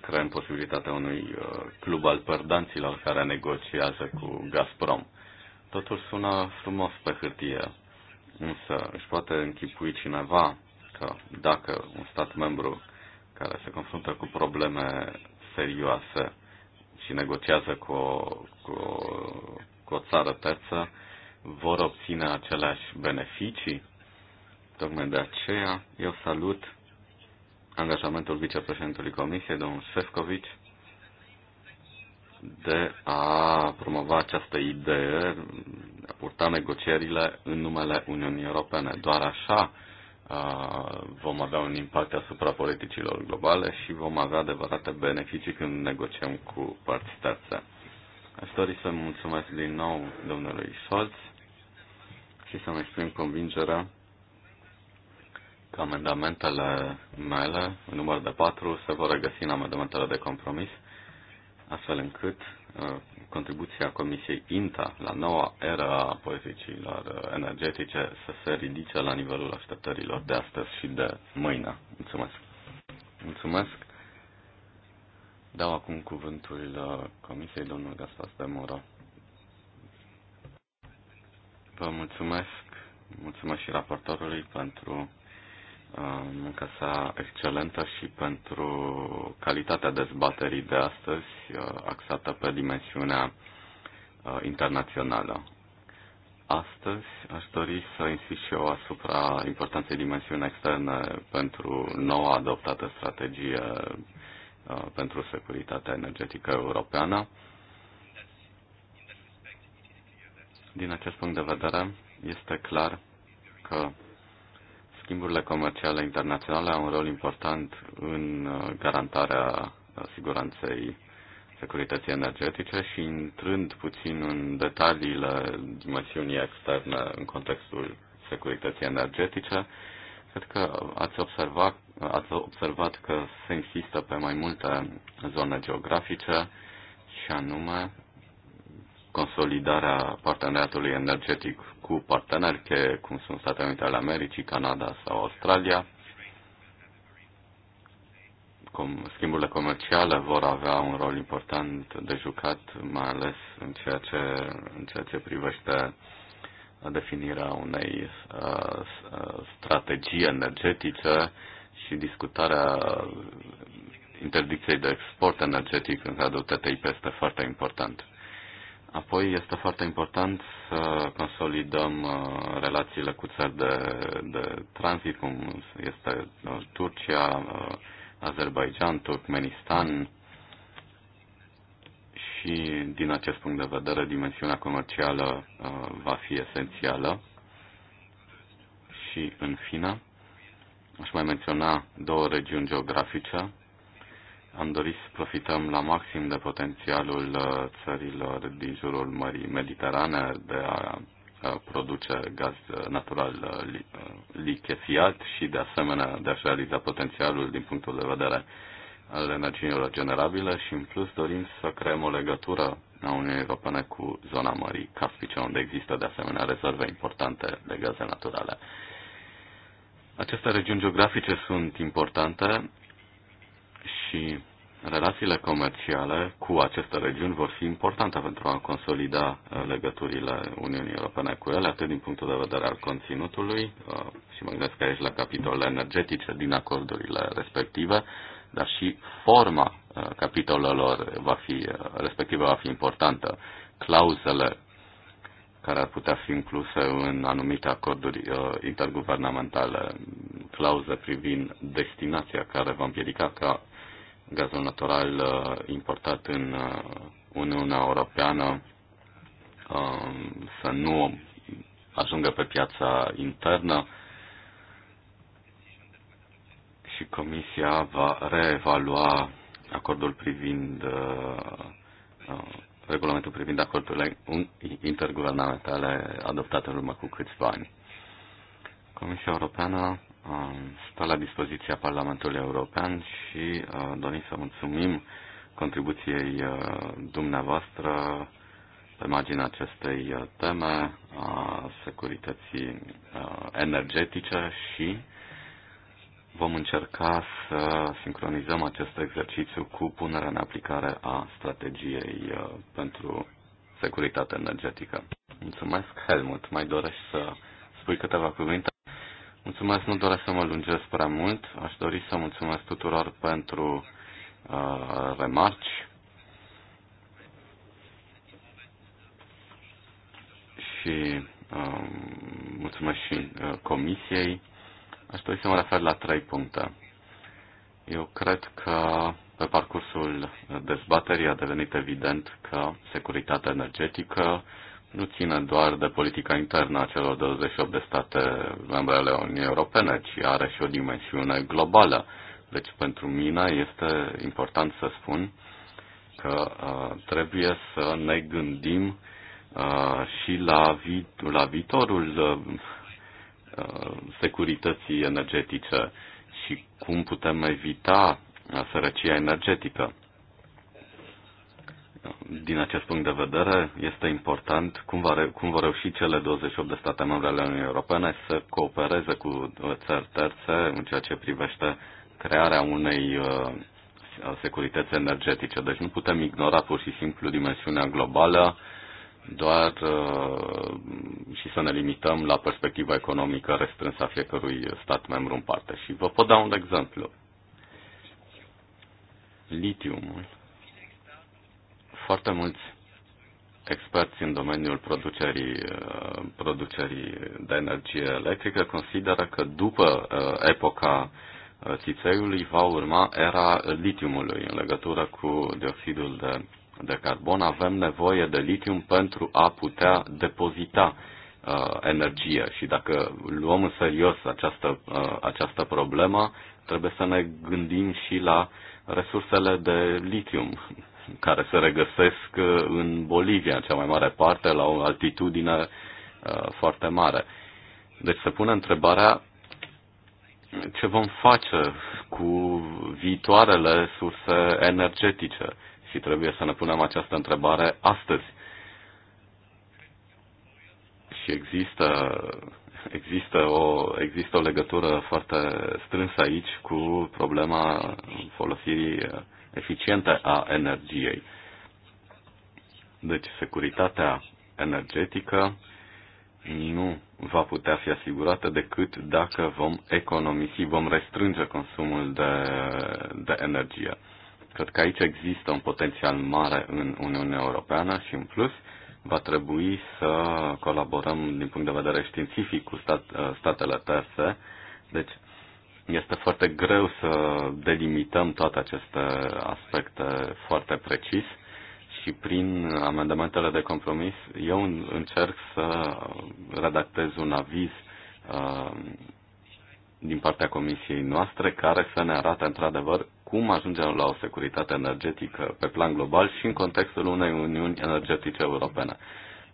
creăm posibilitatea unui uh, club al părdanților care negociază cu Gazprom. Totul sună frumos pe hârtie, însă își poate închipui cineva că dacă un stat membru care se confruntă cu probleme serioase și negociază cu o, cu o, cu o țară terță, vor obține aceleași beneficii. Tocmai de aceea eu salut angajamentul vicepreședintelui Comisiei, domnul Șefcovici, de a promova această idee, a purta negocierile în numele Uniunii Europene. Doar așa vom avea un impact asupra politicilor globale și vom avea adevărate beneficii când negociem cu părți terțe. Aș dori să mulțumesc din nou domnului Scholz și să-mi exprim convingerea amendamentele mele, număr de 4, se vor regăsi în amendamentele de compromis, astfel încât uh, contribuția Comisiei INTA la noua era a politicilor energetice să se ridice la nivelul așteptărilor de astăzi și de mâine. Mulțumesc! Mulțumesc! Dau acum cuvântul uh, Comisiei domnul Gaspar de Moro. Vă mulțumesc, mulțumesc și raportorului pentru Uh, munca sa excelentă și pentru calitatea dezbaterii de astăzi, uh, axată pe dimensiunea uh, internațională. Astăzi aș dori să insist și eu asupra importanței dimensiunii externe pentru noua adoptată strategie pentru securitatea energetică europeană. Din acest punct de vedere, este clar că Schimburile comerciale internaționale au un rol important în uh, garantarea uh, siguranței securității energetice și intrând puțin în detaliile dimensiunii externe în contextul securității energetice, cred că ați observat, ați observat că se insistă pe mai multe zone geografice și anume consolidarea parteneriatului energetic cu parteneri, că, cum sunt Statele Unite ale Americii, Canada sau Australia. Com, schimburile comerciale vor avea un rol important de jucat, mai ales în ceea ce, în ceea ce privește definirea unei uh, uh strategii energetice și discutarea interdicției de export energetic în cadrul TTIP este foarte important. Apoi este foarte important să consolidăm uh, relațiile cu țări de, de tranzit, cum este uh, Turcia, uh, Azerbaijan, Turkmenistan și din acest punct de vedere dimensiunea comercială va fi esențială. Și în fine, aș mai menționa două regiuni geografice am dorit să profităm la maxim de potențialul uh, țărilor din jurul Mării Mediterane de a produce gaz uh, natural uh, lichefiat și de asemenea de a-și realiza potențialul din punctul de vedere al energiilor regenerabile și în plus dorim să creăm o legătură a Uniunii Europene cu zona Mării Caspice, unde există de asemenea rezerve importante de gaze naturale. Aceste regiuni geografice sunt importante și relațiile comerciale cu aceste regiuni vor fi importante pentru a consolida uh, legăturile Uniunii Europene cu ele, atât din punctul de vedere al conținutului, uh, și mă gândesc aici la capitolele energetice din acordurile respective, dar și forma uh, capitolelor va fi, respectivă va fi importantă. Clauzele care ar putea fi incluse în anumite acorduri uh, interguvernamentale, clauze privind destinația care va împiedica ca gazul natural uh, importat în uh, Uniunea Europeană um, să nu ajungă pe piața internă și Comisia va reevalua acordul privind uh, regulamentul privind acordurile interguvernamentale adoptate în urmă cu câțiva ani. Comisia Europeană stă la dispoziția Parlamentului European și uh, dorim să mulțumim contribuției uh, dumneavoastră pe marginea acestei uh, teme a securității energetice și vom încerca să sincronizăm acest exercițiu cu punerea în aplicare a strategiei pentru securitate energetică. Mulțumesc, Helmut. Mai dorești să spui câteva cuvinte? Mulțumesc, nu doresc să mă lungesc prea mult. Aș dori să mulțumesc tuturor pentru uh, remarci. Și uh, mulțumesc și uh, comisiei. Aș dori să mă refer la trei puncte. Eu cred că pe parcursul dezbaterii a devenit evident că securitatea energetică nu ține doar de politica internă a celor 28 de state membre ale Uniunii Europene, ci are și o dimensiune globală. Deci pentru mine este important să spun că uh, trebuie să ne gândim uh, și la, vi- la viitorul uh, uh securității energetice și cum putem evita uh, sărăcia energetică din acest punct de vedere, este important cum, va, cum vor reuși cele 28 de state membre ale Uniunii Europene să coopereze cu țări terțe în ceea ce privește crearea unei uh, securități energetice. Deci nu putem ignora pur și simplu dimensiunea globală doar uh, și să ne limităm la perspectiva economică restrânsă a fiecărui stat membru în parte. Și vă pot da un exemplu. Litiumul foarte mulți experți în domeniul producerii, uh, producerii de energie electrică consideră că după uh, epoca uh, țițeiului va urma era litiumului în legătură cu dioxidul de, de carbon. Avem nevoie de litium pentru a putea depozita energie și dacă luăm în serios această, această problemă, trebuie să ne gândim și la resursele de litium care se regăsesc uh, în Bolivia, în cea mai mare parte, la o altitudine uh, foarte mare. Deci se pune întrebarea ce vom face cu viitoarele surse energetice și trebuie să ne punem această întrebare astăzi. Și există, există, o, există o legătură foarte strânsă aici cu problema folosirii uh, eficientă a energiei. Deci, securitatea energetică nu va putea fi asigurată decât dacă vom economisi, vom restrânge consumul de, de energie. Cred că aici există un potențial mare în Uniunea Europeană și, în plus, va trebui să colaborăm din punct de vedere științific cu stat, statele terse. Deci, este foarte greu să delimităm toate aceste aspecte foarte precis și prin amendamentele de compromis eu încerc să redactez un aviz uh, din partea comisiei noastre care să ne arate într-adevăr cum ajungem la o securitate energetică pe plan global și în contextul unei uniuni energetice europene.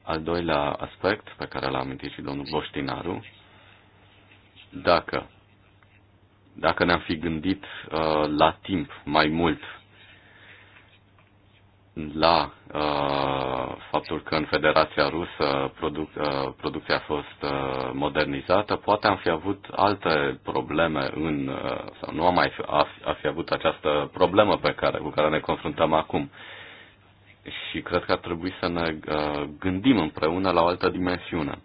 Al doilea aspect pe care l-a amintit și domnul Boștinaru, dacă dacă ne-am fi gândit uh, la timp mai mult la uh, faptul că în Federația Rusă produc, uh, producția a fost uh, modernizată, poate am fi avut alte probleme în, uh, sau nu am mai fi, a, a fi avut această problemă pe care, cu care ne confruntăm acum. Și cred că ar trebui să ne uh, gândim împreună la o altă dimensiune.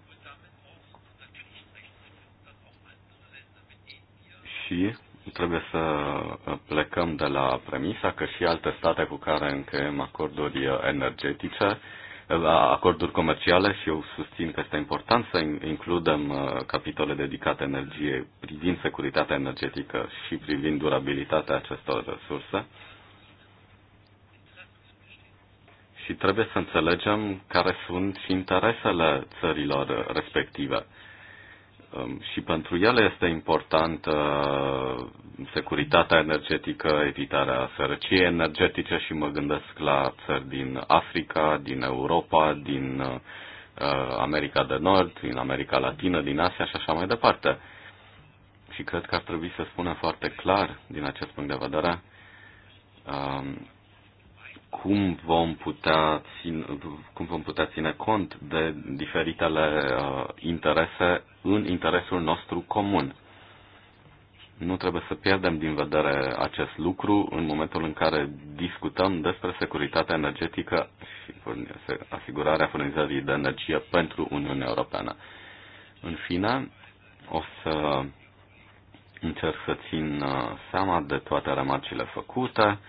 și trebuie să uh, plecăm de la premisa că și alte state cu care încheiem acorduri uh, energetice, uh, acorduri comerciale și eu susțin că este important să includem capitole dedicate energiei privind securitatea energetică și privind durabilitatea acestor resurse. Și trebuie să înțelegem care sunt și interesele țărilor respective Um, și pentru ele este importantă uh, securitatea energetică, evitarea sărăciei energetice și mă gândesc la țări din Africa, din Europa, din uh, America de Nord, din America Latină, din Asia și așa mai departe. Și cred că ar trebui să spunem foarte clar, din acest punct de vedere, um, cum vom putea ține, cum vom putea ține cont de diferitele uh, interese în interesul nostru comun. Nu trebuie să pierdem din vedere acest lucru în momentul în care discutăm despre securitatea energetică și asigurarea furnizării de energie pentru Uniunea Europeană. În fine, o să încerc să țin uh, seama de toate remarcile făcute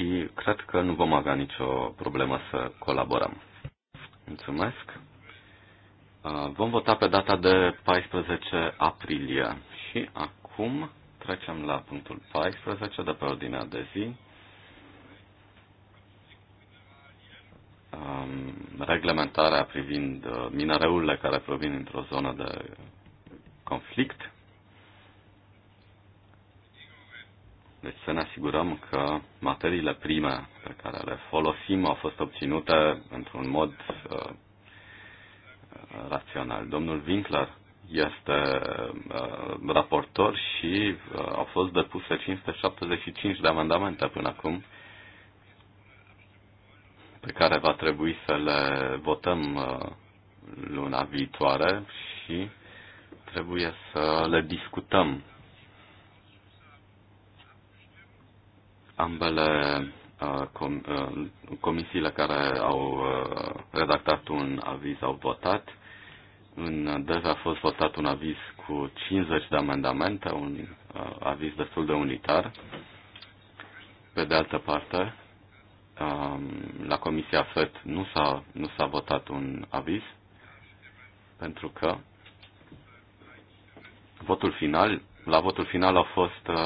și cred că nu vom avea nicio problemă să colaborăm. Mulțumesc. Uh, vom vota pe data de 14 aprilie și acum trecem la punctul 14 de pe ordinea de zi. Um, reglementarea privind uh, minereurile care provin într o zonă de conflict. Deci să ne asigurăm că materiile prime pe care le folosim au fost obținute într-un mod uh, uh rațional. Domnul Winkler este uh, raportor și uh, au fost depuse 575 de amendamente până acum pe care va trebui să le votăm uh, luna viitoare și trebuie să le discutăm ambele uh, com, uh, comisiile care au uh, redactat un aviz au votat. În DEV deci a fost votat un aviz cu 50 de amendamente, un aviz destul de unitar. Pe de altă parte, um, la Comisia FET nu s-a, nu s-a votat un aviz, pentru că votul final la votul final au fost uh,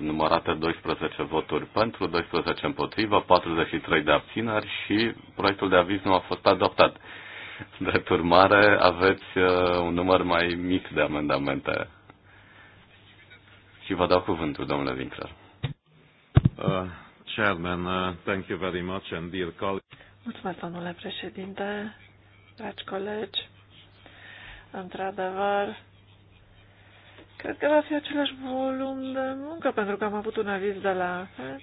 numărate 12 voturi pentru, 12 împotrivă, 43 de abțineri și proiectul de aviz nu a fost adoptat. Drept urmare, aveți uh, un număr mai mic de amendamente. Și vă dau cuvântul, domnule Winkler. Uh, chairman, uh, thank you very much and dear colleagues. Mulțumesc, domnule președinte, dragi colegi. Într-adevăr, Cred că va fi același volum de muncă, pentru că am avut un aviz de la FED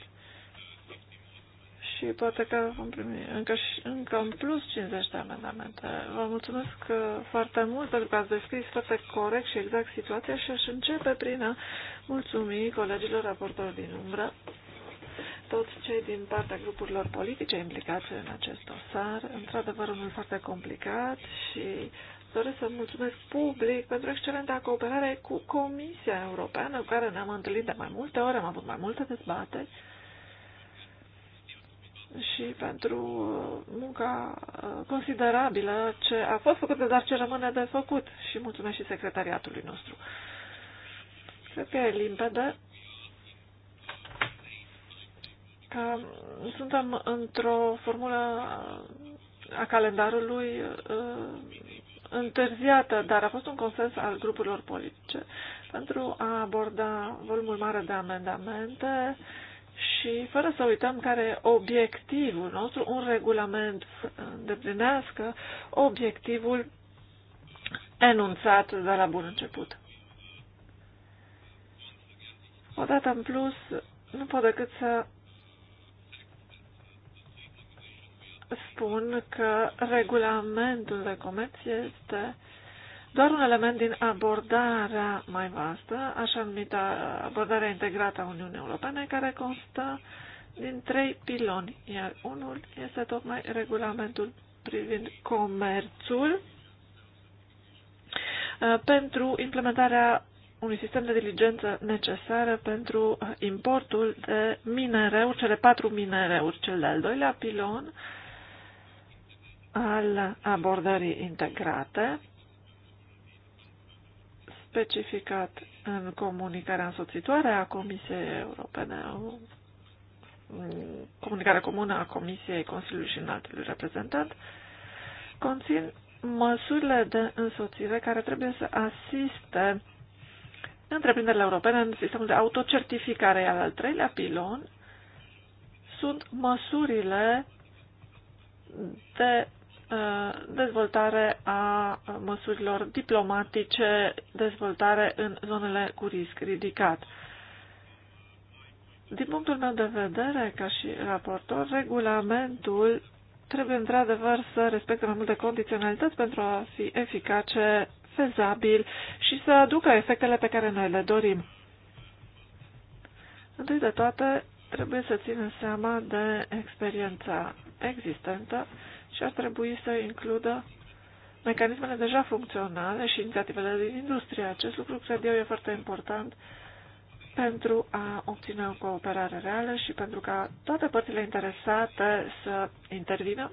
și poate că vom primi încă, și, încă în plus 50 de amendamente. Vă mulțumesc uh, foarte mult pentru că ați descris foarte corect și exact situația și aș începe prin a mulțumi colegilor raportori din umbră, toți cei din partea grupurilor politice implicați în acest dosar. Într-adevăr, unul foarte complicat și Doresc să mulțumesc public pentru excelenta cooperare cu Comisia Europeană, cu care ne-am întâlnit de mai multe ori, am avut mai multe dezbateri și pentru munca uh, considerabilă ce a fost făcută, dar ce rămâne de făcut. Și mulțumesc și secretariatului nostru. Cred că e limpede că suntem într-o formulă a calendarului uh, întârziată, dar a fost un consens al grupurilor politice pentru a aborda volumul mare de amendamente și fără să uităm care e obiectivul nostru, un regulament îndeplinească obiectivul enunțat de la bun început. Odată în plus, nu pot decât să spun că regulamentul de comerț este doar un element din abordarea mai vastă, așa numită abordarea integrată a Uniunii Europene, care constă din trei piloni, iar unul este tocmai regulamentul privind comerțul uh, pentru implementarea unui sistem de diligență necesară pentru uh, importul de minereuri, cele patru minereuri. Cel de-al doilea pilon al abordării integrate, specificat în comunicarea însoțitoare a Comisiei Europene, comunicarea comună a Comisiei Consiliului și înaltului reprezentant, conțin măsurile de însoțire care trebuie să asiste întreprinderile europene în sistemul de autocertificare, iar al treilea pilon sunt măsurile de Uh, dezvoltare a măsurilor diplomatice, dezvoltare în zonele cu risc ridicat. Din punctul meu de vedere, ca și raportor, regulamentul trebuie într-adevăr să respecte mai multe condiționalități pentru a fi eficace, fezabil și să aducă efectele pe care noi le dorim. Întâi de toate, trebuie să ținem seama de experiența existentă și ar trebui să includă mecanismele deja funcționale și inițiativele din industrie. Acest lucru, cred eu, e foarte important pentru a obține o cooperare reală și pentru ca toate părțile interesate să intervină,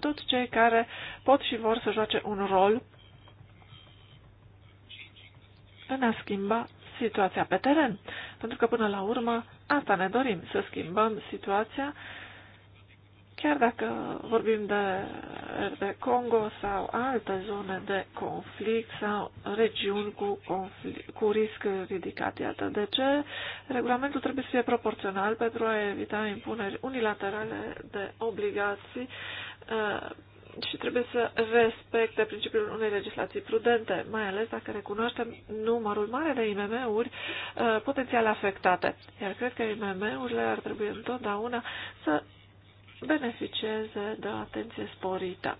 toți cei care pot și vor să joace un rol în a schimba situația pe teren. Pentru că, până la urmă, asta ne dorim, să schimbăm situația Chiar dacă vorbim de, de Congo sau alte zone de conflict sau regiuni cu, conflict, cu risc ridicat, iată de ce regulamentul trebuie să fie proporțional pentru a evita impuneri unilaterale de obligații uh, și trebuie să respecte principiul unei legislații prudente, mai ales dacă recunoaștem numărul mare de IMM-uri uh, potențial afectate. Iar cred că IMM-urile ar trebui întotdeauna să beneficieze de o atenție sporită,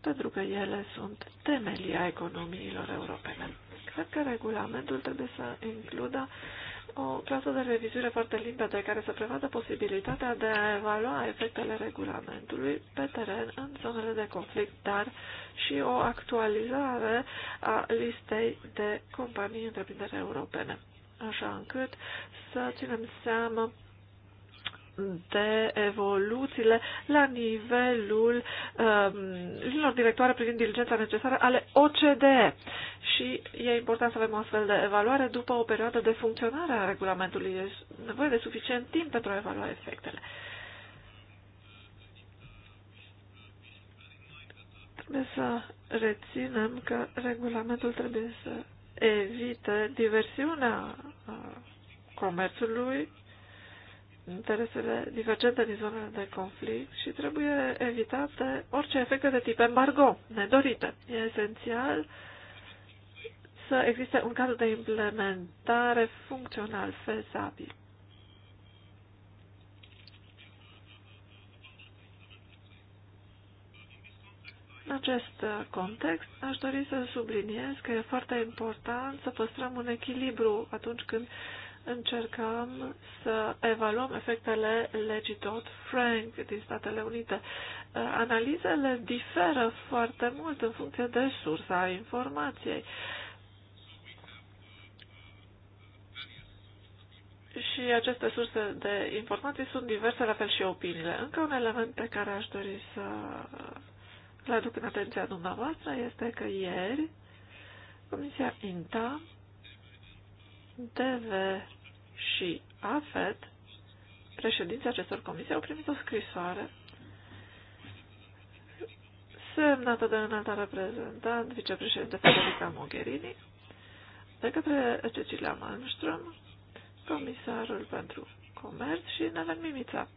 pentru că ele sunt temelia economiilor europene. Cred că regulamentul trebuie să includă o clasă de revizuire foarte limpede care să prevadă posibilitatea de a evalua efectele regulamentului pe teren în zonele de conflict, dar și o actualizare a listei de companii întreprinderi europene, așa încât să ținem seama de evoluțiile la nivelul um, linilor directoare privind diligența necesară ale OCDE. Și e important să avem o astfel de evaluare după o perioadă de funcționare a regulamentului. E nevoie de suficient timp pentru a evalua efectele. Trebuie să reținem că regulamentul trebuie să evite diversiunea uh, comerțului interesele divergente din zonele de conflict și trebuie evitate orice efecte de tip embargo nedorite. E esențial să existe un cadru de implementare funcțional fezabil. În acest context, aș dori să subliniez că e foarte important să păstrăm un echilibru atunci când uh, încercăm să evaluăm efectele legii Dodd-Frank din Statele Unite. Uh, analizele diferă foarte mult în funcție de sursa informației. Și aceste surse de informații sunt diverse, la fel și opiniile. Încă un element pe care aș dori să îl aduc în atenția dumneavoastră este că ieri Comisia INTA deve și AFET, președinții acestor comisii au primit o scrisoare semnată de înalta reprezentant, vicepreședinte Federica Mogherini, de către Cecilia Malmström, comisarul pentru comerț și Neven Mimița,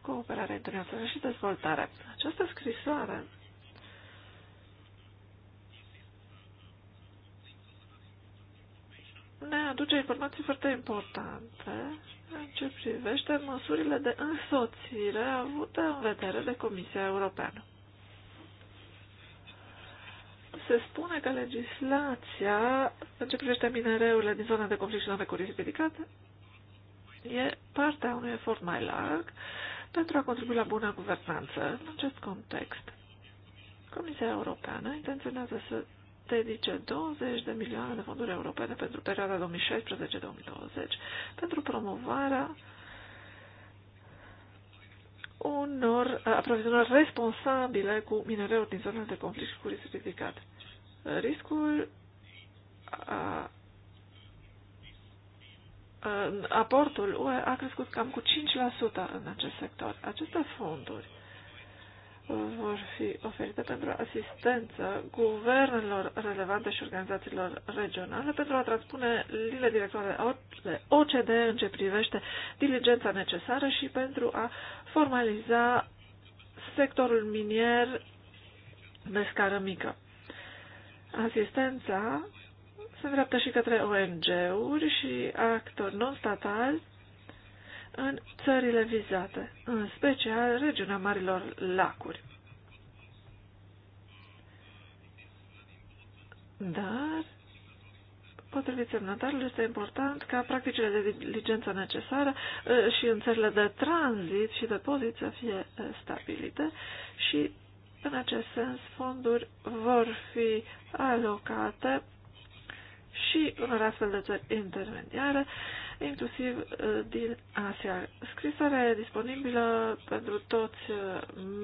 cooperare internațională și dezvoltare. Această scrisoare ne aduce informații foarte importante în ce privește măsurile de însoțire avute în vedere de Comisia Europeană. Se spune că legislația în ce privește minereurile din zona de conflict și zona cu risc ridicat e partea unui efort mai larg pentru a contribui la bună guvernanță. În acest context, Comisia Europeană intenționează să dedice 20 de milioane de fonduri europene pentru perioada 2016-2020 pentru promovarea unor aprovizionări responsabile cu minereuri din zonele de conflict și cu risc ridicat. Riscul a, a, aportul UE a crescut cam cu 5% în acest sector. Aceste fonduri vor fi oferite pentru asistență guvernelor relevante și organizațiilor regionale pentru a transpune lile directoare OCD în ce privește diligența necesară și pentru a formaliza sectorul minier de scară mică. Asistența se îndreaptă și către ONG-uri și actori non-statali în țările vizate, în special regiunea Marilor Lacuri. Dar, potrivit semnatarului, este important ca practicile de diligență necesară ă, și în țările de tranzit și depozit să fie ă, stabilite și, în acest sens, fonduri vor fi alocate și în astfel de țări intermediare inclusiv din Asia. Scrisoarea disponibilă pentru toți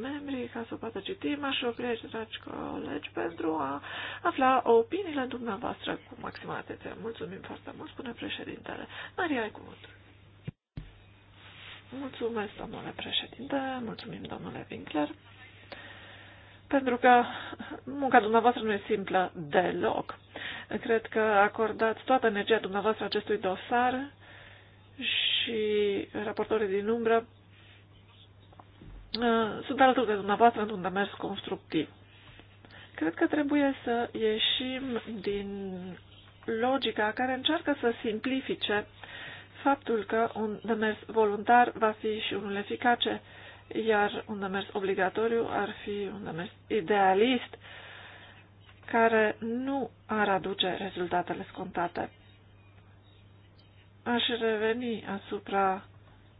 membrii ca să o poată citi. M-aș opri aici, dragi colegi, pentru a afla opiniile dumneavoastră cu maximă atenție. Mulțumim foarte mult, spune președintele. Maria, ai cuvântul. Mulțumesc, domnule președinte, mulțumim, domnule Winkler, pentru că munca dumneavoastră nu e simplă deloc. Cred că acordați toată energia dumneavoastră acestui dosar și raportorii din umbră uh, sunt alături de dumneavoastră într-un demers constructiv. Cred că trebuie să ieșim din logica care încearcă să simplifice faptul că un demers voluntar va fi și unul eficace, iar un demers obligatoriu ar fi un demers idealist care nu ar aduce rezultatele scontate aș reveni asupra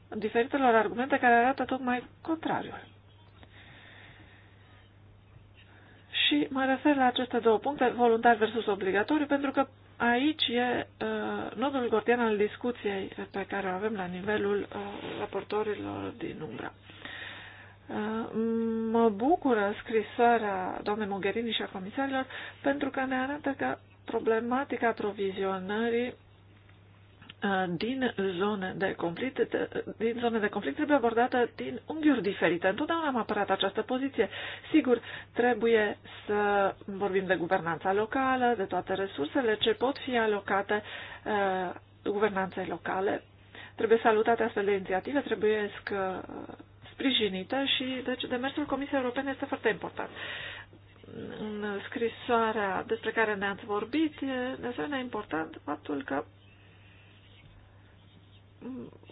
diferitelor argumente care arată tocmai contrariul. Și mă refer la aceste două puncte, voluntar versus obligatoriu, pentru că aici e uh, nodul gordian al discuției pe care o avem la nivelul uh, raportorilor din umbra. Uh, mă bucură scrisoarea doamnei Mogherini și a comisarilor pentru că ne arată că problematica aprovizionării din zone de conflict, din zone de conflict trebuie abordată din unghiuri diferite. Întotdeauna am apărat această poziție. Sigur, trebuie să vorbim de guvernanța locală, de toate resursele ce pot fi alocate uh, guvernanței locale. Trebuie salutate astfel de inițiative, trebuie să uh, sprijinite și deci demersul Comisiei Europene este foarte important în scrisoarea despre care ne-ați vorbit, e de asemenea important faptul că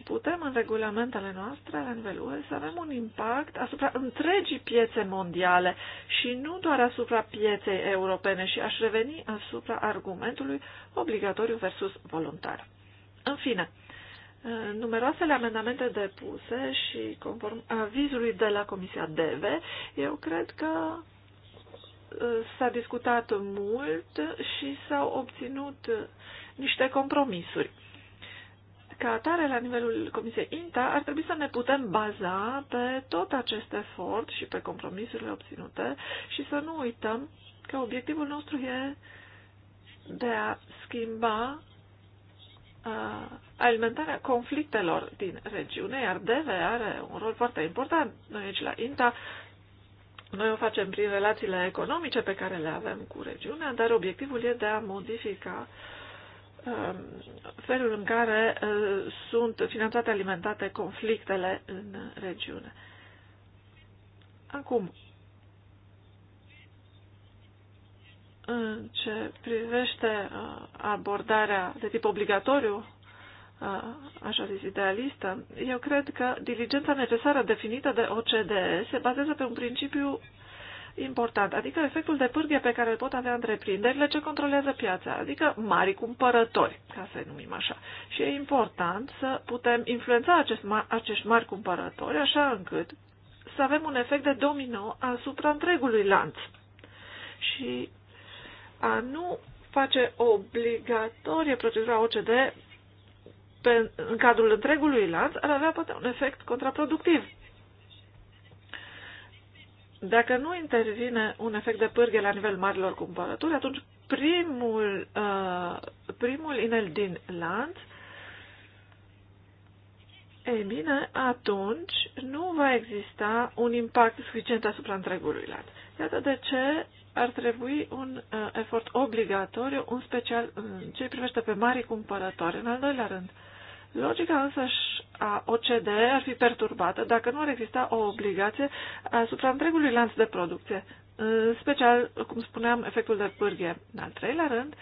putem în regulamentele noastre, la nivelul UE, să avem un impact asupra întregii piețe mondiale și nu doar asupra pieței europene și aș reveni asupra argumentului obligatoriu versus voluntar. În fine, numeroasele amendamente depuse și conform avizului de la Comisia DEVE, eu cred că uh, s-a discutat mult și s-au obținut uh, niște compromisuri. Ca atare, la nivelul Comisiei INTA, ar trebui să ne putem baza pe tot acest efort și pe compromisurile obținute și să nu uităm că obiectivul nostru e de a schimba uh, alimentarea conflictelor din regiune, iar DV are un rol foarte important. Noi aici la INTA noi o facem prin relațiile economice pe care le avem cu regiunea, dar obiectivul e de a modifica uh, Um, felul în care uh, sunt finanțate, alimentate conflictele în regiune. Acum, în ce privește uh, abordarea de tip obligatoriu, uh, așa zis idealistă, eu cred că diligența necesară definită de OCDE se bazează pe un principiu important, adică efectul de pârghie pe care îl pot avea întreprinderile ce controlează piața, adică mari cumpărători, ca să-i numim așa. Și e important să putem influența acest, acești mari cumpărători așa încât să avem un efect de domino asupra întregului lanț. Și a nu face obligatorie procedura OCD pe, în cadrul întregului lanț ar avea poate un efect contraproductiv dacă nu intervine un efect de pârghie la nivel marilor cumpărături, atunci primul, uh, primul inel din lanț, e bine, atunci nu va exista un impact suficient asupra întregului lanț. Iată de ce ar trebui un uh, efort obligatoriu, un special în ce privește pe mari cumpărători. În al doilea rând, uh, Logica însăși a OCD ar fi perturbată dacă nu ar exista o obligație asupra întregului lanț de producție, în special, cum spuneam, efectul de pârghie. În al treilea rând,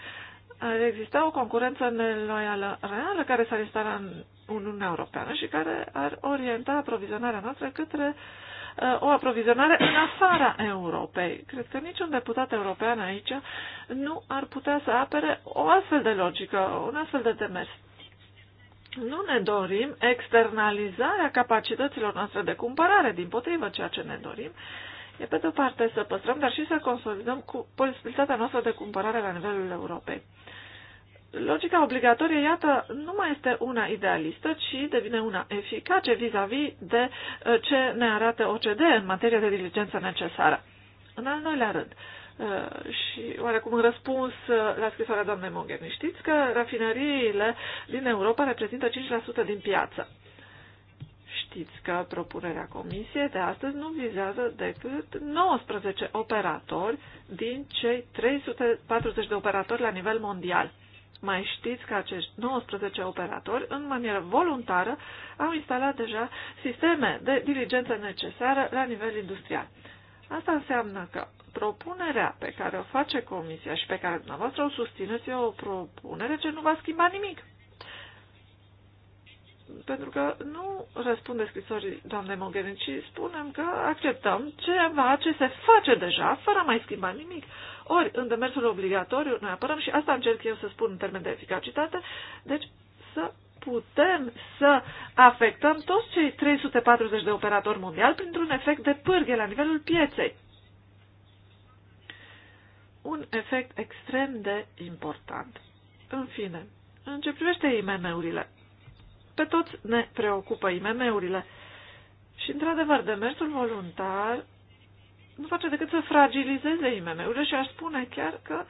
ar exista o concurență neloială reală care s-ar instala în Uniunea Europeană și care ar orienta aprovizionarea noastră către uh, o aprovizionare în afara Europei. Cred că niciun deputat european aici nu ar putea să apere o astfel de logică, un astfel de demers. Nu ne dorim externalizarea capacităților noastre de cumpărare, din potrivă ceea ce ne dorim, e pe de-o parte să păstrăm, dar și să consolidăm cu posibilitatea noastră de cumpărare la nivelul Europei. Logica obligatorie, iată, nu mai este una idealistă, ci devine una eficace vis-a-vis -vis de uh, ce ne arată OCD în materie de diligență necesară. În al doilea rând, uh, Uh, și oarecum în răspuns uh, la scrisoarea doamnei Mogherini. Știți că rafinăriile din Europa reprezintă 5% din piață. Știți că propunerea comisiei de astăzi nu vizează decât 19 operatori din cei 340 de operatori la nivel mondial. Mai știți că acești 19 operatori, în manieră voluntară, au instalat deja sisteme de diligență necesară la nivel industrial. Asta înseamnă că propunerea pe care o face Comisia și pe care dumneavoastră o susțineți e o propunere ce nu va schimba nimic. Pentru că nu răspunde scrisorii doamnei Mogherini, ci spunem că acceptăm ceva ce se face deja, fără a mai schimba nimic. Ori, în demersul obligatoriu, noi apărăm și asta încerc eu să spun în termen de eficacitate, deci să putem să afectăm toți cei 340 de operatori mondiali printr-un efect de pârghie la nivelul pieței un efect extrem de important. În fine, în ce privește IMM-urile, pe toți ne preocupă IMM-urile și, într-adevăr, demersul voluntar nu face decât să fragilizeze IMM-urile și aș spune chiar că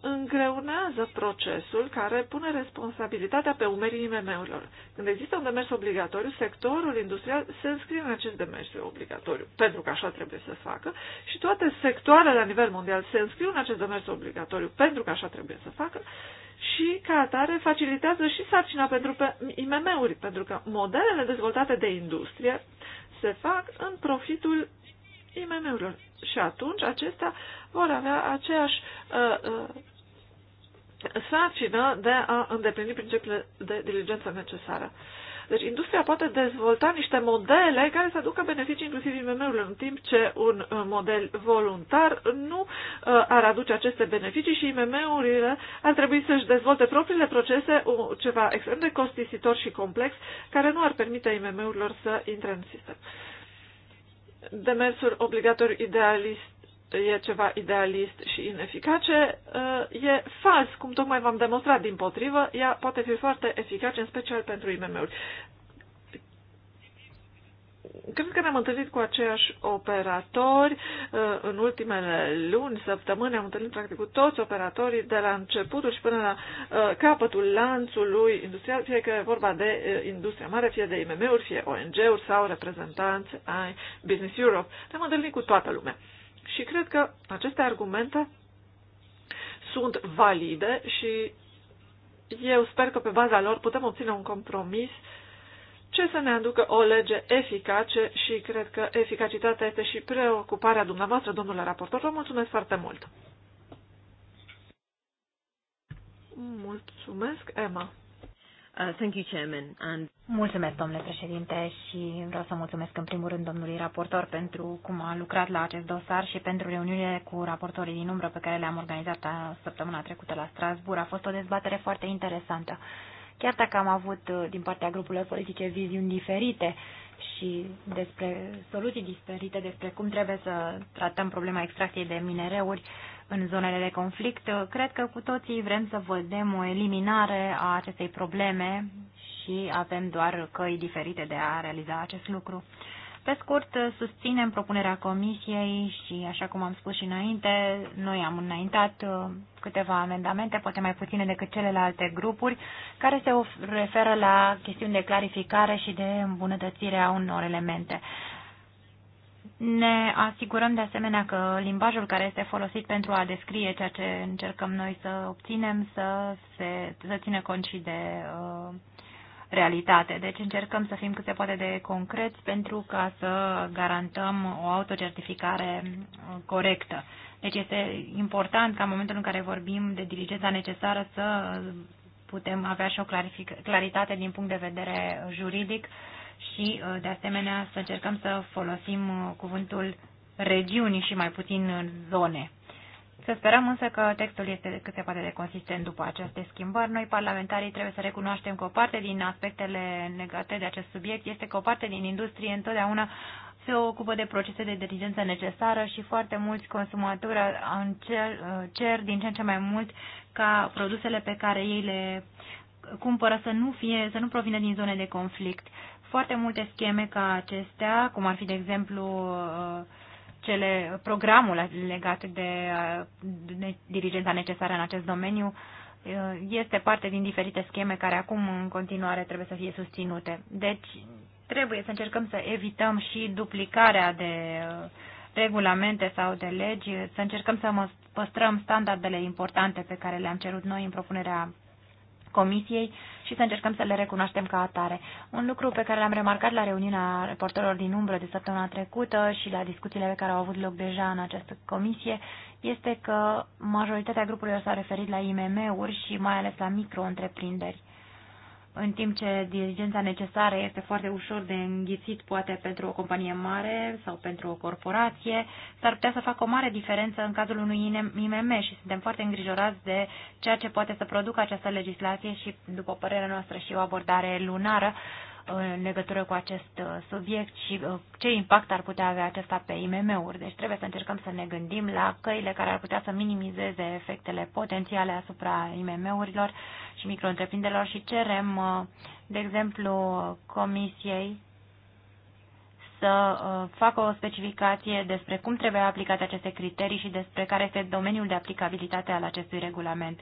îngreunează procesul care pune responsabilitatea pe umerii IMM-urilor. Când există un demers obligatoriu, sectorul industrial se înscrie în acest demers obligatoriu, pentru că așa trebuie să facă, și toate sectoarele la nivel mondial se înscriu în acest demers obligatoriu, pentru că așa trebuie să facă, și ca atare facilitează și sarcina pentru pe IMM-uri, pentru că modelele dezvoltate de industrie se fac în profitul IMM-urilor. Și atunci acestea vor avea aceeași uh, uh, sarcină de a îndeplini principiile de diligență necesară. Deci industria poate dezvolta niște modele care să aducă beneficii inclusiv IMM-urilor, în timp ce un uh, model voluntar nu uh, ar aduce aceste beneficii și IMM-urile ar trebui să-și dezvolte propriile procese, ceva extrem de costisitor și complex, care nu ar permite IMM-urilor să intre în sistem. Demersul obligatoriu idealist e ceva idealist și ineficace, uh, e fals, cum tocmai v-am demonstrat din potrivă, ea poate fi foarte eficace, în special pentru IMM-uri. Cred că ne-am întâlnit cu aceiași operatori uh, în ultimele luni, săptămâni, am întâlnit practic cu toți operatorii de la începutul și până la uh, capătul lanțului industrial, fie că e vorba de industria mare, fie de IMM-uri, fie ONG-uri sau reprezentanți ai Business Europe. Ne-am întâlnit cu toată lumea. Și cred că aceste argumente sunt valide și eu sper că pe baza lor putem obține un compromis ce să ne aducă o lege eficace și cred că eficacitatea este și preocuparea dumneavoastră, domnule raportor. Vă mulțumesc foarte mult! Mulțumesc, Emma! Uh, thank you, Chairman. And... Mulțumesc, domnule președinte, și vreau să mulțumesc în primul rând domnului raportor pentru cum a lucrat la acest dosar și pentru reuniunile cu raportorii din umbră pe care le-am organizat săptămâna trecută la Strasbourg. A fost o dezbatere foarte interesantă. Chiar dacă am avut uh, din partea grupurilor politice viziuni diferite și despre soluții diferite, despre cum trebuie să tratăm problema extracției de minereuri, în zonele de conflict. Cred că cu toții vrem să vedem o eliminare a acestei probleme și avem doar căi diferite de a realiza acest lucru. Pe scurt, susținem propunerea comisiei și, așa cum am spus și înainte, noi am înaintat uh, câteva amendamente, poate mai puține decât celelalte grupuri, care se referă la chestiuni de clarificare și de îmbunătățire a unor elemente. Ne asigurăm de asemenea că limbajul care este folosit pentru a descrie ceea ce încercăm noi să obținem să, se, să ține cont și de uh, realitate. Deci încercăm să fim cât se poate de concreți pentru ca să garantăm o autocertificare uh, corectă. Deci este important ca în momentul în care vorbim de diligența necesară să putem avea și o claritate din punct de vedere juridic uh, și, uh, de asemenea, să încercăm să folosim uh, cuvântul regiuni și mai puțin uh, zone. Să sperăm însă că textul este cât se poate de consistent după aceste schimbări. Noi, parlamentarii, trebuie să recunoaștem că o parte din aspectele legate de acest subiect este că o parte din industrie întotdeauna se ocupă de procese de diligență necesară și foarte mulți consumatori cer, cer din ce în ce mai mult ca produsele pe care ei le cumpără să nu, fie, să nu provină din zone de conflict foarte multe scheme ca acestea, cum ar fi, de exemplu, uh, cele, programul legat de, uh, de dirigența necesară în acest domeniu, uh, este parte din diferite scheme care acum în continuare trebuie să fie susținute. Deci trebuie să încercăm să evităm și duplicarea de regulamente sau de legi, să încercăm să păstrăm standardele importante pe care le-am cerut noi în propunerea Comisiei și să încercăm să le recunoaștem ca atare. Un lucru pe care l-am remarcat la reuniunea reporterilor din umbră de săptămâna trecută și la discuțiile pe care au avut loc deja în această comisie este că majoritatea grupurilor s a referit la IMM-uri și mai ales la micro-întreprinderi în timp ce diligența necesară este foarte ușor de înghițit, poate pentru o companie mare sau pentru o corporație, s-ar putea să facă o mare diferență în cazul unui IMM și suntem foarte îngrijorați de ceea ce poate să producă această legislație și, după părerea noastră, și o abordare lunară în legătură cu acest uh, subiect și uh, ce impact ar putea avea acesta pe IMM-uri. Deci trebuie să încercăm să ne gândim la căile care ar putea să minimizeze efectele potențiale asupra IMM-urilor și micro și cerem, uh, de exemplu, Comisiei să facă o specificație despre cum trebuie aplicate aceste criterii și despre care este domeniul de aplicabilitate al acestui regulament.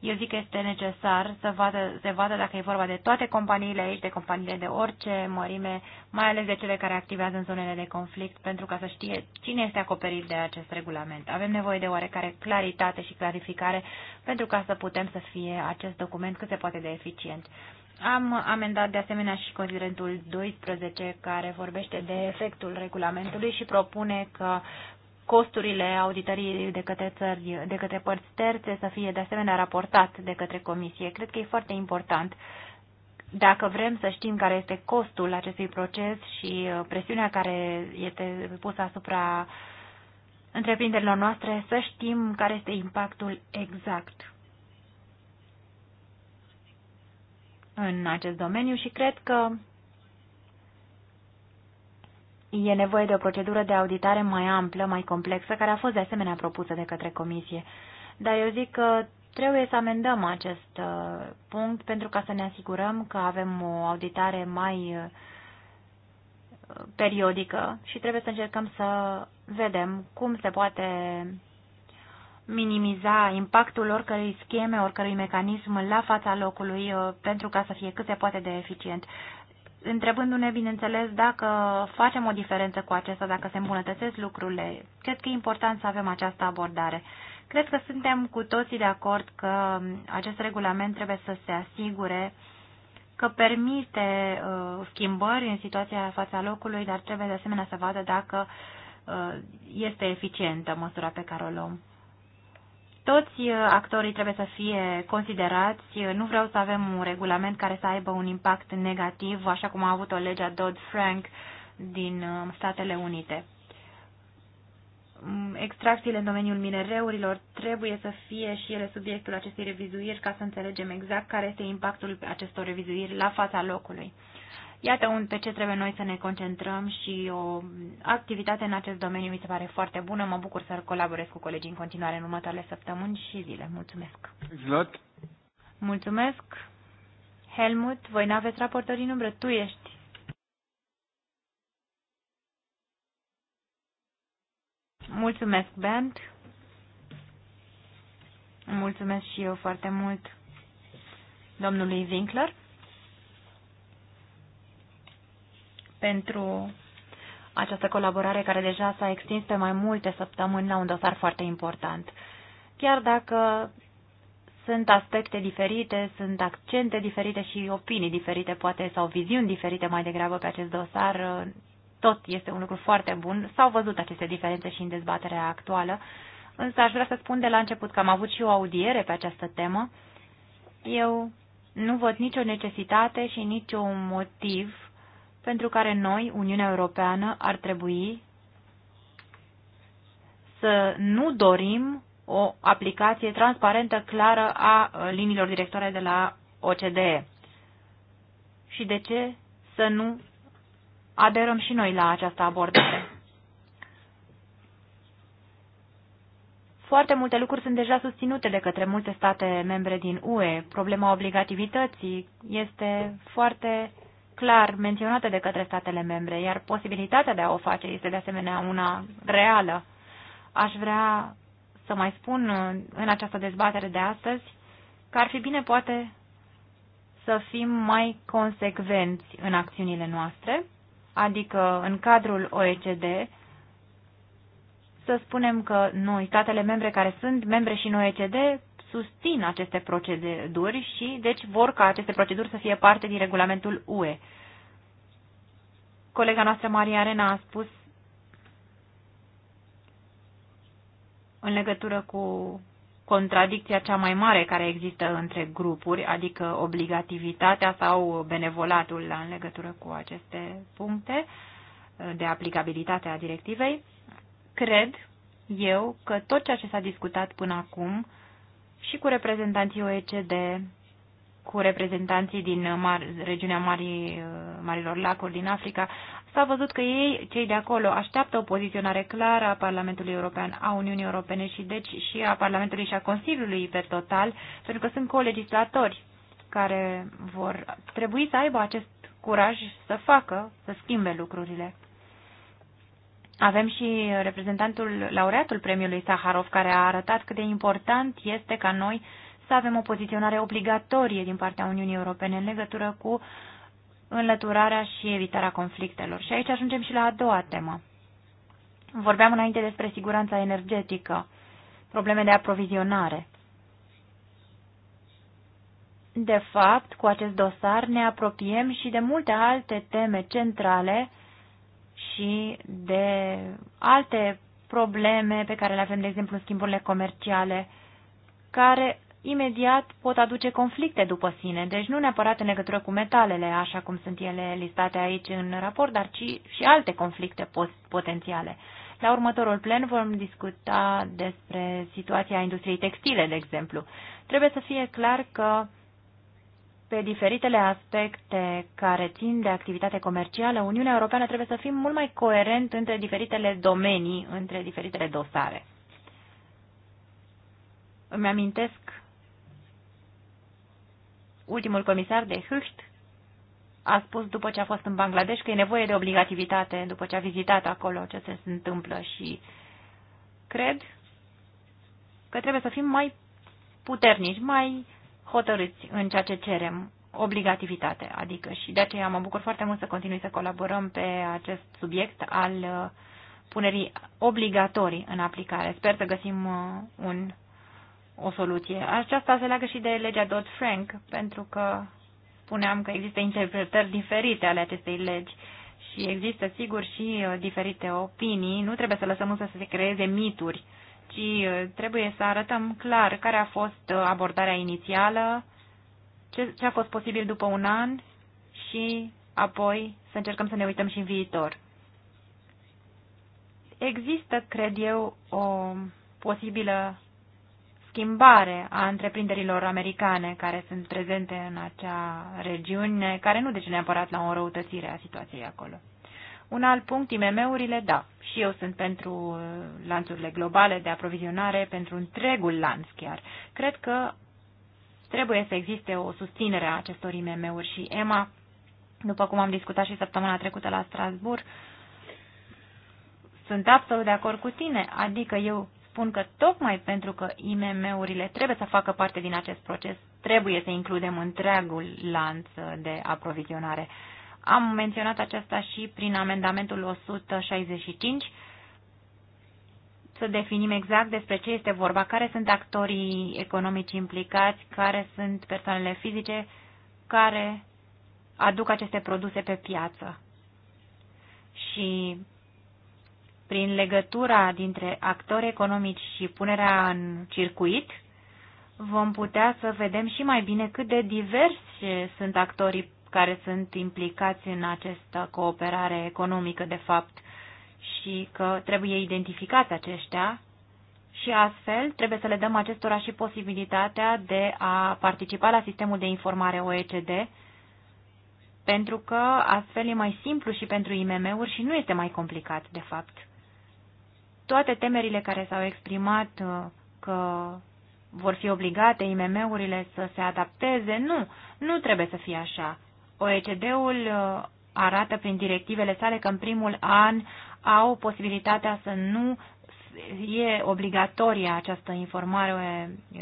Eu zic că este necesar să vadă, se vadă dacă e vorba de toate companiile aici, de companiile de orice mărime, mai ales de cele care activează în zonele de conflict, pentru ca să știe cine este acoperit de acest regulament. Avem nevoie de oarecare claritate și clarificare pentru ca să putem să fie acest document cât se poate de eficient. Am amendat de asemenea și considerentul 12 care vorbește de efectul regulamentului și propune că costurile auditării de către, țări, de către părți terțe să fie de asemenea raportat de către comisie. Cred că e foarte important. Dacă vrem să știm care este costul acestui proces și uh, presiunea care este pusă asupra întreprinderilor noastre, să știm care este impactul exact în acest domeniu și cred că e nevoie de o procedură de auditare mai amplă, mai complexă, care a fost de asemenea propusă de către Comisie. Dar eu zic că trebuie să amendăm acest uh, punct pentru ca să ne asigurăm că avem o auditare mai uh, periodică și trebuie să încercăm să vedem cum se poate minimiza impactul oricărei scheme, oricărui mecanism la fața locului uh, pentru ca să fie cât se poate de eficient întrebându-ne, bineînțeles, dacă facem o diferență cu acesta, dacă se îmbunătățesc lucrurile. Cred că e important să avem această abordare. Cred că suntem cu toții de acord că acest regulament trebuie să se asigure că permite uh, schimbări în situația fața locului, dar trebuie de asemenea să vadă dacă uh, este eficientă măsura pe care o luăm. Toți uh, actorii trebuie să fie considerați. Uh, nu vreau să avem un regulament care să aibă un impact negativ, așa cum a avut o legea Dodd-Frank din uh, Statele Unite. Mm, extracțiile în domeniul minereurilor trebuie să fie și ele subiectul acestei revizuiri ca să înțelegem exact care este impactul acestor revizuiri la fața locului. Iată un, pe ce trebuie noi să ne concentrăm și o activitate în acest domeniu mi se pare foarte bună. Mă bucur să colaborez cu colegii în continuare în următoarele săptămâni și zile. Mulțumesc! Exact. Mulțumesc! Helmut, voi n-aveți raportori în umbră, tu ești. Mulțumesc, Bent. Mulțumesc și eu foarte mult domnului Winkler. pentru această colaborare care deja s-a extins pe mai multe săptămâni la un dosar foarte important. Chiar dacă sunt aspecte diferite, sunt accente diferite și opinii diferite, poate, sau viziuni diferite mai degrabă pe acest dosar, tot este un lucru foarte bun. S-au văzut aceste diferențe și în dezbaterea actuală, însă aș vrea să spun de la început că am avut și o audiere pe această temă. Eu nu văd nicio necesitate și niciun motiv pentru care noi, Uniunea Europeană, ar trebui să nu dorim o aplicație transparentă, clară a liniilor directoare de la OCDE. Și de ce să nu aderăm și noi la această abordare? Foarte multe lucruri sunt deja susținute de către multe state membre din UE. Problema obligativității este foarte clar menționate de către statele membre, iar posibilitatea de a o face este de asemenea una reală. Aș vrea să mai spun uh, în această dezbatere de astăzi că ar fi bine poate să fim mai consecvenți în acțiunile noastre, adică în cadrul OECD, să spunem că noi, statele membre care sunt membre și în OECD, susțin aceste proceduri și deci vor ca aceste proceduri să fie parte din regulamentul UE. Colega noastră Maria Arena a spus în legătură cu contradicția cea mai mare care există între grupuri, adică obligativitatea sau benevolatul în legătură cu aceste puncte de aplicabilitate a directivei, cred eu că tot ceea ce s-a discutat până acum și cu reprezentanții OECD, cu reprezentanții din uh, Mar regiunea Marii, uh, Marilor Lacuri din Africa, s-a văzut că ei, cei de acolo, așteaptă o poziționare clară a Parlamentului European, a Uniunii Europene și deci și a Parlamentului și a Consiliului pe total, pentru că sunt colegislatori care vor trebui să aibă acest curaj să facă, să schimbe lucrurile. Avem și reprezentantul, laureatul premiului Saharov, care a arătat cât de important este ca noi să avem o poziționare obligatorie din partea Uniunii Europene în legătură cu înlăturarea și evitarea conflictelor. Și aici ajungem și la a doua temă. Vorbeam înainte despre siguranța energetică, probleme de aprovizionare. De fapt, cu acest dosar ne apropiem și de multe alte teme centrale și de alte probleme pe care le avem, de exemplu, în schimburile comerciale, care imediat pot aduce conflicte după sine, deci nu neapărat în legătură cu metalele, așa cum sunt ele listate aici în raport, dar ci și alte conflicte potențiale. La următorul plen vom discuta despre situația industriei textile, de exemplu. Trebuie să fie clar că pe diferitele aspecte care țin de activitate comercială, Uniunea Europeană trebuie să fim mult mai coerent între diferitele domenii, între diferitele dosare. Îmi amintesc ultimul comisar de Hâșt a spus după ce a fost în Bangladesh că e nevoie de obligativitate după ce a vizitat acolo ce se întâmplă și cred că trebuie să fim mai puternici, mai hotărâți în ceea ce cerem, obligativitate, adică. Și de aceea mă bucur foarte mult să continui să colaborăm pe acest subiect al uh, punerii obligatorii în aplicare. Sper să găsim uh, un, o soluție. Aceasta se leagă și de legea Dodd-Frank, pentru că spuneam că există interpretări diferite ale acestei legi și există, sigur, și uh, diferite opinii. Nu trebuie să lăsăm însă să se creeze mituri uh, ci uh, trebuie să arătăm clar care a fost uh, abordarea inițială, ce a fost posibil după un an și apoi să încercăm să ne uităm și în viitor. Există, cred eu, o posibilă schimbare a întreprinderilor americane care sunt prezente în acea regiune, care nu duce neapărat la o răutățire a situației acolo. Un alt punct, IMM-urile, da. Și eu sunt pentru uh, lanțurile globale de aprovizionare, pentru întregul lanț chiar. Cred că trebuie să existe o susținere a acestor IMM-uri și EMA, după cum am discutat și săptămâna trecută la Strasbourg, sunt absolut de acord cu tine, adică eu spun că tocmai pentru că IMM-urile trebuie să facă parte din acest proces, trebuie să includem întregul lanț de aprovizionare. Am menționat aceasta și prin amendamentul 165, să definim exact despre ce este vorba, care sunt actorii economici implicați, care sunt persoanele fizice care aduc aceste produse pe piață. Și prin legătura dintre actori economici și punerea în circuit, vom putea să vedem și mai bine cât de diversi sunt actorii care sunt implicați în această cooperare economică, de fapt, și că trebuie identificați aceștia și astfel trebuie să le dăm acestora și posibilitatea de a participa la sistemul de informare OECD, pentru că astfel e mai simplu și pentru IMM-uri și nu este mai complicat, de fapt. Toate temerile care s-au exprimat uh, că vor fi obligate IMM-urile să se adapteze, nu, nu trebuie să fie așa. OECD-ul uh, arată prin directivele sale că în primul an au posibilitatea să nu e obligatorie această informare uh,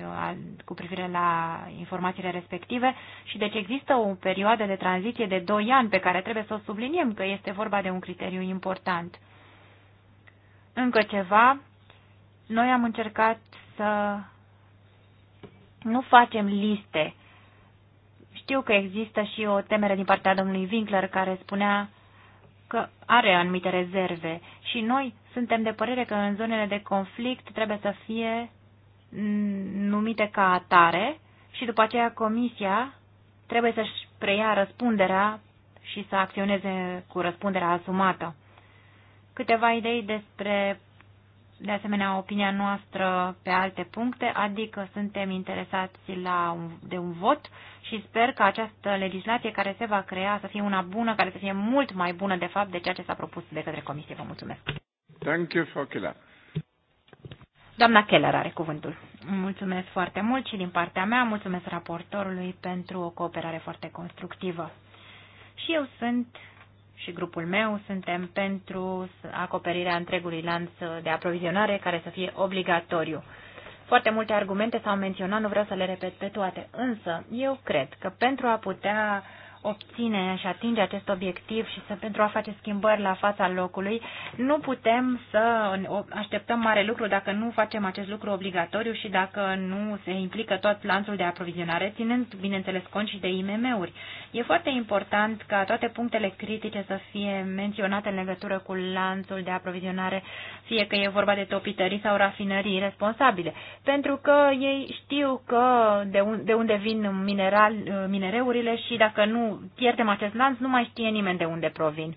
cu privire la informațiile respective și deci există o perioadă de tranziție de 2 ani pe care trebuie să o subliniem că este vorba de un criteriu important. Încă ceva, noi am încercat să nu facem liste știu că există și o temere din partea domnului Winkler care spunea că are anumite rezerve și noi suntem de părere că în zonele de conflict trebuie să fie numite ca atare și după aceea comisia trebuie să-și preia răspunderea și să acționeze cu răspunderea asumată. Câteva idei despre de asemenea opinia noastră pe alte puncte, adică suntem interesați la un, de un vot și sper că această legislație care se va crea să fie una bună, care să fie mult mai bună de fapt de ceea ce s-a propus de către Comisie. Vă mulțumesc. Thank you, Fochila. Doamna Keller are cuvântul. Mulțumesc foarte mult și din partea mea mulțumesc raportorului pentru o cooperare foarte constructivă. Și eu sunt și grupul meu suntem pentru acoperirea întregului lanț de aprovizionare care să fie obligatoriu. Foarte multe argumente s-au menționat, nu vreau să le repet pe toate, însă eu cred că pentru a putea uh, obține și atinge acest obiectiv și să, pentru a face schimbări la fața locului, nu putem să așteptăm mare lucru dacă nu facem acest lucru obligatoriu și dacă nu se implică tot lanțul de aprovizionare, ținând, bineînțeles, cont și de IMM-uri. E foarte important ca toate punctele critice să fie menționate în legătură cu lanțul de aprovizionare, fie că e vorba de topitării sau rafinării responsabile, pentru că ei știu că de, un, de unde vin mineral, minereurile și dacă nu pierdem acest lanț, nu mai știe nimeni de unde provin.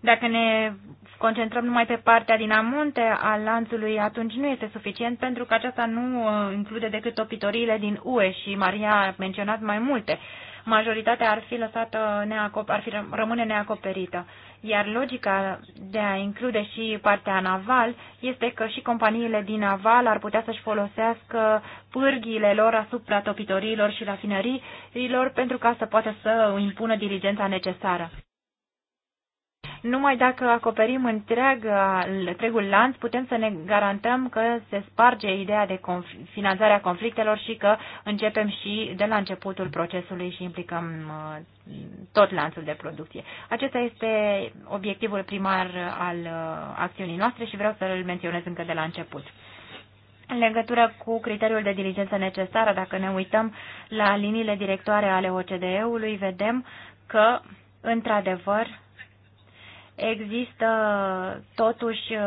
Dacă ne concentrăm numai pe partea din amonte a lanțului, atunci nu este suficient pentru că aceasta nu uh, include decât topitoriile din UE și Maria a menționat mai multe. Majoritatea ar fi lăsată neacop- ar fi rămâne neacoperită. Iar logica de a include și partea naval este că și companiile din naval ar putea să-și folosească pârghiile lor asupra topitorilor și rafinăriilor pentru ca să poată să impună diligența necesară. Numai dacă acoperim întreg, uh, întregul lanț, putem să ne garantăm că se sparge ideea de conf- finanțarea conflictelor și că începem și de la începutul procesului și implicăm uh, tot lanțul de producție. Acesta este obiectivul primar al uh, acțiunii noastre și vreau să-l menționez încă de la început. În legătură cu criteriul de diligență necesară, dacă ne uităm la liniile directoare ale OCDE-ului, vedem că, într-adevăr, există totuși uh,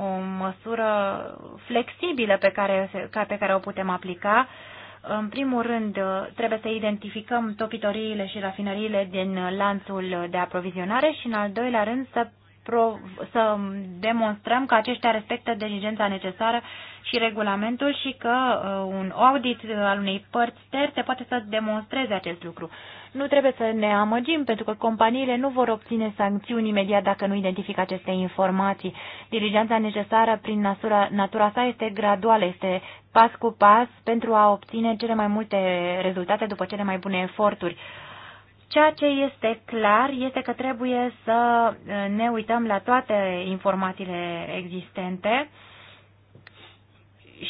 o măsură flexibilă pe care, pe care o putem aplica. În primul rând, uh, trebuie să identificăm topitoriile și rafinăriile din lanțul de aprovizionare și, în al doilea rând, să, pro, să demonstrăm că aceștia respectă diligența necesară și regulamentul și că uh, un audit al unei părți terțe poate să demonstreze acest lucru nu trebuie să ne amăgim, pentru că companiile nu vor obține sancțiuni imediat dacă nu identifică aceste informații. Diligența necesară prin natura, natura sa este graduală, este pas cu pas pentru a obține cele mai multe rezultate după cele mai bune eforturi. Ceea ce este clar este că trebuie să uh, ne uităm la toate informațiile existente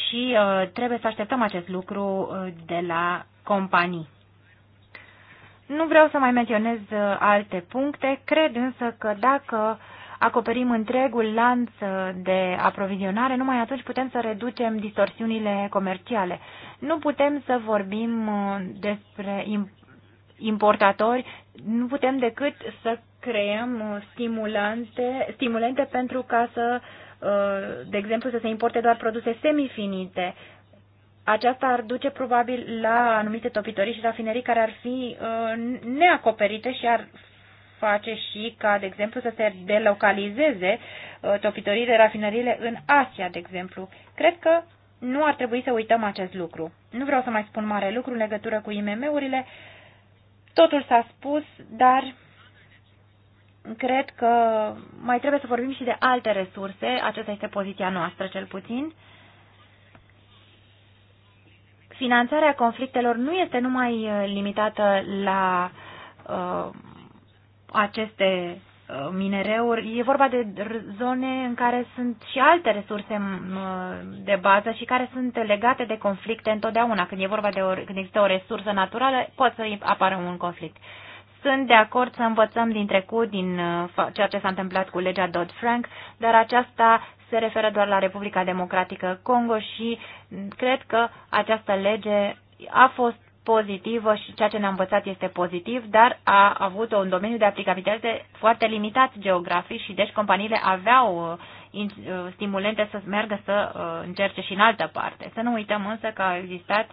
și uh, trebuie să așteptăm acest lucru uh, de la companii. Nu vreau să mai menționez uh, alte puncte, cred însă că dacă acoperim întregul lanț uh, de aprovizionare, numai atunci putem să reducem distorsiunile comerciale. Nu putem să vorbim uh, despre importatori, nu putem decât să creăm stimulante, stimulente pentru ca să, de exemplu, să se importe doar produse semifinite, aceasta ar duce probabil la anumite topitorii și rafinerii care ar fi uh, neacoperite și ar face și ca, de exemplu, să se delocalizeze uh, de rafinerile în Asia, de exemplu. Cred că nu ar trebui să uităm acest lucru. Nu vreau să mai spun mare lucru în legătură cu IMM-urile. Totul s-a spus, dar cred că mai trebuie să vorbim și de alte resurse. Aceasta este poziția noastră, cel puțin finanțarea conflictelor nu este numai uh, limitată la uh, aceste uh, minereuri, e vorba de zone în care sunt și alte resurse uh, de bază și care sunt legate de conflicte întotdeauna. Când e vorba de o, când există o resursă naturală, poate să apară un conflict. Uh, sunt de acord să învățăm din trecut, din uh, ceea ce s-a întâmplat cu legea Dodd-Frank, dar aceasta se referă doar la Republica Democratică Congo și mm, cred că această lege a fost pozitivă și ceea ce ne-a învățat este pozitiv, dar a avut un domeniu de aplicabilitate foarte limitat geografic și deci companiile aveau uh, Uh, stimulente să meargă să uh, încerce și în altă parte. Să nu uităm însă că a existat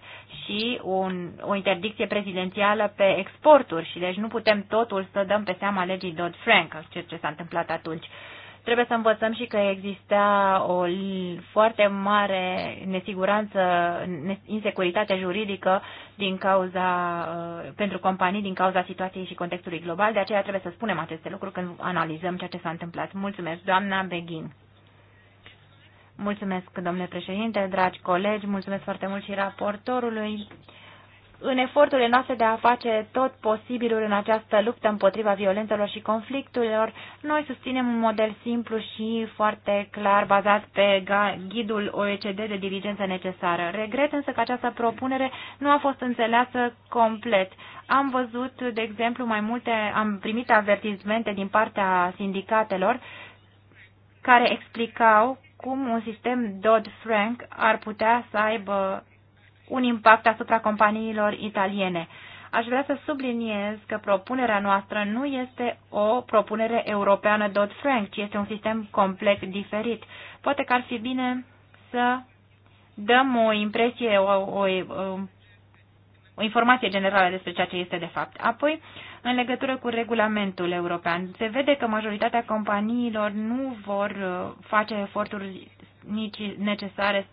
și un, o interdicție prezidențială pe exporturi și deci nu putem totul să dăm pe seama legii Dodd-Frank, ce, ce s-a întâmplat atunci. Trebuie să învățăm și că exista o foarte mare nesiguranță, insecuritate juridică din cauza, uh, pentru companii din cauza situației și contextului global, de aceea trebuie să spunem aceste lucruri când analizăm ceea ce s-a întâmplat. Mulțumesc, doamna Beghin. Mulțumesc, domnule președinte, dragi colegi, mulțumesc foarte mult și raportorului. În eforturile noastre de a face tot posibilul în această luptă împotriva violențelor și conflictelor, noi susținem un model simplu și foarte clar bazat pe ghidul OECD de diligență necesară. Regret însă că această propunere nu a fost înțeleasă complet. Am văzut, de exemplu, mai multe, am primit avertizmente din partea sindicatelor care explicau cum un sistem Dodd-Frank ar putea să aibă un impact asupra companiilor italiene. Aș vrea să subliniez că propunerea noastră nu este o propunere europeană Dodd-Frank, ci este un sistem complet diferit. Poate că ar fi bine să dăm o impresie, o, o, o o informație generală despre ceea ce este de fapt. Apoi, în legătură cu regulamentul european, se vede că majoritatea companiilor nu vor uh, face eforturi nici necesare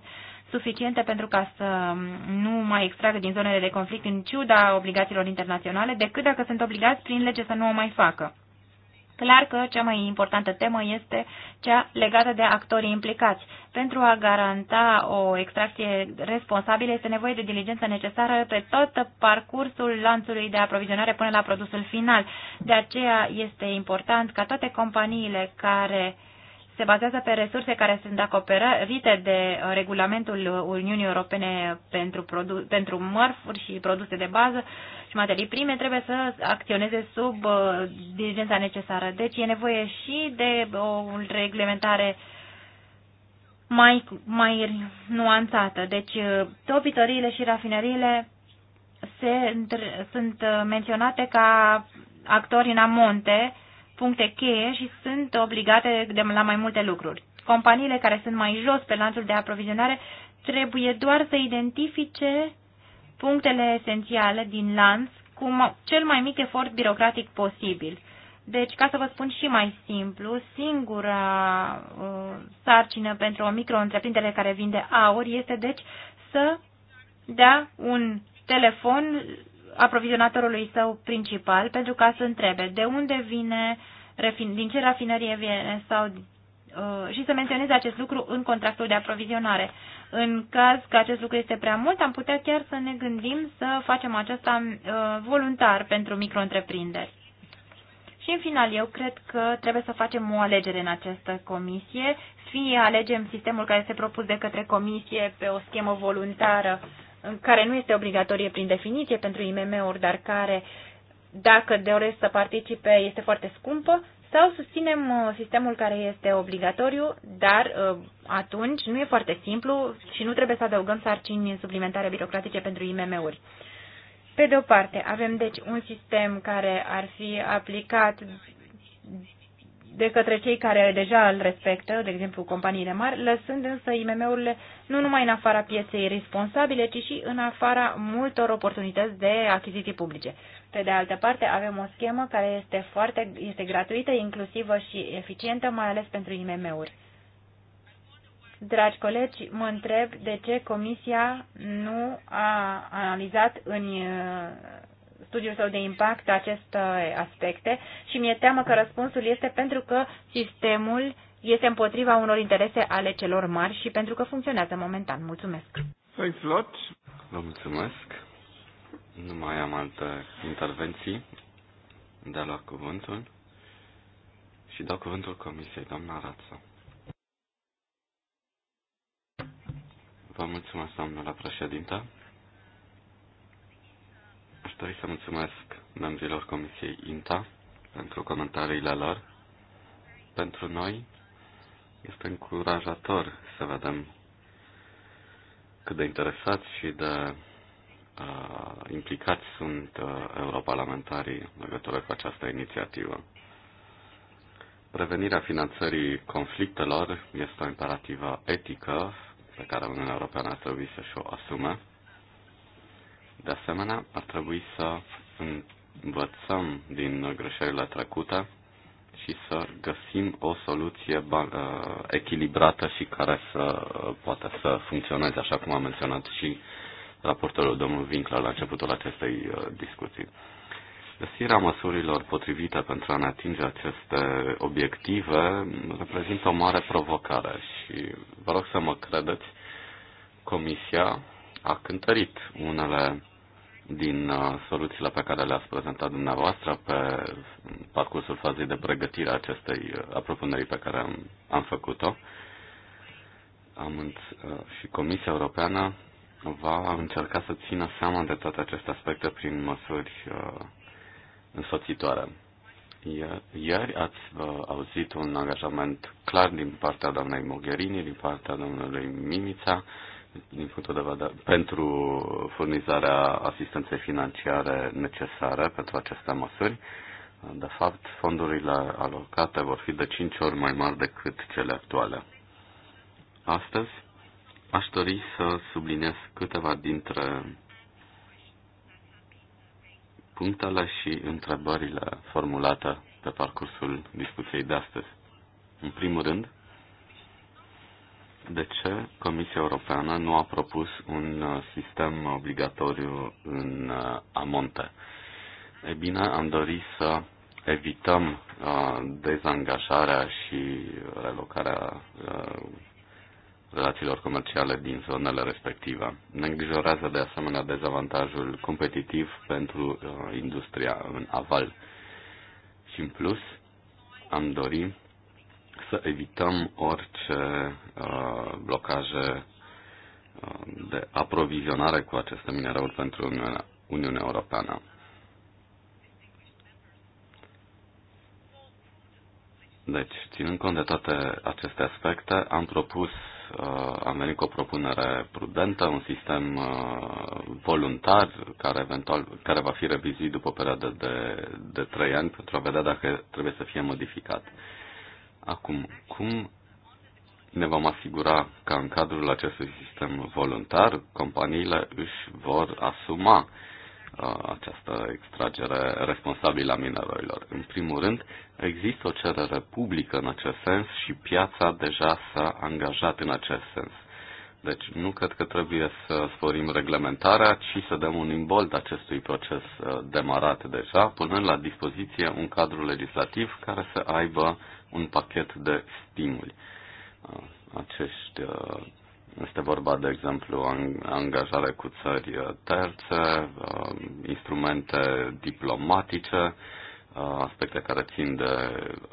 suficiente pentru ca să nu mai extragă din zonele de conflict în ciuda obligațiilor internaționale, decât dacă sunt obligați prin lege să nu o mai facă. Clar că cea mai importantă temă este cea legată de actorii implicați. Pentru a garanta o extracție responsabilă este nevoie de diligență necesară pe tot parcursul lanțului de aprovizionare până la produsul final. De aceea este important ca toate companiile care uh, se bazează pe resurse care sunt acoperite de uh, regulamentul Uniunii Europene pentru, produ- pentru mărfuri și produse de bază și materii prime, trebuie să acționeze sub uh, dirigența necesară. Deci e nevoie și de uh, o reglementare mai, mai nuanțată. Deci uh, topitoriile și rafineriile se, sunt menționate ca actori în amonte, puncte cheie și sunt obligate de la mai multe lucruri. Companiile care sunt mai jos pe lanțul de aprovizionare trebuie doar să identifice punctele esențiale din lanț cu cel mai mic efort birocratic posibil. Deci, ca să vă spun și mai simplu, singura uh, sarcină pentru o micro-întreprindere care vinde aur este, deci, să dea un telefon aprovizionatorului său principal pentru ca să întrebe de unde vine, din ce rafinărie vine sau uh, și să menționeze acest lucru în contractul de aprovizionare. În caz că acest lucru este prea mult, am putea chiar să ne gândim să facem aceasta uh, voluntar pentru micro-întreprinderi. Și în final, eu cred că trebuie să facem o alegere în această comisie. Fie alegem sistemul care este propus de către comisie pe o schemă voluntară care nu este obligatorie prin definiție pentru IMM-uri, dar care, dacă doresc să participe, este foarte scumpă, sau susținem uh, sistemul care este obligatoriu, dar uh, atunci nu e foarte simplu și nu trebuie să adăugăm sarcini suplimentare birocratice pentru IMM-uri. Pe de o parte, avem deci un sistem care ar fi aplicat de către cei care deja îl respectă, de exemplu companiile mari, lăsând însă IMM-urile nu numai în afara pieței responsabile, ci și în afara multor oportunități de achiziții publice. Pe de altă parte, avem o schemă care este, foarte, este gratuită, inclusivă și eficientă, mai ales pentru IMM-uri. Dragi colegi, mă întreb de ce Comisia nu a analizat în studiul său de impact aceste aspecte și mi-e teamă că răspunsul este pentru că sistemul este împotriva unor interese ale celor mari și pentru că funcționează momentan. Mulțumesc! Thanks a lot. Vă mulțumesc! Nu mai am alte intervenții de la cuvântul și dau cuvântul comisiei, doamna Rață. Vă mulțumesc, doamna președinte dori să mulțumesc membrilor Comisiei INTA pentru comentariile lor. Pentru noi este încurajator să vedem cât de interesați și de uh, implicați sunt uh, europarlamentarii în legătură cu această inițiativă. Prevenirea finanțării conflictelor este o imperativă etică pe care Uniunea Europeană ar trebui să și-o asume de asemenea, ar trebui să învățăm din greșelile trecute și să găsim o soluție uh, echilibrată și care să uh, poată să funcționeze, așa cum a menționat și raportorul domnul Winkler la începutul acestei uh, discuții. Găsirea măsurilor potrivite pentru a ne atinge aceste obiective reprezintă o mare provocare și vă rog să mă credeți, Comisia a cântărit unele din uh, soluțiile pe care le-ați prezentat dumneavoastră pe parcursul fazei de pregătire a acestei uh, aprofundării pe care am, am făcut-o. Am uh, și Comisia Europeană va încerca să țină seama de toate aceste aspecte prin măsuri uh, însoțitoare. Ieri ați uh, auzit un angajament clar din partea doamnei Mogherini, din partea domnului Mimița, uh, din punctul de vedere, pentru furnizarea asistenței financiare necesare pentru aceste măsuri. De fapt, fondurile alocate vor fi de 5 ori mai mari decât cele actuale. Astăzi, aș dori să subliniez câteva dintre punctele și întrebările formulate pe parcursul discuției de astăzi. În primul rând, de ce Comisia Europeană nu a propus un uh, sistem obligatoriu în uh, amonte. E bine, am dorit să evităm uh, dezangajarea și relocarea relațiilor comerciale din zonele respective. Ne îngrijorează de asemenea dezavantajul competitiv pentru industria în aval. Și în plus, am dorit să evităm orice uh, blocaje uh, de aprovizionare cu aceste minerale pentru Uniunea, Uniunea Europeană. Deci, ținând cont de toate aceste aspecte, am propus, uh, am venit cu o propunere prudentă, un sistem uh, voluntar care, eventual, care va fi revizuit după o perioadă de, de 3 ani pentru a vedea dacă trebuie să fie modificat. Acum, cum ne vom asigura că în cadrul acestui sistem voluntar companiile își vor asuma uh, această extragere responsabilă a minerilor. În primul rând, există o cerere publică în acest sens și piața deja s-a angajat în acest sens. Deci nu cred că trebuie să sporim reglementarea, ci să dăm un imbold acestui proces uh, demarat deja, punând la dispoziție un cadru legislativ care să aibă un pachet de stimuli. Uh, acești, uh, este vorba, de exemplu, angajare cu țări uh, terțe, instrumente diplomatice, aspecte care țin de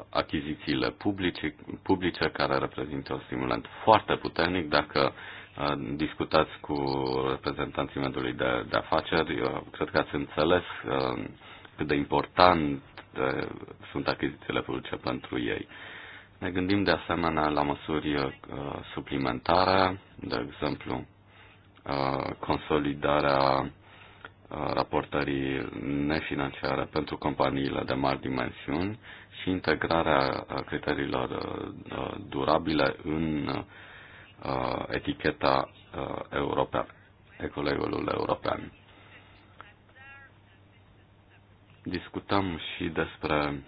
achizițiile publice, publice care reprezintă un stimulant foarte puternic. Dacă discutați cu reprezentanții mediului de, de afaceri, cred că ați înțeles cât de important este, sunt achizițiile publice pentru ei. Ne gândim de asemenea la măsuri uh, suplimentare, de exemplu, uh, consolidarea uh, raportării nefinanciare pentru companiile de mari dimensiuni și integrarea uh, criteriilor uh, durabile în eticheta europeană, ecoleul european. Discutăm și despre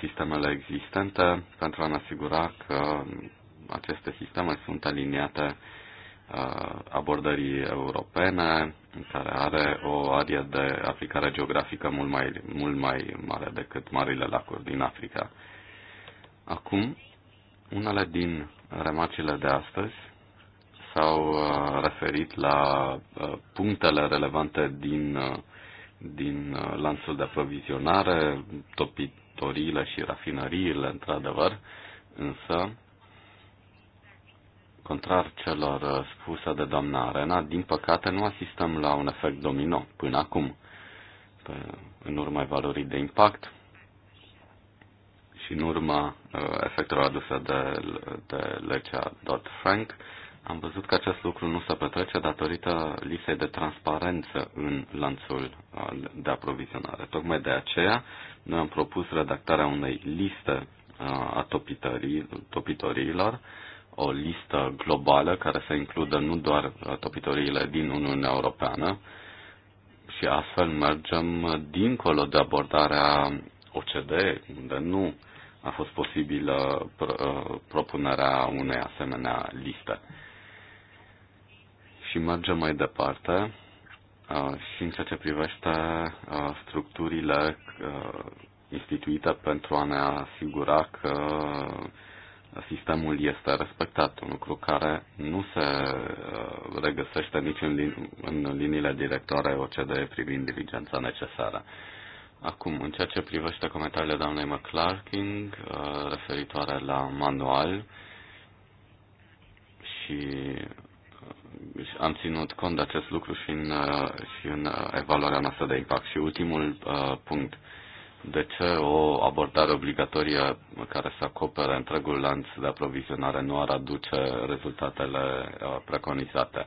sistemele existente pentru a ne asigura că aceste sisteme sunt aliniate uh, abordării europene, care are o arie de aplicare geografică mult mai, mult mai mare decât marile lacuri din Africa. Acum, unele din remarcile de astăzi s-au uh, referit la uh, punctele relevante din din uh, lanțul de aprovizionare, topitoriile și rafinăriile, într-adevăr, însă, contrar celor uh, spuse de doamna Arena, din păcate nu asistăm la un efect domino până acum, pe, în urma valorii de impact și în urma uh, efectelor aduse de, de legea Dodd-Frank, am văzut că acest lucru nu se petrece datorită lipsei de transparență în lanțul uh, de aprovizionare. Tocmai de aceea noi am propus redactarea unei liste uh, a topitorilor, o listă globală care să includă nu doar uh, topitoriile din Uniunea Europeană și astfel mergem dincolo de abordarea OCD, unde nu a fost posibilă propunerea unei asemenea liste și mergem mai departe și în ceea ce privește structurile instituite pentru a ne asigura că sistemul este respectat, un lucru care nu se regăsește nici în, lin- în liniile directoare OCDE privind diligența necesară. Acum, în ceea ce privește comentariile doamnei McClarking referitoare la manual și am ținut cont de acest lucru și în, uh, și în uh, evaluarea noastră de impact. Și ultimul uh, punct, de ce o abordare obligatorie care să acopere întregul lanț de aprovizionare nu ar aduce rezultatele uh, preconizate?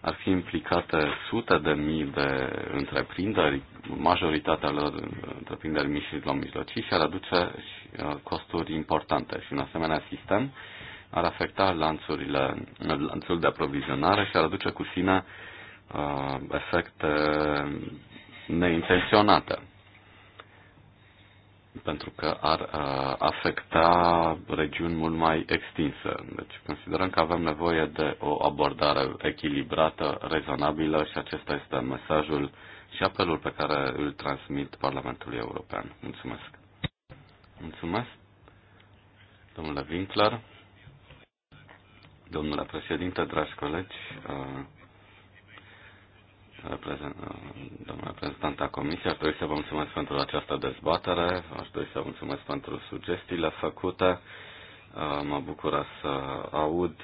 Ar fi implicate sute de mii de întreprinderi, majoritatea lor întreprinderi mici și la mijlocii și ar aduce uh, costuri importante. Și un asemenea sistem uh, ar afecta lanțurile, lanțul de aprovizionare și ar aduce cu sine uh, efecte neintenționate pentru că ar uh, afecta regiuni mult mai extinse. Deci considerăm că avem nevoie de o abordare echilibrată, rezonabilă și acesta este mesajul și apelul pe care îl transmit Parlamentului European. Mulțumesc. Mulțumesc. Domnule Winkler. Domnule președinte, dragi colegi, uh, uh, domnule reprezentant a Comisiei, aș dori să vă mulțumesc pentru această dezbatere, aș dori să vă mulțumesc pentru sugestiile făcute. Uh, mă bucură să aud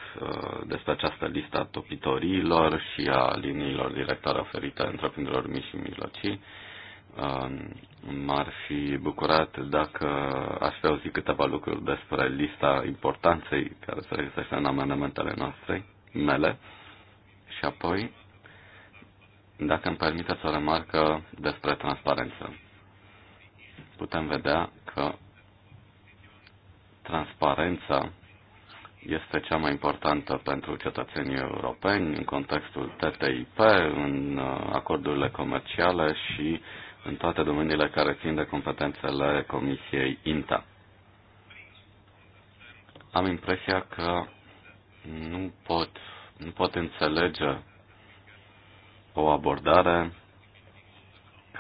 despre această listă a topitoriilor și a liniilor directoare oferite întreprinderilor mici și mijlocii m-ar fi bucurat dacă aș fi auzit câteva lucruri despre lista importanței care se regăsește în amendamentele noastre, mele, și apoi, dacă îmi permiteți o remarcă despre transparență. Putem vedea că transparența este cea mai importantă pentru cetățenii europeni în contextul TTIP, în uh, acordurile comerciale și uh, în toate domeniile care țin de competențele Comisiei INTA. Am impresia că nu pot, nu pot înțelege o abordare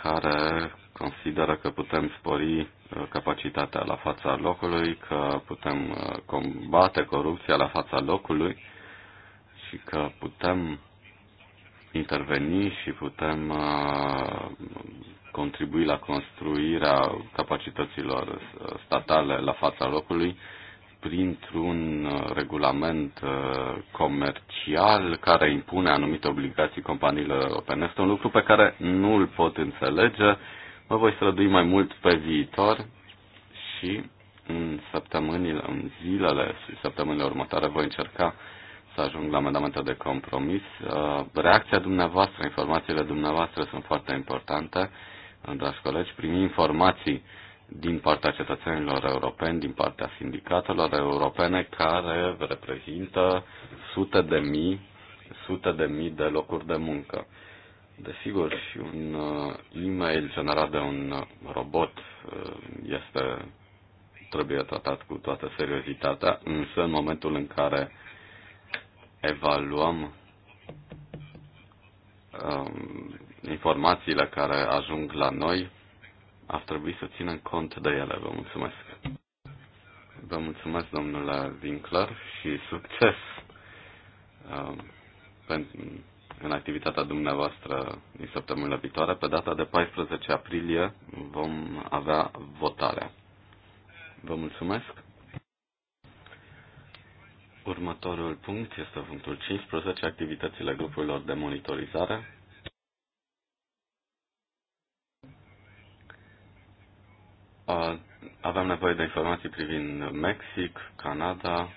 care consideră că putem spori uh, capacitatea la fața locului, că putem uh, combate corupția la fața locului și că putem interveni și putem uh, contribui la construirea capacităților uh, statale la fața locului printr-un uh, regulament comercial care impune anumite obligații companiilor europene. Este un lucru pe care nu îl pot înțelege. Mă voi strădui mai mult pe viitor și în săptămânile, în zilele și săptămânile următoare voi încerca ajung la amendamente de compromis. Uh, reacția dumneavoastră, informațiile dumneavoastră sunt foarte importante, uh, dragi colegi. Primi informații din partea cetățenilor europeni, din partea sindicatelor europene, care reprezintă sute de mii, sute de mii de locuri de muncă. Desigur, și un uh, e-mail generat de un robot este trebuie tratat cu toată seriozitatea, însă în momentul în care evaluăm um, informațiile care ajung la noi, ar trebui să ținem cont de ele. Vă mulțumesc! Vă mulțumesc, domnule Winkler, și succes um, pentru în activitatea dumneavoastră din săptămâna viitoare. Pe data de 14 aprilie vom avea votarea. Vă mulțumesc! Următorul punct este punctul 15, activitățile grupurilor de monitorizare. Avem nevoie de informații privind Mexic, Canada,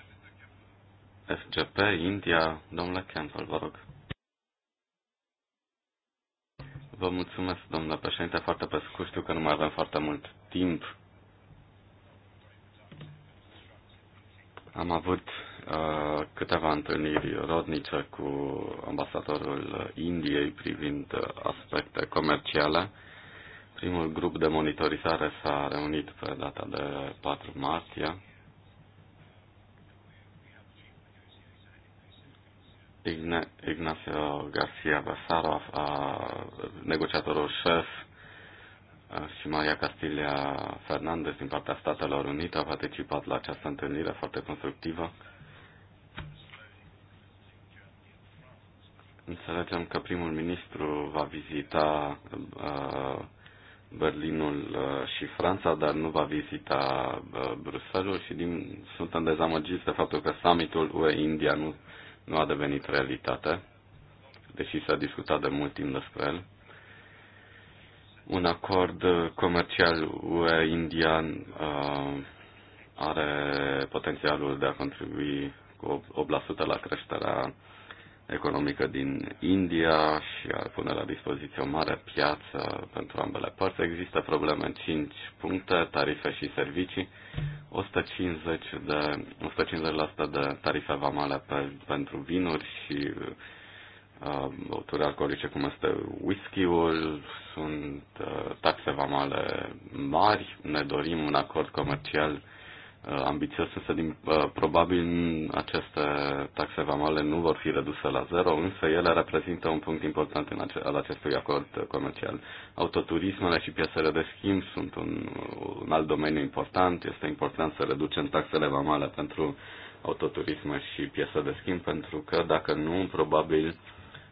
SGP, India. Domnule Campbell, vă rog. Vă mulțumesc, domnule președinte, foarte pe scurt. Știu că nu mai avem foarte mult timp. Am avut Uh, câteva întâlniri rodnice cu ambasadorul Indiei privind aspecte comerciale. Primul grup de monitorizare s-a reunit pe data de 4 martie. Ignacio Garcia Basaro, negociatorul șef, uh, și Maria Castilia Fernandez din partea Statelor Unite a participat la această întâlnire foarte constructivă Înțelegem că primul ministru va vizita uh, Berlinul uh, și Franța, dar nu va vizita uh, Bruselul și din, suntem dezamăgiți de faptul că summitul UE-India nu, nu a devenit realitate, deși s-a discutat de mult timp despre el. Un acord comercial UE-Indian uh, are potențialul de a contribui cu 8% la creșterea economică din India și ar pune la dispoziție o mare piață pentru ambele părți. Există probleme în 5 puncte, tarife și servicii, 150 de, 150% de tarife vamale pe, pentru vinuri și uh, băuturi alcoolice, cum este whisky-ul, sunt uh, taxe vamale mari, ne dorim un acord comercial Uh, ambițios, însă din, uh, probabil aceste taxe vamale nu vor fi reduse la zero, însă ele reprezintă un punct important în ace- al acestui acord comercial. Autoturismele și piesele de schimb sunt un, un alt domeniu important. Este important să reducem taxele vamale pentru autoturisme și piese de schimb, pentru că dacă nu, probabil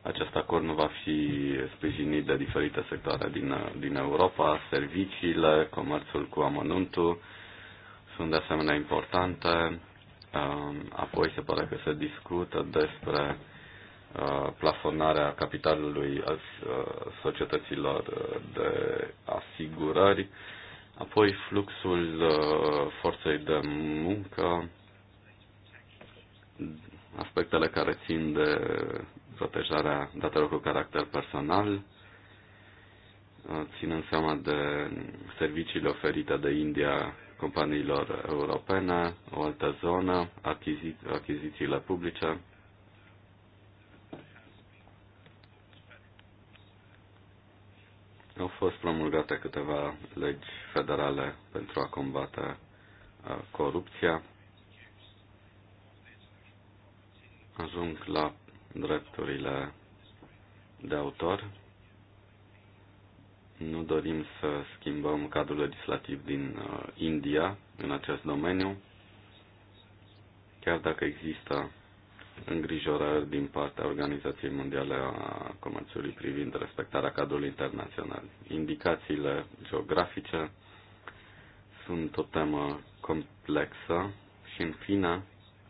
acest acord nu va fi sprijinit de diferite sectoare din, din Europa, serviciile, comerțul cu amănuntul, sunt de asemenea importante. Um, apoi se pare că se discută despre uh, plafonarea capitalului uh, societăților uh, de asigurări, apoi fluxul forței de muncă, aspectele care țin de protejarea datelor cu caracter personal, ținând seama de serviciile oferite de India companiilor europene, o altă zonă, achizi- achizițiile publice. Au fost promulgate câteva legi federale pentru a combate uh, corupția. Ajung la drepturile de autor nu dorim să schimbăm cadrul legislativ din uh, India în acest domeniu, chiar dacă există îngrijorări din partea Organizației Mondiale a Comerțului privind respectarea cadrului internațional. Indicațiile geografice sunt o temă complexă și, în fine,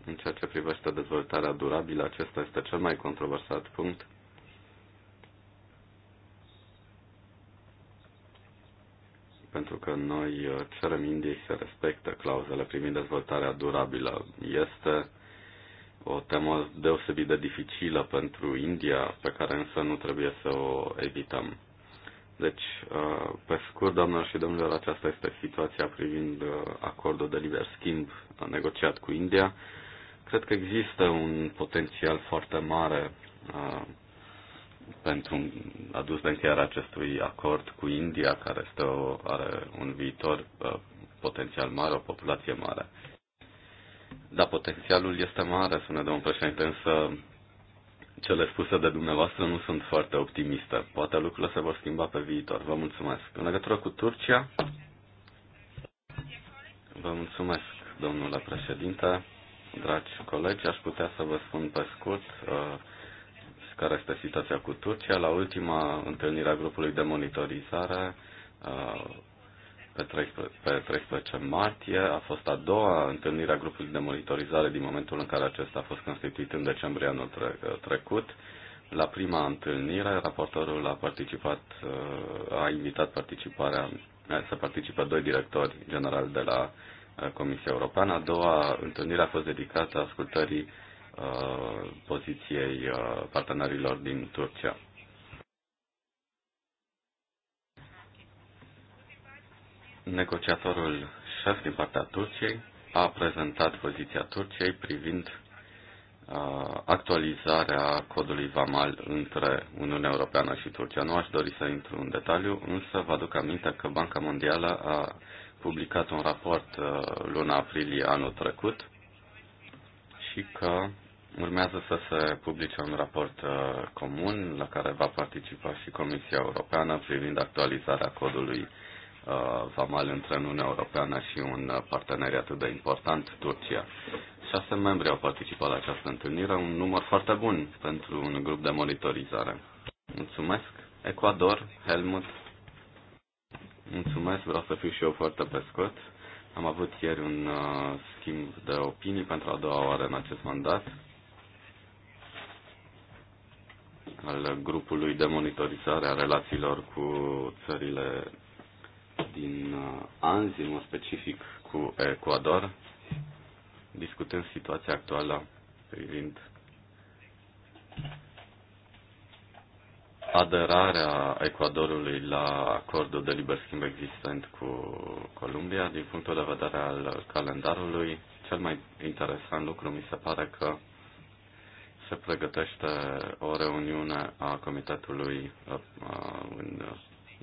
în ceea ce privește dezvoltarea durabilă, acesta este cel mai controversat punct pentru că noi uh, cerem Indiei să respecte clauzele privind dezvoltarea durabilă. Este o temă deosebit de dificilă pentru India, pe care însă nu trebuie să o evităm. Deci, uh, pe scurt, doamnelor și domnilor, aceasta este situația privind uh, acordul de liber schimb negociat cu India. Cred că există un potențial foarte mare pentru adus la încheierea acestui acord cu India, care este o, are un viitor uh, potențial mare, o populație mare. Da, potențialul este mare, spune domnul președinte, însă cele spuse de dumneavoastră nu sunt foarte optimiste. Poate lucrurile se vor schimba pe viitor. Vă mulțumesc. În legătură cu Turcia, vă mulțumesc, domnule președinte, dragi colegi, aș putea să vă spun pe scurt. Uh, care este situația cu Turcia. La ultima întâlnire a grupului de monitorizare, uh, pe 13, pe 13 martie, a fost a doua întâlnire a grupului de monitorizare din momentul în care acesta a fost constituit în decembrie anul uh, trecut. La prima întâlnire, raportorul a participat, uh, a invitat participarea, să participe doi directori generali de la Comisia Europeană. A doua întâlnire a fost dedicată ascultării Uh, poziției uh, partenerilor din Turcia. Negociatorul șef din partea Turciei a prezentat poziția Turciei privind uh, actualizarea codului VAMAL între Uniunea Europeană și Turcia. Nu aș dori să intru în detaliu, însă vă aduc aminte că Banca Mondială a publicat un raport luna aprilie anul trecut și că Urmează să se publice un raport uh, comun la care va participa și Comisia Europeană privind actualizarea codului uh, vamal între Uniunea Europeană și un partener atât de important, Turcia. Șase membri au participat la această întâlnire, un număr foarte bun pentru un grup de monitorizare. Mulțumesc. Ecuador, Helmut. Mulțumesc, vreau să fiu și eu foarte pe scurt. Am avut ieri un uh, schimb de opinii pentru a doua oară în acest mandat al grupului de monitorizare a relațiilor cu țările din uh, anzi, în mod specific cu Ecuador, discutând situația actuală privind aderarea Ecuadorului la acordul de liber schimb existent cu Columbia. Din punctul de vedere al calendarului, cel mai interesant lucru mi se pare că se pregătește o reuniune a comitetului uh, în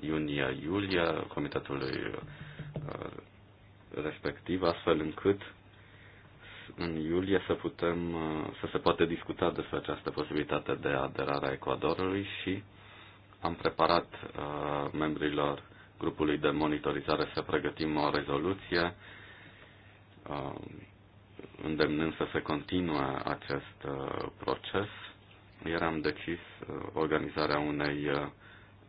iunie-iulie, comitetului uh, respectiv, astfel încât în iulie să putem, uh, să se poate discuta despre această posibilitate de aderare a Ecuadorului și am preparat uh, membrilor grupului de monitorizare să pregătim o rezoluție uh, îndemnând să se continue acest uh, proces, iar am decis uh, organizarea unei uh,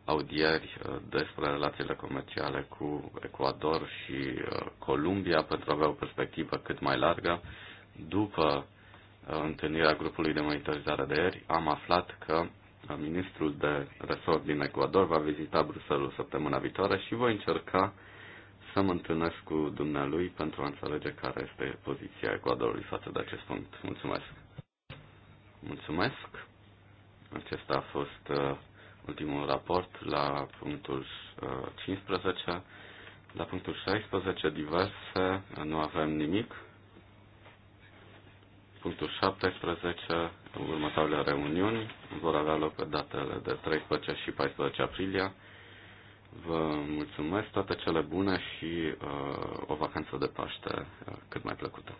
audieri despre relațiile comerciale cu Ecuador și Columbia pentru a avea o perspectivă cât mai largă. După întâlnirea grupului de monitorizare de ieri, am aflat că ministrul de resort din Ecuador va vizita Bruxelles săptămâna viitoare și voi încerca să mă întâlnesc cu dumnealui pentru a înțelege care este poziția Ecuadorului față de acest punct. Mulțumesc! Mulțumesc! Acesta a fost uh, ultimul raport la punctul uh, 15. La punctul 16, diverse, uh, nu avem nimic. Punctul 17, următoarele reuniuni vor avea loc pe datele de 13 și 14 aprilie. Vă mulțumesc, toate cele bune și uh, o vacanță de Paște uh, cât mai plăcută.